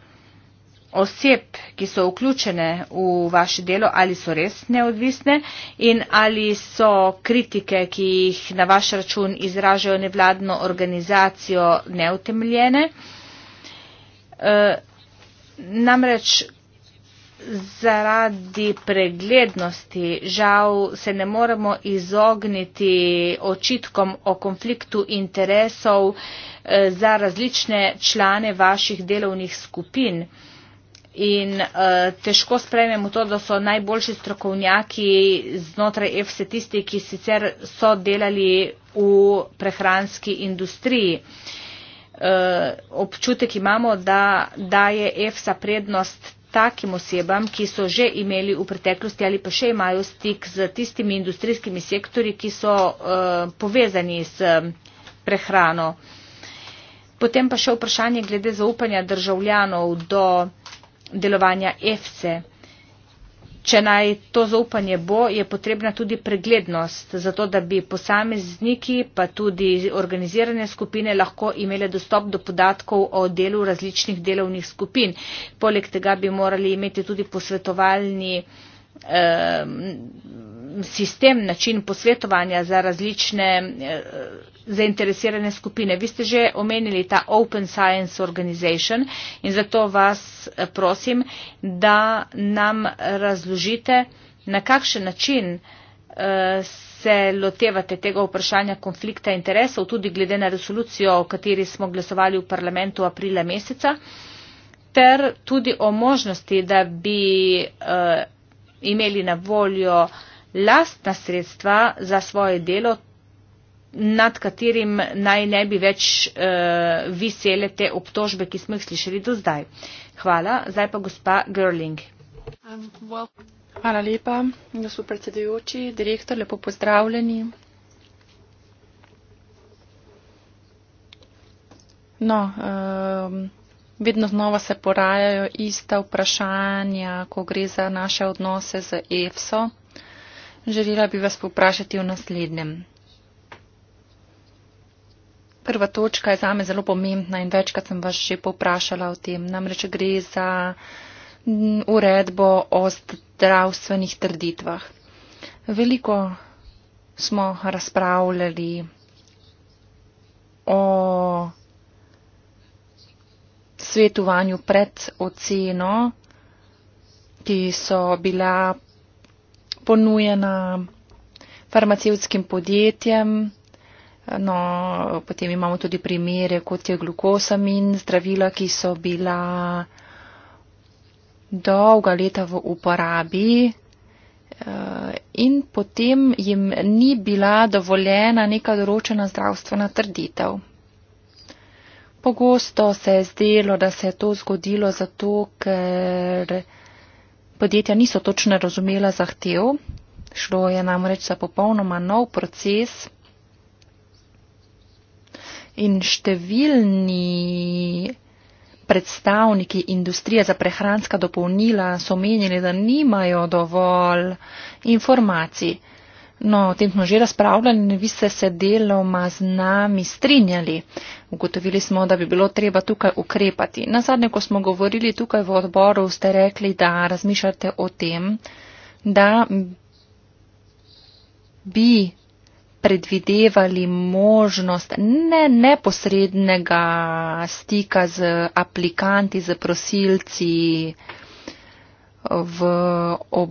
oseb, ki so vključene v vaše delo, ali so res neodvisne in ali so kritike, ki jih na vaš račun izražajo nevladno organizacijo, neutemljene. E, eh, namreč, zaradi preglednosti žal se ne moremo izogniti očitkom o konfliktu interesov eh, za različne člane vaših delovnih skupin. In eh, težko sprejmemo to, da so najboljši strokovnjaki znotraj EFSE tisti, ki sicer so delali v prehranski industriji. Eh, občutek imamo, da daje EFSA prednost takim osebam, ki so že imeli v preteklosti ali pa še imajo stik z tistimi industrijskimi sektori, ki so uh, povezani s prehrano. Potem pa še vprašanje glede zaupanja državljanov do delovanja EFSE. Če naj to zaupanje bo, je potrebna tudi preglednost, zato da bi posamezniki, pa tudi organizirane skupine lahko imele dostop do podatkov o delu različnih delovnih skupin. Poleg tega bi morali imeti tudi posvetovalni eh, sistem, način posvetovanja za različne. Eh, zainteresirane skupine. Vi ste že omenili ta Open Science Organization in zato vas eh, prosim, da nam razložite, na kakšen način eh, se lotevate tega vprašanja konflikta interesov, tudi glede na resolucijo, o kateri smo glasovali v parlamentu aprila meseca, ter tudi o možnosti, da bi eh, imeli na voljo lastna sredstva za svoje delo, nad katerim naj ne bi več uh, visele te obtožbe, ki smo jih slišali do zdaj. Hvala. Zdaj pa gospa Gerling. Hvala lepa, gospod predsedujoči, direktor, lepo pozdravljeni. No, um, vedno znova se porajajo ista vprašanja, ko gre za naše odnose z EFSO. Želela bi vas poprašati o naslednjem. Prva točka je zame zelo pomembna in večkrat sem vas že povprašala o tem. Namreč gre za uredbo o zdravstvenih trditvah. Veliko smo razpravljali o svetovanju pred oceno, ki so bila ponujena farmacevskim podjetjem No, potem imamo tudi primere, kot je glukosamin, zdravila, ki so bila dolga leta v uporabi eh, in potem jim ni bila dovoljena neka določena zdravstvena trditev. Pogosto se je zdelo, da se je to zgodilo zato, ker podjetja niso točno razumela zahtev. Šlo je namreč za popolnoma nov proces in številni predstavniki industrije za prehranska dopolnila so menili, da nimajo dovolj informacij. No, o tem smo že razpravljali in vi ste se deloma z nami strinjali. Ugotovili smo, da bi bilo treba tukaj ukrepati. Na zadnje, ko smo govorili tukaj v odboru, ste rekli, da razmišljate o tem, da bi predvidevali možnost ne neposrednega stika z aplikanti, z prosilci v, ob,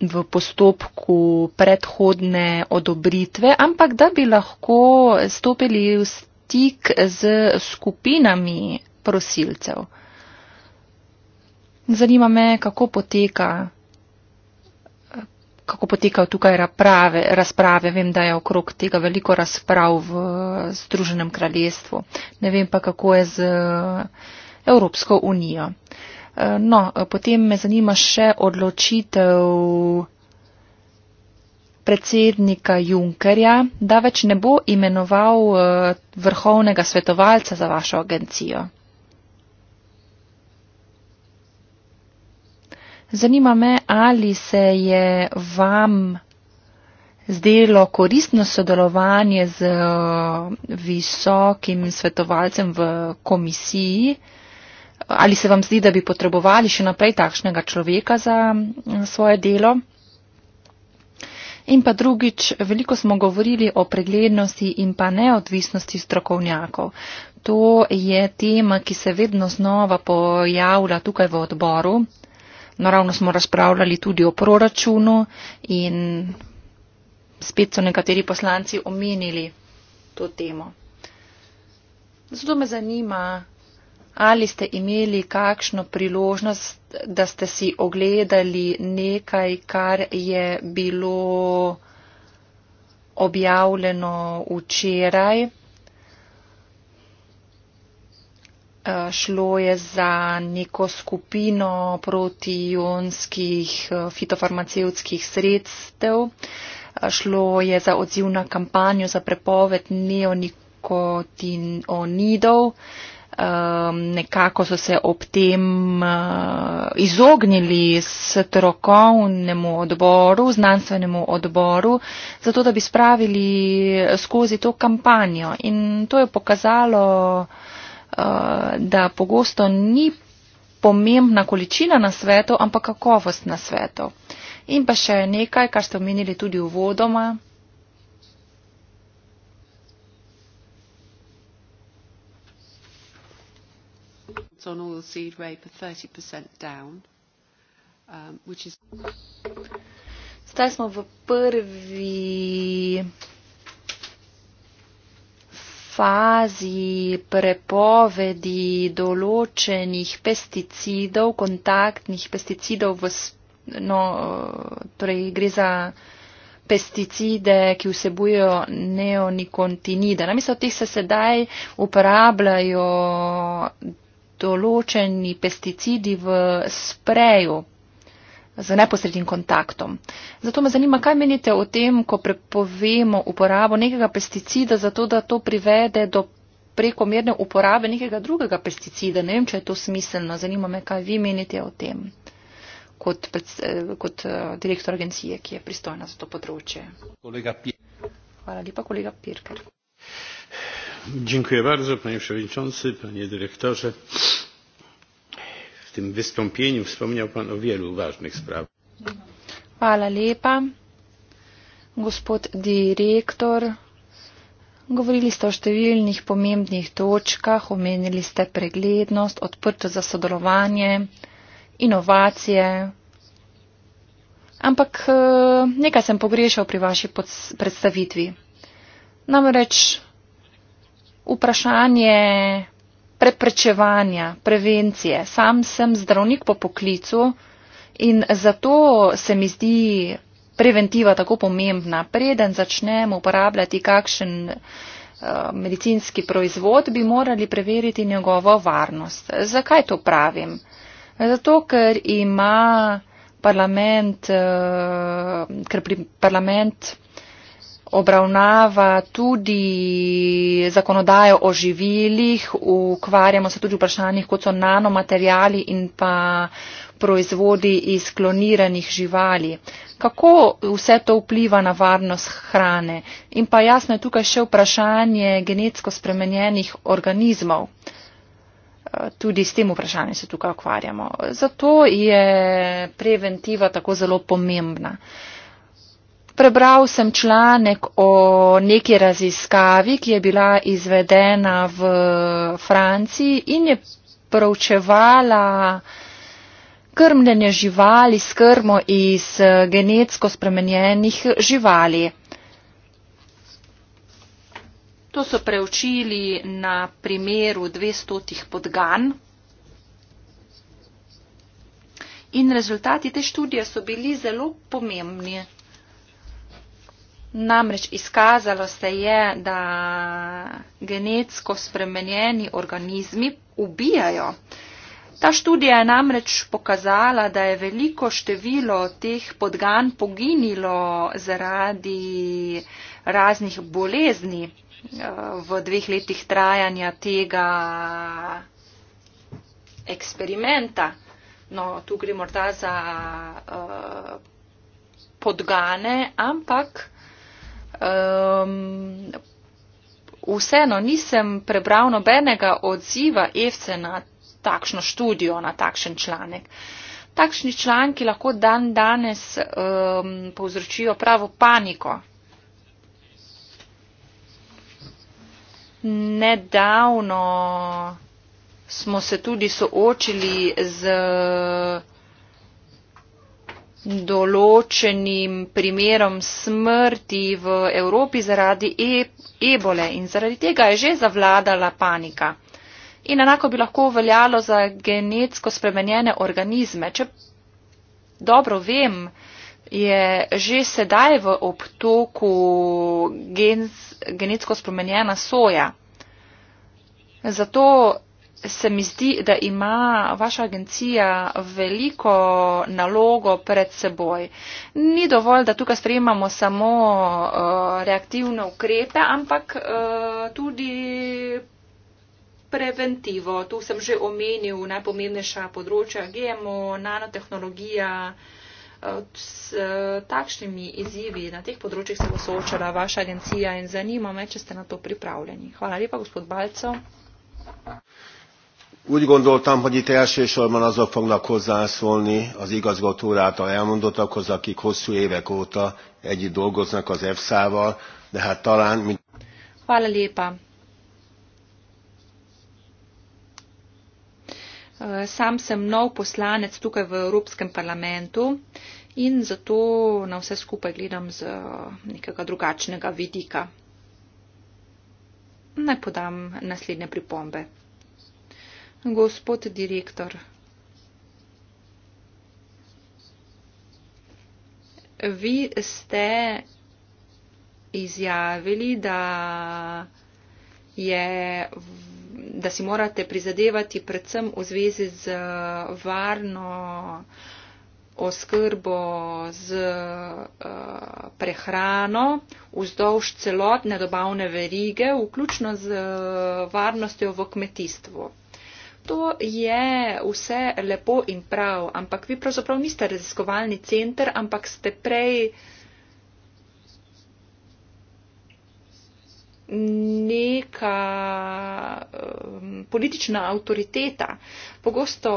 v postopku predhodne odobritve, ampak da bi lahko stopili v stik z skupinami prosilcev. Zanima me, kako poteka kako potekajo tukaj razprave, razprave. Vem, da je okrog tega veliko razprav v Združenem kraljestvu. Ne vem pa, kako je z eh, Evropsko unijo. Eh, no, eh, potem me zanima še odločitev predsednika Junkerja, da več ne bo imenoval vrhovnega svetovalca za vašo agencijo. Zanima me, ali se je vam zdelo koristno sodelovanje z eh, visokim svetovalcem v komisiji, ali se vam zdi, da bi potrebovali še naprej takšnega človeka za mm, svoje delo. In pa drugič, veliko smo govorili o preglednosti in pa neodvisnosti strokovnjakov. To je tema, ki se vedno znova pojavlja tukaj v odboru naravno smo razpravljali tudi o proračunu in spet so nekateri poslanci omenili to temo. Zato me zanima, ali ste imeli kakšno priložnost, da ste si ogledali nekaj, kar je bilo objavljeno včeraj. Eh, šlo je za neko skupino protijonskih eh, fitofarmacevskih sredstev, eh, šlo je za odziv na kampanjo za prepoved neonikotinonidov. Ehm, nekako so se ob tem izognili strokovnemu odboru, znanstvenemu odboru, zato da bi spravili skozi to kampanjo. In to je pokazalo, Eh, da pogosto ni pomembna količina na svetu, ampak kakovost na svetu. In pa še nekaj, kar ste omenili tudi v vodoma. Um, Zdaj smo v prvi fazi prepovedi določenih pesticidov, kontaktnih pesticidov, v, no, torej gre za pesticide, ki vsebujo neonikontinide. Namesto tih se sedaj uporabljajo določeni pesticidi v spreju, z neposrednim kontaktom. Zato me zanima, kaj menite o tem, ko prepovemo uporabo nekega pesticida, zato da to privede do prekomerne uporabe nekega drugega pesticida. Ne vem, če je to smiselno. Zanima me, kaj vi menite o tem kot, eh, kot eh, direktor agencije, ki je pristojna za to področje. Hvala lepa, kolega Pirker. Dziękuję bardzo, panie przewodniczący, panie dyrektorze tym wystąpieniu wspomniał pan o wielu ważnych sprawach. Hvala lepa, gospod direktor. Govorili ste o številnih pomembnih točkah, omenili ste preglednost, odprto za sodelovanje, inovacije. Ampak e, nekaj sem pogrešal pri vaši predstavitvi. Namreč vprašanje preprečevanja, prevencije. Sam sem zdravnik po poklicu in zato se mi zdi preventiva tako pomembna. Preden začnem uporabljati kakšen eh, medicinski proizvod, bi morali preveriti njegovo varnost. Zakaj to pravim? Zato, ker ima parlament, eh, ker pri parlament obravnava tudi zakonodajo o živilih, ukvarjamo se tudi vprašanjih, kot so nanomaterjali in pa proizvodi iz kloniranih živali. Kako vse to vpliva na varnost hrane? In pa jasno je tukaj še vprašanje genetsko spremenjenih organizmov. Tudi s tem vprašanjem se tukaj ukvarjamo. Zato je preventiva tako zelo pomembna. Uh, Prebral sem članek o neki raziskavi, ki je bila izvedena v Franciji in je proučevala krmljenje živali s krmo iz eh, genetsko spremenjenih živali. To so preučili na primeru 200 podgan. In rezultati te študije so bili zelo pomembni. Namreč izkazalo se je, da genetsko spremenjeni organizmi ubijajo. Ta študija je namreč pokazala, da je veliko število teh podgan poginilo zaradi raznih bolezni eh, v dveh letih trajanja tega eksperimenta. No, tu gre morda za uh, podgane, ampak. Um, vseeno nisem prebral nobenega odziva Evce na takšno študijo, na takšen članek. Takšni članki lahko dan danes um, povzročijo pravo paniko. Nedavno smo se tudi soočili z. Uh, določenim primerom smrti v Evropi zaradi e ebole in zaradi tega je že zavladala panika. In enako bi lahko veljalo za genetsko spremenjene organizme. Če dobro vem, je že sedaj v obtoku gens, genetsko spremenjena soja. Zato se mi zdi, da ima vaša agencija veliko nalogo pred seboj. Ni dovolj, da tukaj sprejemamo samo uh, reaktivne ukrepe, ampak uh, tudi preventivo. Tu sem že omenil najpomembnejša področja GMO, nanotehnologija. Eh, s takšnimi izzivi na teh področjih se bo soočala vaša agencija in zanima me, če ste na to pripravljeni. Hvala lepa, gospod Balco. Úgy gondoltam, hogy itt elsősorban azok fognak hozzászólni az igazgatóra által elmondottakhoz, akik hosszú évek óta együtt dolgoznak az EFSA-val, de hát talán... Mint... Hvala lepa. Sam sem nov poslanec tukaj v Evropskem parlamentu in zato na vse skupaj gledam z e, nekega drugačnega vidika. Naj podam naslednje pripombe gospod direktor. Vi ste izjavili, da, je, da si morate prizadevati predvsem v zvezi z varno oskrbo z uh, prehrano vzdolž celotne dobavne verige, vključno z uh, varnostjo v kmetijstvu. To je vse lepo in prav, ampak vi pravzaprav niste raziskovalni center, ampak ste prej neka um, politična avtoriteta. Pogosto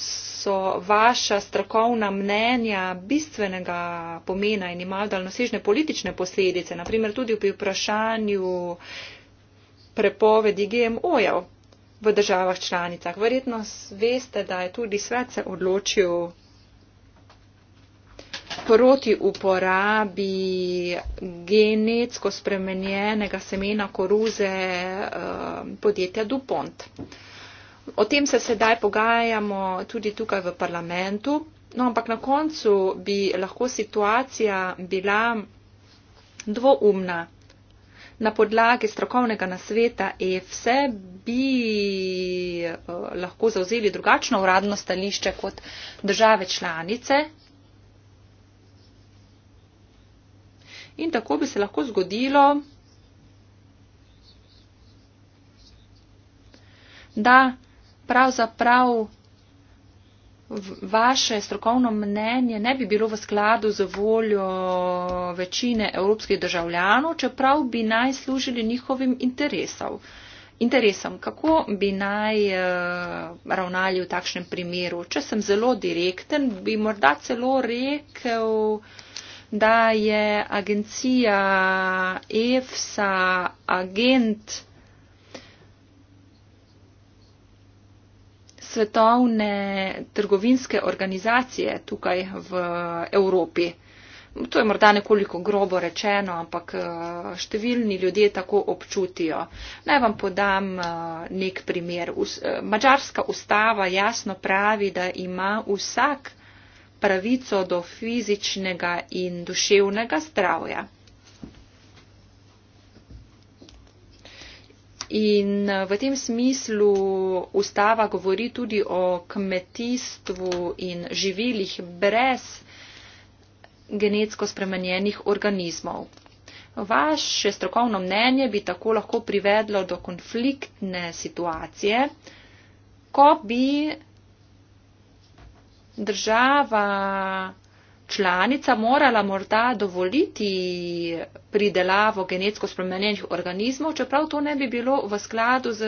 so vaša strokovna mnenja bistvenega pomena in imajo daljnosežne politične posledice, naprimer tudi pri vprašanju prepovedi GMO-jev v državah članicah. Verjetno veste, da je tudi svet se odločil proti uporabi genetsko spremenjenega semena koruze eh, podjetja Dupont. O tem se sedaj pogajamo tudi tukaj v parlamentu, no ampak na koncu bi lahko situacija bila dvoumna na podlagi strokovnega nasveta EFSE bi eh, lahko zauzeli drugačno uradno stališče kot države članice. In tako bi se lahko zgodilo, da pravzaprav prav vaše strokovno mnenje ne bi bilo v skladu z voljo večine evropskih državljanov, čeprav bi naj služili njihovim interesov. interesom. Kako bi naj eh, ravnali v takšnem primeru? Če sem zelo direkten, bi morda celo rekel, da je agencija EFSA agent svetovne trgovinske organizacije tukaj v Evropi. To je morda nekoliko grobo rečeno, ampak eh, številni ljudje tako občutijo. Naj vam podam eh, nek primer. Eh, Mačarska ustava jasno pravi, da ima vsak pravico do fizičnega in duševnega zdravja. In eh, v tem smislu ustava govori tudi o kmetijstvu in živilih brez genetsko spremenjenih organizmov. Vaše strokovno mnenje bi tako lahko privedlo do konfliktne situacije, ko bi država članica morala morda dovoliti pridelavo genetsko spremenjenih organizmov, čeprav to ne bi bilo v skladu z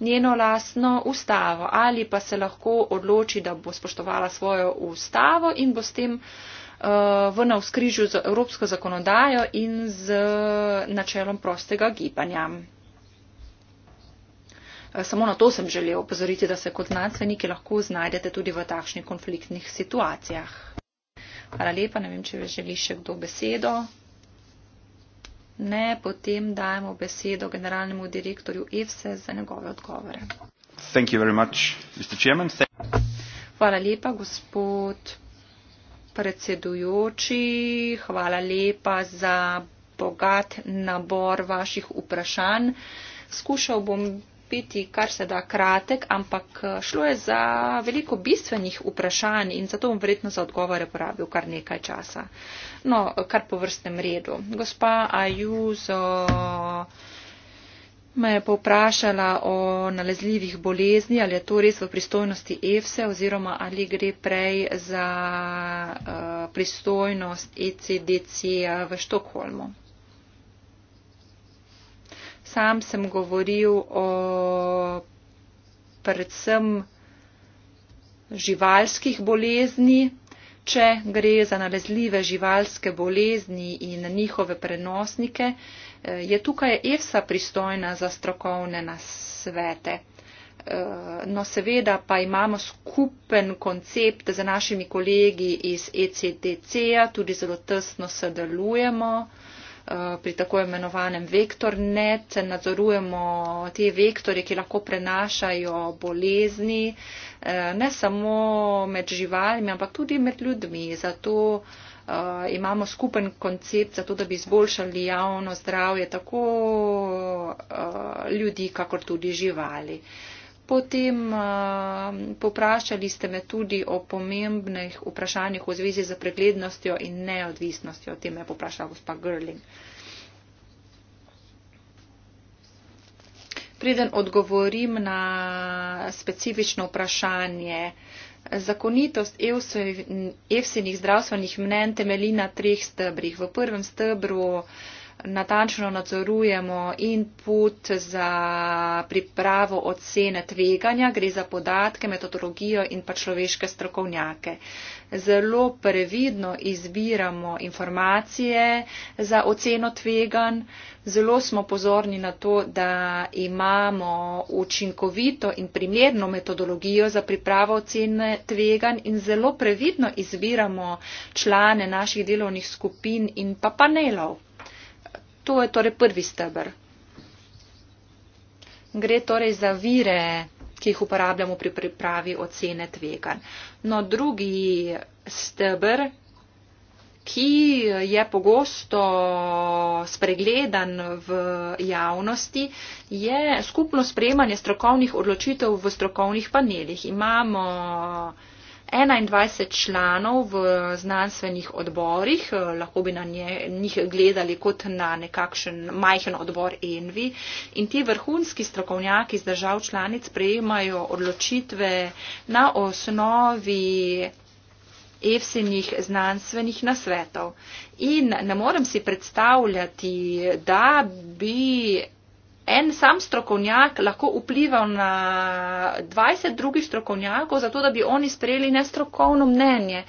njeno lastno ustavo. Ali pa se lahko odloči, da bo spoštovala svojo ustavo in bo s tem uh, v navskrižju z evropsko zakonodajo in z eh, načelom prostega gibanja. Eh, samo na to sem želel opozoriti, da se kot znanstveniki lahko znajdete tudi v takšnih konfliktnih situacijah. Hvala lepa. Ne vem, če želi še kdo besedo. Ne, potem dajemo besedo generalnemu direktorju EFSE za njegove odgovore. Thank you very much, Mr. Chairman. Thank Hvala lepa, gospod predsedujoči. Hvala lepa za bogat nabor vaših vprašanj. Skušal bom biti kar se da kratek, ampak eh, šlo je za veliko bistvenih vprašanj in zato bom verjetno za odgovore porabil kar nekaj časa. No, kar po vrstnem redu. Gospa Ajuzo me je povprašala o nalezljivih bolezni, ali je to res v pristojnosti EFSE e oziroma ali gre prej za uh, pristojnost ECDC v Štokholmu. Sam sem govoril o predvsem živalskih bolezni, če gre za nalezljive živalske bolezni in njihove prenosnike, eh, je tukaj EFSA pristojna za strokovne nasvete. Eh, no, seveda pa imamo skupen koncept z našimi kolegi iz ECDC-a, tudi zelo tesno sodelujemo. Eh, pri tako imenovanem vektornet, nadzorujemo te vektori, ki lahko prenašajo bolezni, eh, ne samo med živalmi, ampak tudi med ljudmi. Zato eh, imamo skupen koncept za to, da bi izboljšali javno zdravje tako ljudi, kakor tudi živali. Potem eh, popraščali ste me tudi o pomembnih vprašanjih v zvezi z preglednostjo in neodvisnostjo. O tem me je poprašala gospa Gerling. Preden odgovorim na specifično vprašanje. Zakonitost EFSI-nih zdravstvenih mnen temeli na treh stebrih. V prvem stebru natančno nadzorujemo in put za pripravo ocene tveganja, gre za podatke, metodologijo in pa človeške strokovnjake. Zelo previdno izbiramo informacije za oceno tvegan, zelo smo pozorni na to, da imamo učinkovito in primerno metodologijo za pripravo ocene tvegan in zelo previdno izbiramo člane naših delovnih skupin in pa panelov. To je torej prvi stebr. Gre torej za vire, ki jih uporabljamo pri pripravi ocene tvegan. No, drugi stebr, ki je pogosto spregledan v javnosti, je skupno sprejemanje strokovnih odločitev v strokovnih panelih. Imamo 21 članov v znanstvenih odborih, eh, lahko bi na nje, njih gledali kot na nekakšen majhen odbor Envi in ti vrhunski strokovnjaki iz držav članic prejemajo odločitve na osnovi evsinih znanstvenih nasvetov. In ne morem si predstavljati, da bi en sam strokovnjak lahko vplival na 20 drugih strokovnjakov, zato da bi oni sprejeli nestrokovno mnenje.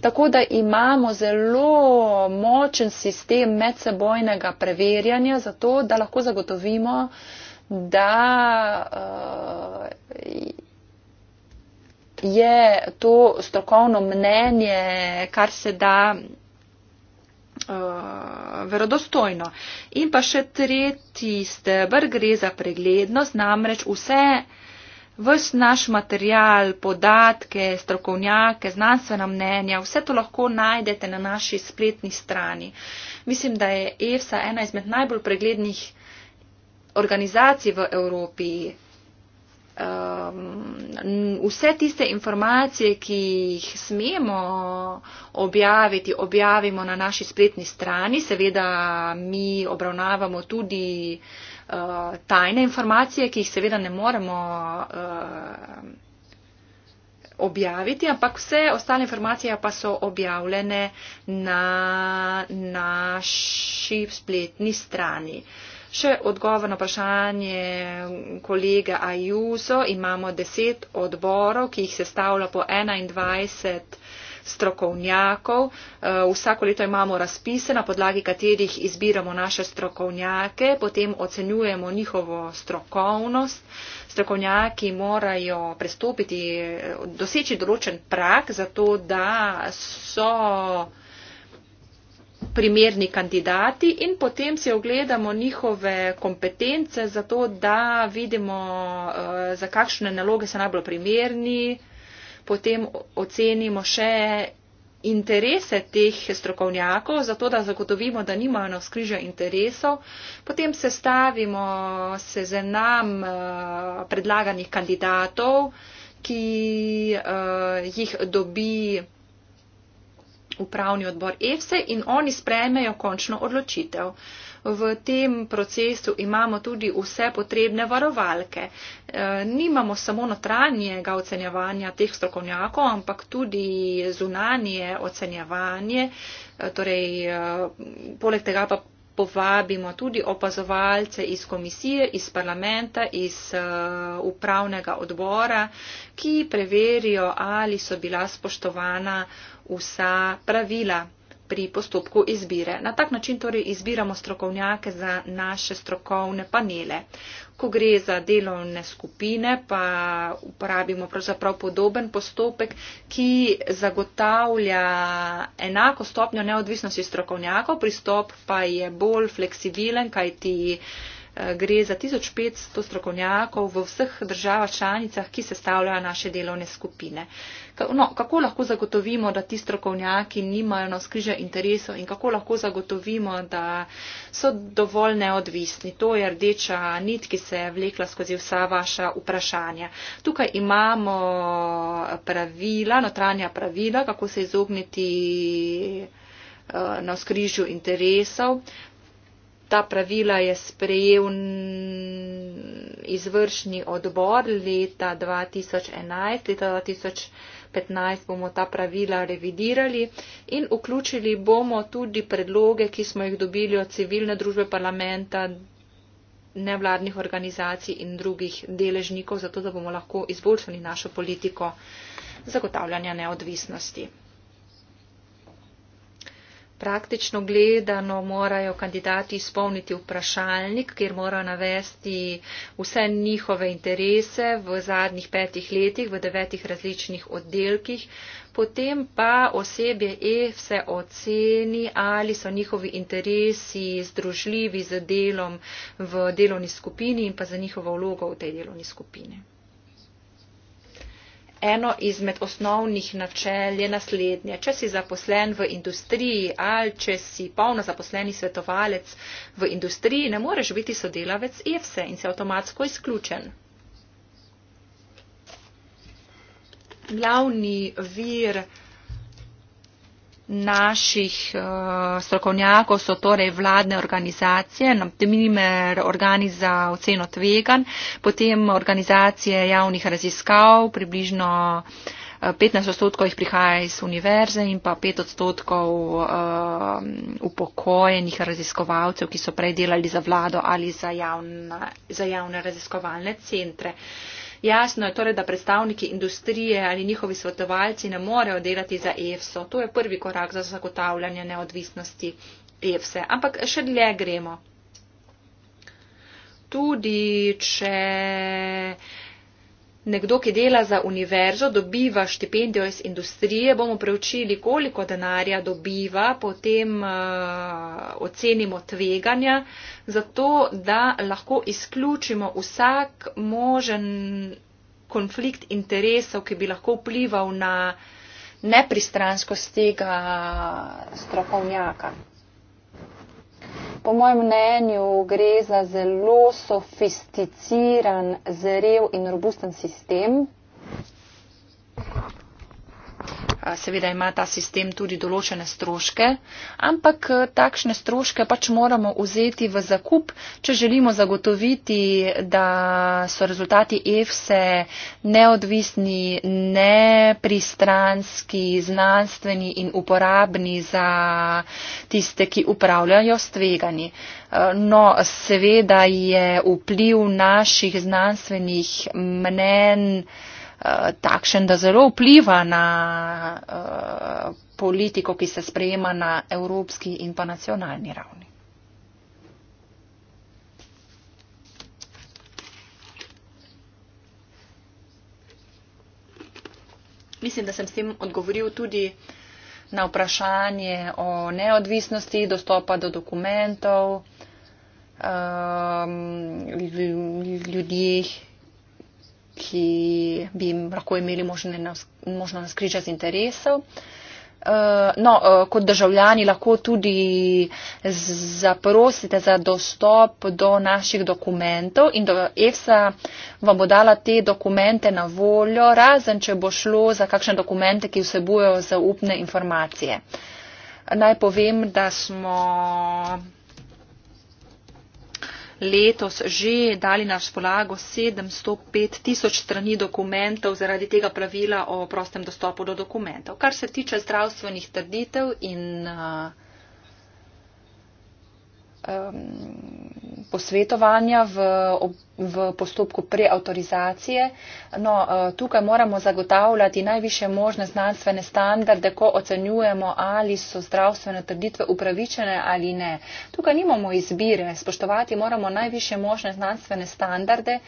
Tako da imamo zelo močen sistem medsebojnega preverjanja, zato da lahko zagotovimo, da uh, je to strokovno mnenje, kar se da Eh, verodostojno. In pa še tretji stebr gre za preglednost, namreč vse, vse naš material, podatke, strokovnjake, znanstvena mnenja, vse to lahko najdete na naši spletni strani. Mislim, da je EFSA ena izmed najbolj preglednih organizacij v Evropi um, vse tiste informacije, ki jih smemo objaviti, objavimo na naši spletni strani. Seveda mi obravnavamo tudi uh, tajne informacije, ki jih seveda ne moremo. Uh, objaviti, ampak vse ostale informacije pa so objavljene na naši spletni strani. Uh, Še odgovor na vprašanje kolega Ajuso. Imamo deset odborov, ki jih sestavlja po 21 strokovnjakov. Eh, vsako leto imamo razpise, na podlagi katerih izbiramo naše strokovnjake, potem ocenjujemo njihovo strokovnost. Strokovnjaki morajo prestopiti, eh, doseči določen prak, zato da so primerni kandidati in potem si ogledamo njihove kompetence, zato da vidimo, eh, za kakšne naloge so najbolj primerni, potem ocenimo še interese teh strokovnjakov, zato da zagotovimo, da nimajo na skrižju interesov, potem sestavimo seznam eh, predlaganih kandidatov, ki eh, jih dobi upravni odbor EFSE in oni sprejmejo končno odločitev. V tem procesu imamo tudi vse potrebne varovalke. E, nimamo samo notranjega ocenjevanja teh strokovnjakov, ampak tudi zunanje ocenjevanje. E, torej, e, poleg tega pa povabimo tudi opazovalce iz komisije, iz parlamenta, iz uh, upravnega odbora, ki preverijo, ali so bila spoštovana uh, vsa pravila pri postopku izbire. Na tak način torej izbiramo strokovnjake za naše strokovne panele. Ko gre za delovne skupine, pa uporabimo pravzaprav podoben postopek, ki zagotavlja enako stopnjo neodvisnosti strokovnjakov, pristop pa je bolj fleksibilen, kajti eh, gre za 1500 strokovnjakov v vseh državah članicah, ki sestavljajo naše delovne skupine no, kako lahko zagotovimo, da ti strokovnjaki nimajo na skriže interesov in kako lahko zagotovimo, da so dovolj neodvisni. To je rdeča nit, ki se je vlekla skozi vsa vaša vprašanja. Tukaj imamo pravila, notranja pravila, kako se izogniti eh, na skrižju interesov. Ta pravila je sprejel izvršni odbor leta 2011. Leta 2011 2015 bomo ta pravila revidirali in vključili bomo tudi predloge, ki smo jih dobili od civilne družbe parlamenta, nevladnih organizacij in drugih deležnikov, zato da bomo lahko izboljšali našo politiko zagotavljanja neodvisnosti. Praktično gledano morajo kandidati izpolniti vprašalnik, kjer morajo navesti vse njihove interese v zadnjih petih letih v devetih različnih oddelkih, potem pa osebje E vse oceni, ali so njihovi interesi združljivi z delom v delovni skupini in pa za njihovo vlogo v tej delovni skupini eno izmed osnovnih načel je naslednje. Če si zaposlen v industriji ali če si polno zaposleni svetovalec v industriji, ne moreš biti sodelavec EFSE in si avtomatsko izključen. Glavni vir naših uh, strokovnjakov so torej vladne organizacije, na primer organi za oceno tvegan, potem organizacije javnih raziskav, približno 15 eh, odstotkov jih prihaja iz univerze in pa 5 odstotkov uh, upokojenih raziskovalcev, ki so prej delali za vlado ali za, javna, za javne raziskovalne centre. Uh, Jasno je torej, da predstavniki industrije ali njihovi svetovalci ne morejo delati za EFSO. To je prvi korak za zagotavljanje neodvisnosti EFSE. Ampak še dlje gremo. Tudi če nekdo, ki dela za univerzo, dobiva štipendijo iz industrije, bomo preučili, koliko denarja dobiva, potem uh, ocenimo tveganja, zato da lahko izključimo vsak možen konflikt interesov, ki bi lahko vplival na nepristranskost tega strokovnjaka po mojem mnenju gre za zelo sofisticiran, zrel in robusten sistem, Seveda ima ta sistem tudi določene stroške, ampak eh, takšne stroške pač moramo vzeti v zakup, če želimo zagotoviti, da so rezultati EFSE neodvisni, nepristranski, znanstveni in uporabni za tiste, ki upravljajo stvegani. Eh, no, seveda je vpliv naših znanstvenih mnen Eh, takšen, da zelo vpliva na eh, politiko, ki se sprejema na evropski in pa nacionalni ravni. Mislim, da sem s tem odgovoril tudi na vprašanje o neodvisnosti, dostopa do dokumentov, um, ehm, ljudih, ki bi jim lahko imeli možno naskriča z interesov. Eh, no, eh, kot državljani lahko tudi zaprosite za dostop do naših dokumentov in do EFSA vam bo dala te dokumente na voljo, razen če bo šlo za kakšne dokumente, ki vsebujejo zaupne informacije. Naj povem, da smo letos že dali naš polago 705 tisoč strani dokumentov zaradi tega pravila o prostem dostopu do dokumentov. Kar se tiče zdravstvenih trditev in uh, um, posvetovanja v, v postopku preautorizacije. No, uh, tukaj moramo zagotavljati najviše možne znanstvene standarde, ko ocenjujemo, ali so zdravstvene trditve upravičene ali ne. Tukaj nimamo izbire, spoštovati moramo najviše možne znanstvene standarde. Uh,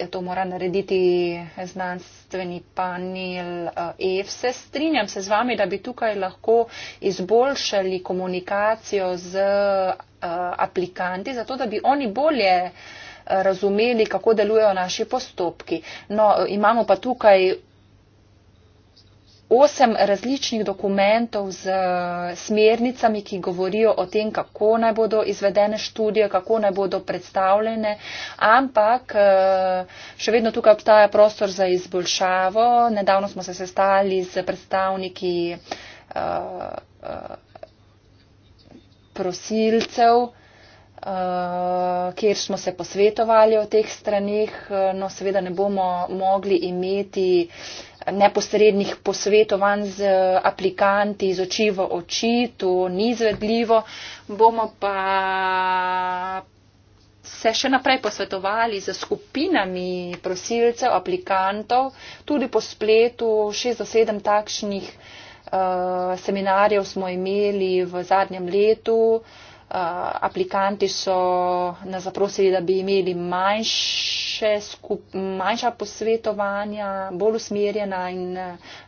Ja, to mora narediti znanstveni panel EF. Eh, se strinjam se z vami, da bi tukaj lahko izboljšali komunikacijo z eh, aplikanti, zato da bi oni bolje eh, razumeli, kako delujejo naši postopki. No, imamo pa tukaj osem različnih dokumentov z eh, smernicami, ki govorijo o tem, kako naj bodo izvedene študije, kako naj bodo predstavljene, ampak eh, še vedno tukaj obstaja prostor za izboljšavo. Nedavno smo se sestali z predstavniki eh, prosilcev, kjer smo se posvetovali o teh stranih, no seveda ne bomo mogli imeti neposrednih posvetovanj z eh, aplikanti, z oči v oči, to ni izvedljivo. Bomo pa se še naprej posvetovali z skupinami prosilcev, aplikantov, tudi po spletu, šest do sedem takšnih uh, seminarjev smo imeli v zadnjem letu. Uh, aplikanti so nas zaprosili, da bi imeli manjše skup, manjša posvetovanja, bolj usmerjena in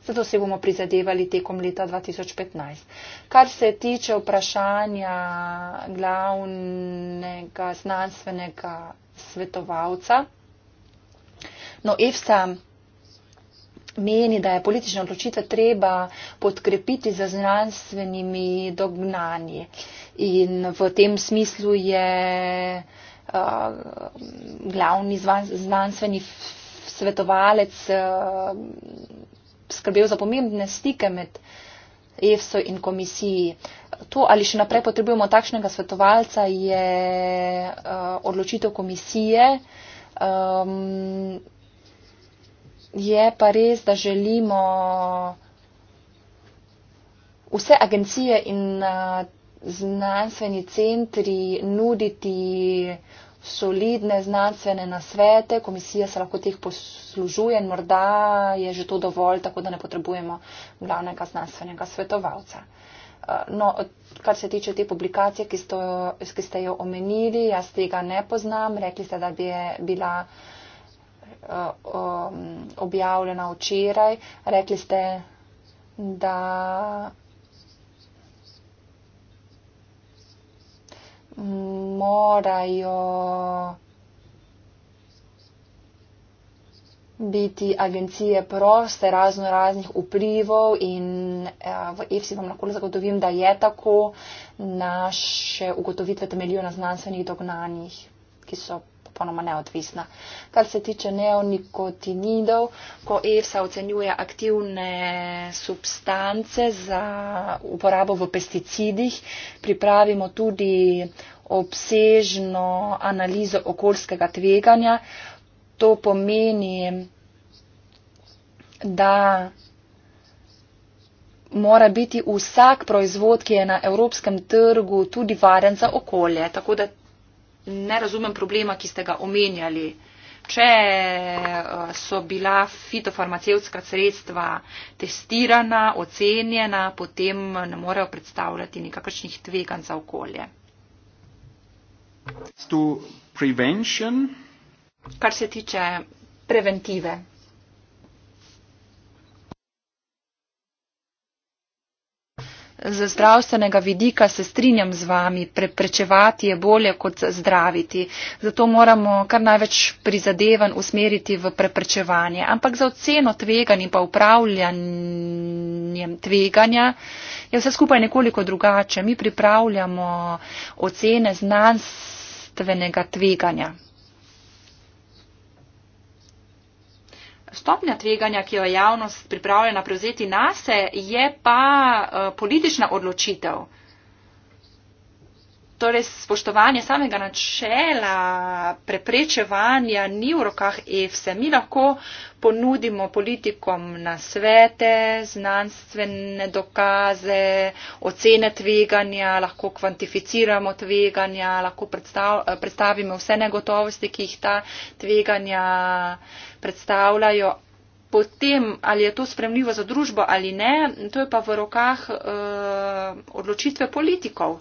zato se bomo prizadevali tekom leta 2015. Kar se tiče vprašanja glavnega znanstvenega svetovalca, no, EFSA meni, da je politično odločitev treba podkrepiti z znanstvenimi dognanji. In v tem smislu je uh, glavni zvan, znanstveni svetovalec uh, skrbel za pomembne stike med EFSO in komisiji. To, ali še naprej potrebujemo takšnega svetovalca, je uh, odločitev komisije. Um, je pa res, da želimo vse agencije in znanstveni centri nuditi solidne znanstvene nasvete. Komisija se lahko teh poslužuje in morda je že to dovolj, tako da ne potrebujemo glavnega znanstvenega svetovalca. No, kar se tiče te publikacije, ki, sto, ki ste jo omenili, jaz tega ne poznam. Rekli ste, da bi je bila uh, um, objavljena včeraj. Rekli ste, da. morajo biti agencije proste razno raznih vplivov in eh, v EFSI vam lahko zagotovim, da je tako. Naše ugotovitve temeljijo na znanstvenih dognanjih, ki so popolnoma neodvisna. Kar se tiče neonikotinidov, ko EFSA ocenjuje aktivne substance za uporabo v pesticidih, pripravimo tudi obsežno analizo okoljskega tveganja. To pomeni, da mora biti vsak proizvod, ki je na evropskem trgu, tudi varen za okolje. Tako da ne razumem problema, ki ste ga omenjali. Če eh, so bila fitofarmacevtska sredstva testirana, ocenjena, potem ne morejo predstavljati nikakršnih tveganj za okolje. Kar se tiče preventive. Z zdravstvenega vidika se strinjam z vami, preprečevati je bolje kot zdraviti. Zato moramo kar največ prizadevan usmeriti v preprečevanje. Ampak za oceno tveganja in pa upravljanjem tveganja je vse skupaj nekoliko drugače. Mi pripravljamo ocene znanstvenega tveganja. Stopnja tveganja, ki jo je javnost pripravljena prevzeti na se, je pa eh, politična odločitev. Torej, spoštovanje samega načela preprečevanja ni v rokah EFSE. Mi lahko ponudimo politikom na svete, znanstvene dokaze, ocene tveganja, lahko kvantificiramo tveganja, lahko predstav, predstavimo vse negotovosti, ki jih ta tveganja predstavljajo. Potem, ali je to spremljivo za družbo ali ne, to je pa v rokah uh, odločitve politikov.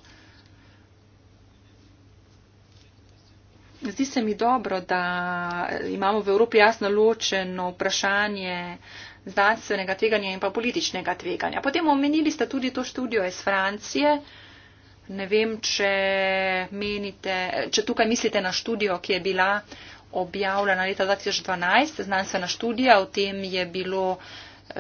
Zdi se mi dobro, da imamo v Evropi jasno ločeno vprašanje znanstvenega tveganja in pa političnega tveganja. Potem omenili ste tudi to študijo iz Francije. Ne vem, če, menite, če tukaj mislite na študijo, ki je bila objavljena leta 2012, znanstvena študija, o tem je bilo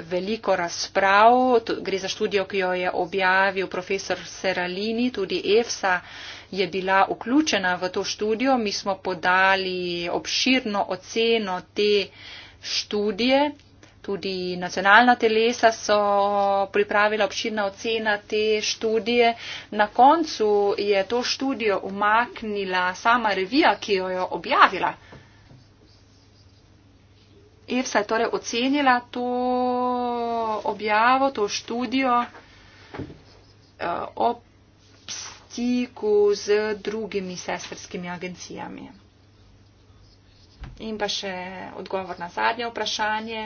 veliko razprav. Gre za študijo, ki jo je objavil profesor Seralini, tudi EFSA. Uh, je bila vključena v to študijo. Mi smo podali obširno oceno te študije, tudi nacionalna telesa so pripravila obširna ocena te študije. Na koncu je to študijo umaknila sama revija, ki jo je objavila. EFSA je torej ocenila to objavo, to študijo eh, ob stiku z drugimi sestrskimi agencijami. In pa še odgovor na zadnje vprašanje.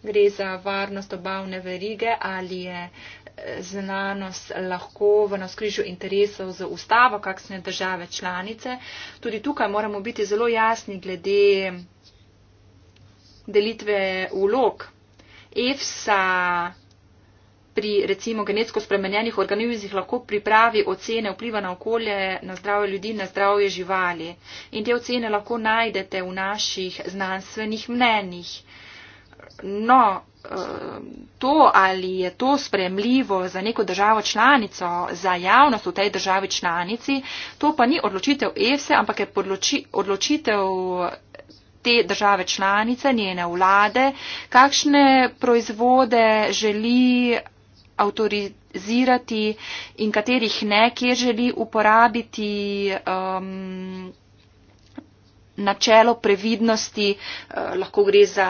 Gre za varnost obavne verige, ali je eh, znanost lahko v naskrižju interesov za ustavo kakšne države članice. Tudi tukaj moramo biti zelo jasni glede delitve vlog. EFSA pri recimo genetsko spremenjenih organizmih lahko pripravi ocene vpliva na okolje, na zdravje ljudi, na zdravje živali. In te ocene lahko najdete v naših znanstvenih mnenjih. No, eh, to ali je to spremljivo za neko državo članico, za javnost v tej državi članici, to pa ni odločitev EFSE, e, ampak je odločitev te države članice, njene vlade, kakšne proizvode želi avtorizirati in katerih ne, kjer želi uporabiti um, načelo previdnosti, eh, lahko gre za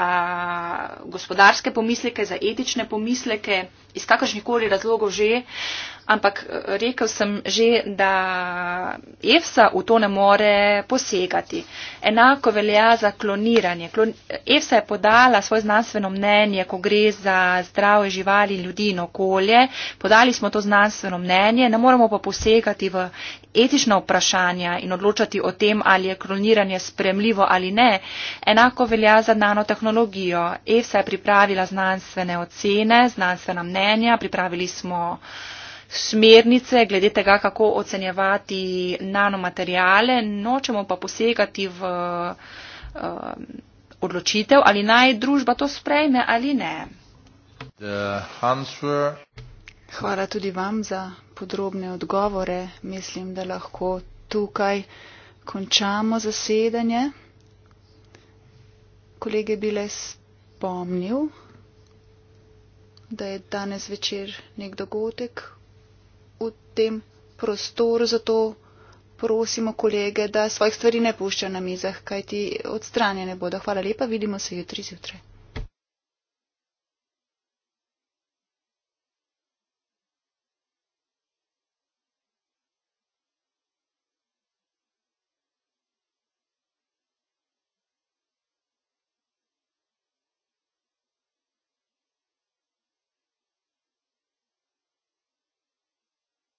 gospodarske pomisleke, za etične pomisleke, iz kakršnih koli razlogov že. Uh, ampak eh, rekel sem že, da EFSA v to ne more posegati. Enako velja za kloniranje. Klon, EFSA je podala svoje znanstveno mnenje, ko gre za zdrave živali, ljudi in okolje. Podali smo to znanstveno mnenje, ne moramo pa posegati v etična vprašanja in odločati o tem, ali je kloniranje spremljivo ali ne. Enako velja za nanotehnologijo. EFSA je pripravila znanstvene ocene, znanstvena mnenja, pripravili smo smernice glede tega, kako ocenjevati nanomaterijale, nočemo pa posegati v eh, odločitev, ali naj družba to sprejme ali ne. Hvala tudi vam za podrobne odgovore. Mislim, da lahko tukaj končamo zasedanje. Kolege bi le spomnil, da je danes večer nek dogodek, tem prostoru, zato prosimo kolege, da svojih stvari ne puščajo na mizah, kajti odstranjene bodo. Hvala lepa, vidimo se jutri zjutraj.